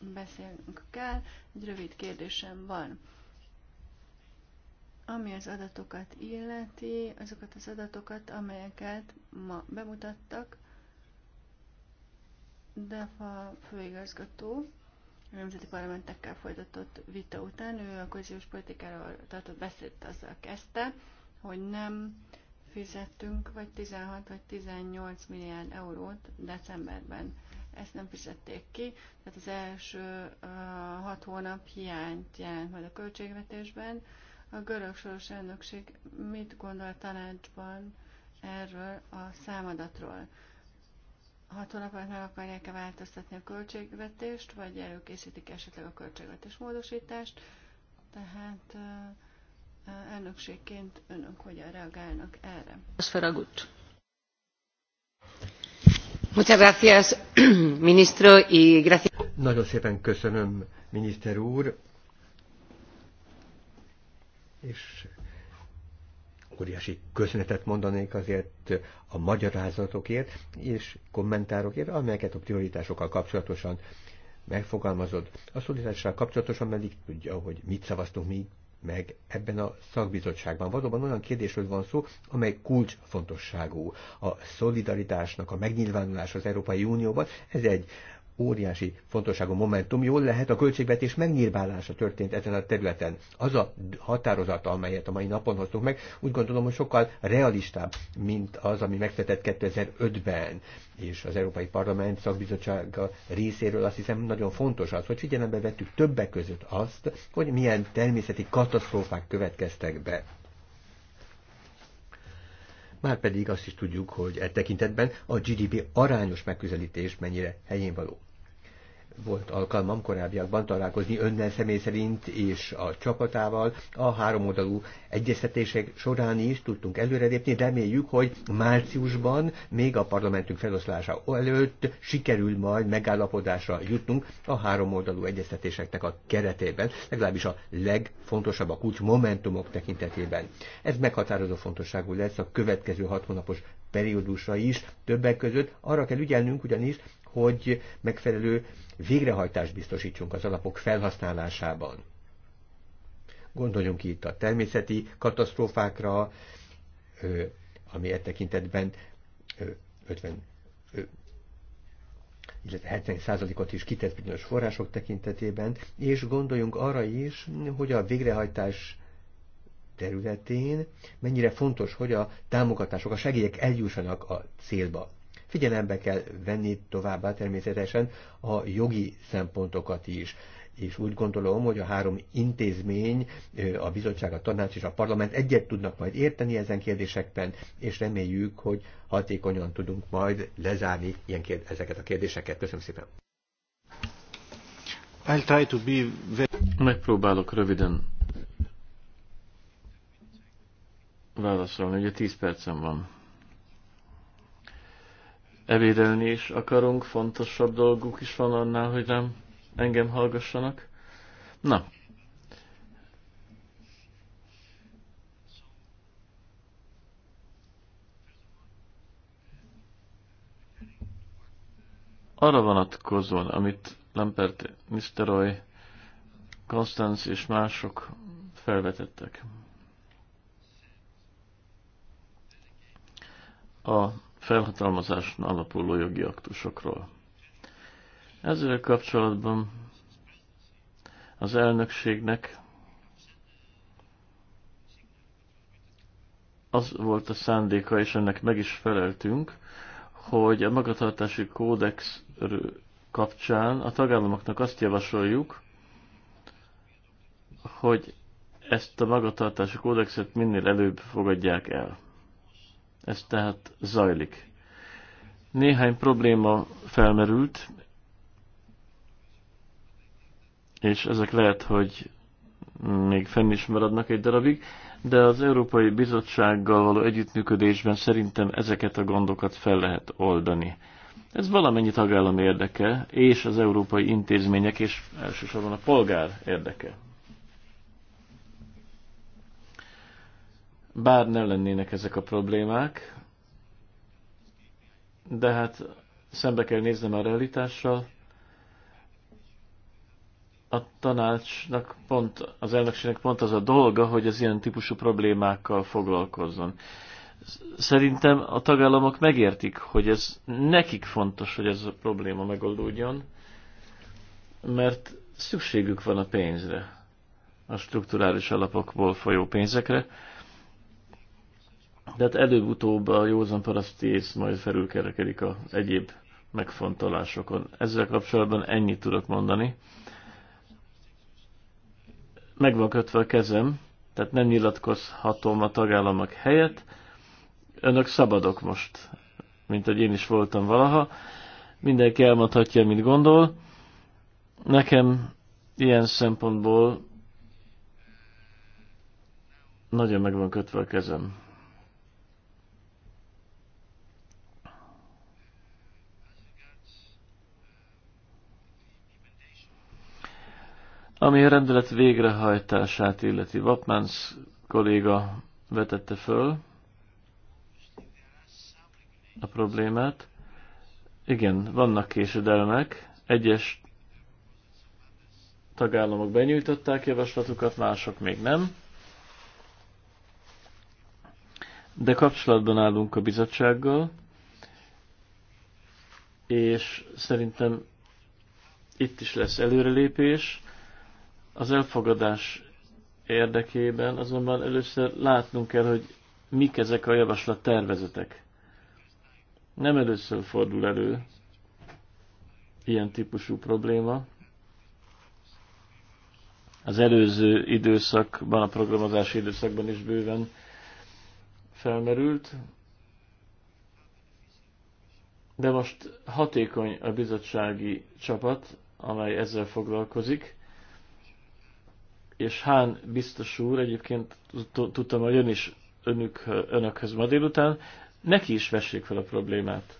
beszélnünk kell. Egy rövid kérdésem van. Ami az adatokat illeti, azokat az adatokat, amelyeket ma bemutattak, de a főigazgató a nemzeti parlamentekkel folytatott vita után. Ő a kohéziós politikáról tartott beszédet azzal kezdte, hogy nem fizettünk vagy 16 vagy 18 milliárd eurót decemberben. Ezt nem fizették ki, tehát az első uh, hat hónap hiányt jelent majd a költségvetésben. A görög soros elnökség mit gondol a tanácsban erről a számadatról? hat hónapban meg akarják-e változtatni a költségvetést, vagy előkészítik esetleg a költségvetés módosítást. Tehát elnökségként önök hogyan reagálnak erre? Az Feragut. Muchas gracias, ministro, y gracias. Nagyon szépen köszönöm, miniszter úr, és óriási köszönetet mondanék azért a magyarázatokért és kommentárokért, amelyeket a prioritásokkal kapcsolatosan megfogalmazott. A szolidáritással kapcsolatosan pedig tudja, hogy mit szavaztunk mi meg ebben a szakbizottságban. Valóban olyan kérdésről van szó, amely kulcsfontosságú. A szolidaritásnak a megnyilvánulás az Európai Unióban, ez egy óriási fontosságú momentum, jól lehet a költségvetés megnyírbálása történt ezen a területen. Az a határozat, amelyet a mai napon hoztunk meg, úgy gondolom, hogy sokkal realistább, mint az, ami megtetett 2005-ben, és az Európai Parlament szakbizottsága részéről azt hiszem nagyon fontos az, hogy figyelembe vettük többek között azt, hogy milyen természeti katasztrófák következtek be. Márpedig azt is tudjuk, hogy e tekintetben a GDP arányos megközelítés mennyire helyén való volt alkalmam korábbiakban találkozni önnel személy szerint és a csapatával. A háromoldalú egyeztetések során is tudtunk előrelépni, reméljük, hogy márciusban még a parlamentünk feloszlása előtt sikerül majd megállapodásra jutnunk a háromoldalú egyeztetéseknek a keretében, legalábbis a legfontosabb a kulcs momentumok tekintetében. Ez meghatározó fontosságú lesz a következő hat hónapos periódusra is, többek között arra kell ügyelnünk ugyanis, hogy megfelelő végrehajtást biztosítsunk az alapok felhasználásában. Gondoljunk itt a természeti katasztrófákra, ami e tekintetben 50 illetve 70%-ot is kitett bizonyos források tekintetében, és gondoljunk arra is, hogy a végrehajtás területén mennyire fontos, hogy a támogatások, a segélyek eljussanak a célba. Figyelembe kell venni továbbá természetesen a jogi szempontokat is és úgy gondolom, hogy a három intézmény, a bizottság, a tanács és a parlament egyet tudnak majd érteni ezen kérdésekben, és reméljük, hogy hatékonyan tudunk majd lezárni ilyen kérd- ezeket a kérdéseket. Köszönöm szépen! I'll try to be very... Megpróbálok röviden válaszolni, ugye 10 percem van ebédelni is akarunk, fontosabb dolguk is van annál, hogy nem engem hallgassanak. Na. Arra vonatkozóan, amit Lampert, Mr. Roy, Constance és mások felvetettek. A felhatalmazáson alapuló jogi aktusokról. Ezzel kapcsolatban az elnökségnek az volt a szándéka, és ennek meg is feleltünk, hogy a magatartási kódex kapcsán a tagállamoknak azt javasoljuk, hogy ezt a magatartási kódexet minél előbb fogadják el. Ez tehát zajlik. Néhány probléma felmerült, és ezek lehet, hogy még fenn is maradnak egy darabig, de az Európai Bizottsággal való együttműködésben szerintem ezeket a gondokat fel lehet oldani. Ez valamennyi tagállam érdeke, és az európai intézmények, és elsősorban a polgár érdeke. bár ne lennének ezek a problémák, de hát szembe kell néznem a realitással. A tanácsnak pont, az elnökségnek pont az a dolga, hogy az ilyen típusú problémákkal foglalkozzon. Szerintem a tagállamok megértik, hogy ez nekik fontos, hogy ez a probléma megoldódjon, mert szükségük van a pénzre, a strukturális alapokból folyó pénzekre, de hát előbb-utóbb a józan paraszti ész majd felülkerekedik a egyéb megfontolásokon. Ezzel kapcsolatban ennyit tudok mondani. Meg van kötve a kezem, tehát nem nyilatkozhatom a tagállamok helyett. Önök szabadok most, mint hogy én is voltam valaha. Mindenki elmondhatja, mit gondol. Nekem ilyen szempontból nagyon meg van kötve a kezem. Ami a rendelet végrehajtását illeti, Vapmans kolléga vetette föl a problémát. Igen, vannak késedelmek. Egyes tagállamok benyújtották javaslatukat, mások még nem. De kapcsolatban állunk a bizottsággal, és szerintem itt is lesz előrelépés. Az elfogadás érdekében azonban először látnunk kell, hogy mik ezek a javaslat tervezetek. Nem először fordul elő ilyen típusú probléma. Az előző időszakban, a programozási időszakban is bőven felmerült, de most hatékony a bizottsági csapat, amely ezzel foglalkozik, és Hán biztos úr, egyébként tudtam, hogy ön is önök, önökhöz ma délután, neki is vessék fel a problémát.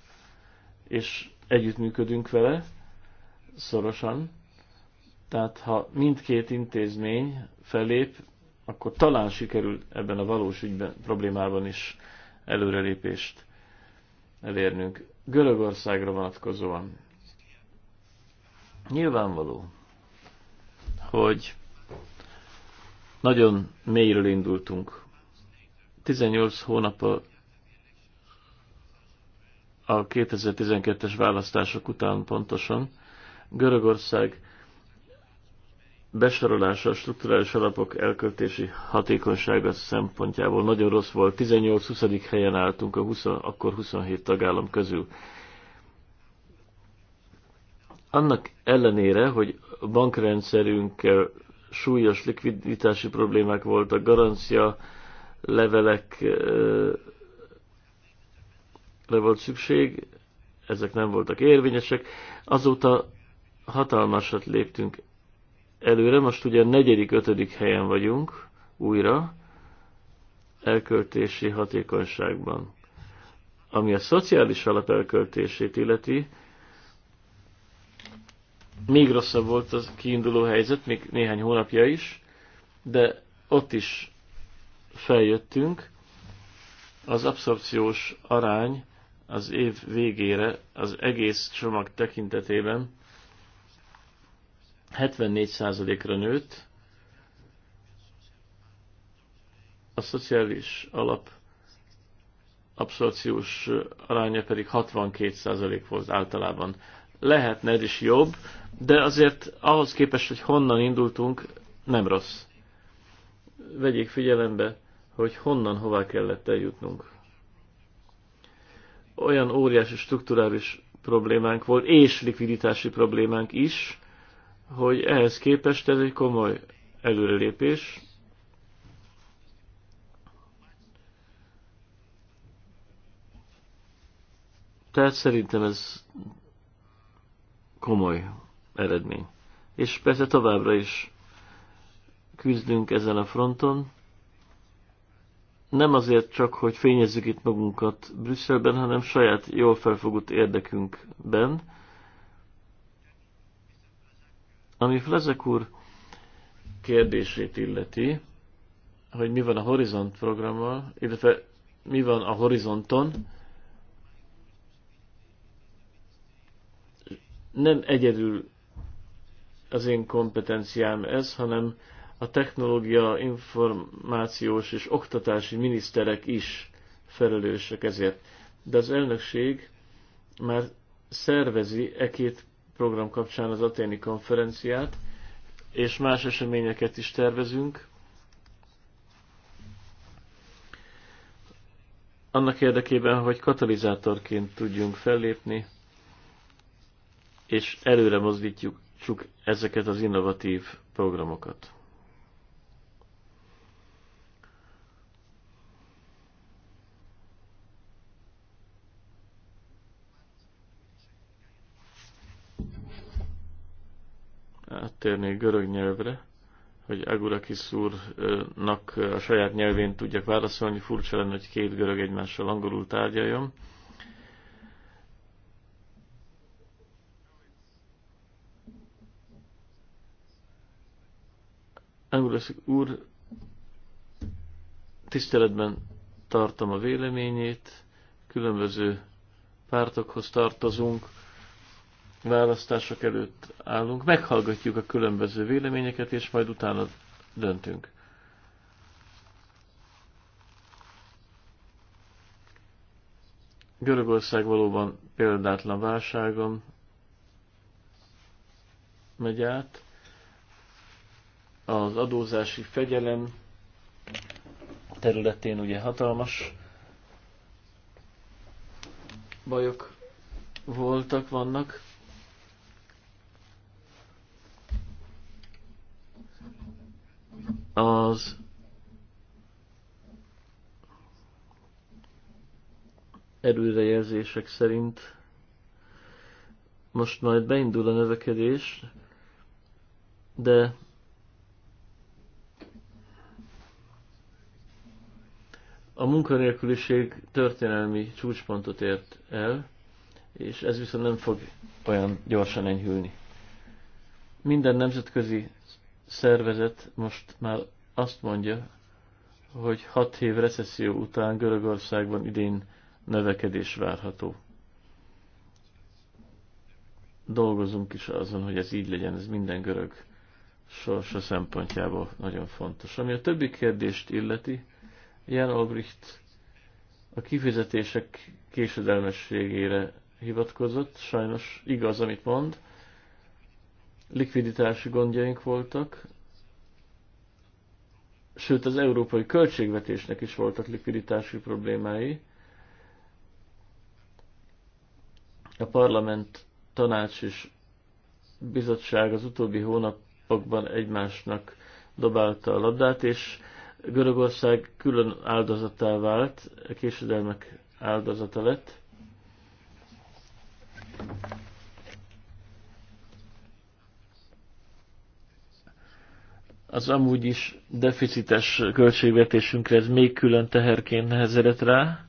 És együttműködünk vele, szorosan. Tehát ha mindkét intézmény felép, akkor talán sikerül ebben a valós ügyben, problémában is előrelépést elérnünk. Görögországra vonatkozóan. Nyilvánvaló, hogy nagyon mélyről indultunk. 18 hónap a, a 2012-es választások után pontosan Görögország besorolása a strukturális alapok elköltési hatékonysága szempontjából nagyon rossz volt. 18-20. helyen álltunk a 20, akkor 27 tagállam közül. Annak ellenére, hogy bankrendszerünkkel súlyos likviditási problémák voltak, garancia levelek le volt szükség, ezek nem voltak érvényesek. Azóta hatalmasat léptünk előre, most ugye a negyedik, ötödik helyen vagyunk újra, elköltési hatékonyságban. Ami a szociális alapelköltését illeti, még rosszabb volt az kiinduló helyzet, még néhány hónapja is, de ott is feljöttünk. Az abszorpciós arány az év végére az egész csomag tekintetében 74%-ra nőtt. A szociális alap abszorpciós aránya pedig 62% volt általában. Lehetne ez is jobb, de azért ahhoz képest, hogy honnan indultunk, nem rossz. Vegyék figyelembe, hogy honnan, hová kellett eljutnunk. Olyan óriási strukturális problémánk volt, és likviditási problémánk is, hogy ehhez képest ez egy komoly előrelépés. Tehát szerintem ez komoly eredmény. És persze továbbra is küzdünk ezen a fronton. Nem azért csak, hogy fényezzük itt magunkat Brüsszelben, hanem saját jól felfogott érdekünkben. Ami Flezek úr kérdését illeti, hogy mi van a Horizont programmal, illetve mi van a horizonton, nem egyedül az én kompetenciám ez, hanem a technológia, információs és oktatási miniszterek is felelősek ezért. De az elnökség már szervezi e két program kapcsán az aténi konferenciát, és más eseményeket is tervezünk. Annak érdekében, hogy katalizátorként tudjunk fellépni, és előre mozdítjuk támogatjuk ezeket az innovatív programokat. áttérnék görög nyelvre, hogy Agurakis úrnak a saját nyelvén tudjak válaszolni, furcsa lenne, hogy két görög egymással angolul tárgyaljon. Angulas úr, tiszteletben tartom a véleményét, különböző pártokhoz tartozunk, választások előtt állunk, meghallgatjuk a különböző véleményeket, és majd utána döntünk. Görögország valóban példátlan válságon megy át, az adózási fegyelem területén ugye hatalmas bajok voltak, vannak. Az előrejelzések szerint most majd beindul a növekedés, de A munkanélküliség történelmi csúcspontot ért el, és ez viszont nem fog olyan gyorsan enyhülni. Minden nemzetközi szervezet most már azt mondja, hogy hat év recesszió után Görögországban idén növekedés várható. Dolgozunk is azon, hogy ez így legyen, ez minden görög sorsa szempontjából nagyon fontos. Ami a többi kérdést illeti, Jan Albrecht a kifizetések késedelmességére hivatkozott, sajnos igaz, amit mond. Likviditási gondjaink voltak, sőt az európai költségvetésnek is voltak likviditási problémái. A parlament, tanács és bizottság az utóbbi hónapokban egymásnak dobálta a labdát, és Görögország külön áldozatá vált, a késedelmek áldozata lett. Az amúgy is deficites költségvetésünkre ez még külön teherként nehezedett rá,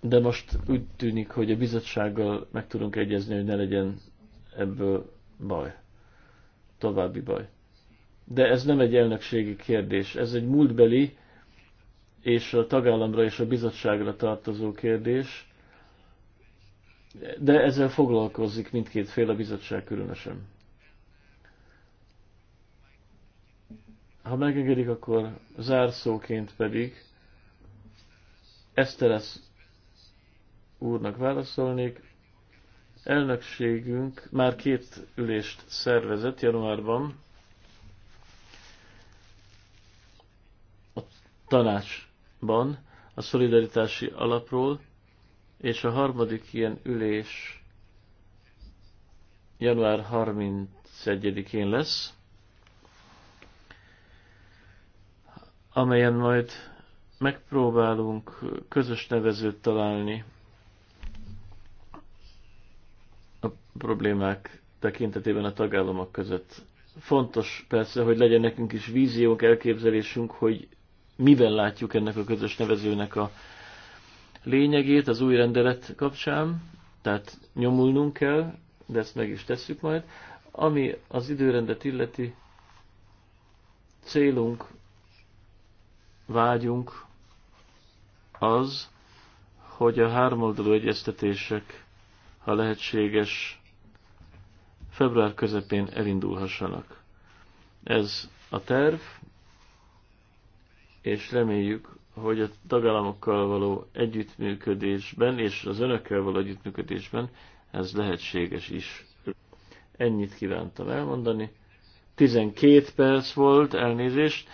de most úgy tűnik, hogy a bizottsággal meg tudunk egyezni, hogy ne legyen ebből baj, további baj de ez nem egy elnökségi kérdés, ez egy múltbeli és a tagállamra és a bizottságra tartozó kérdés, de ezzel foglalkozik mindkét fél, a bizottság különösen. Ha megengedik, akkor zárszóként pedig Eszteres úrnak válaszolnék. Elnökségünk már két ülést szervezett januárban, tanácsban a szolidaritási alapról, és a harmadik ilyen ülés január 31-én lesz, amelyen majd megpróbálunk közös nevezőt találni a problémák tekintetében a tagállamok között. Fontos persze, hogy legyen nekünk is víziónk, elképzelésünk, hogy mivel látjuk ennek a közös nevezőnek a lényegét az új rendelet kapcsán, tehát nyomulnunk kell, de ezt meg is tesszük majd. Ami az időrendet illeti, célunk, vágyunk az, hogy a háromoldalú egyeztetések, ha lehetséges, február közepén elindulhassanak. Ez a terv, és reméljük, hogy a tagállamokkal való együttműködésben és az önökkel való együttműködésben ez lehetséges is. Ennyit kívántam elmondani. 12 perc volt, elnézést.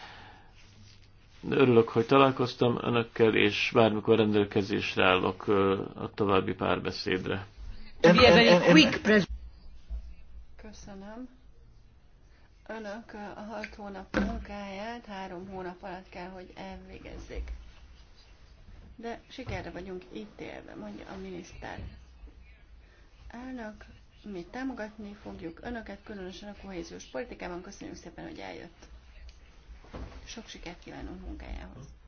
Örülök, hogy találkoztam önökkel, és bármikor rendelkezésre állok a további párbeszédre. Köszönöm önök a hat hónap munkáját három hónap alatt kell, hogy elvégezzék. De sikerre vagyunk ítélve, mondja a miniszter. Elnök, mi támogatni fogjuk önöket, különösen a kohéziós politikában. Köszönjük szépen, hogy eljött. Sok sikert kívánunk munkájához.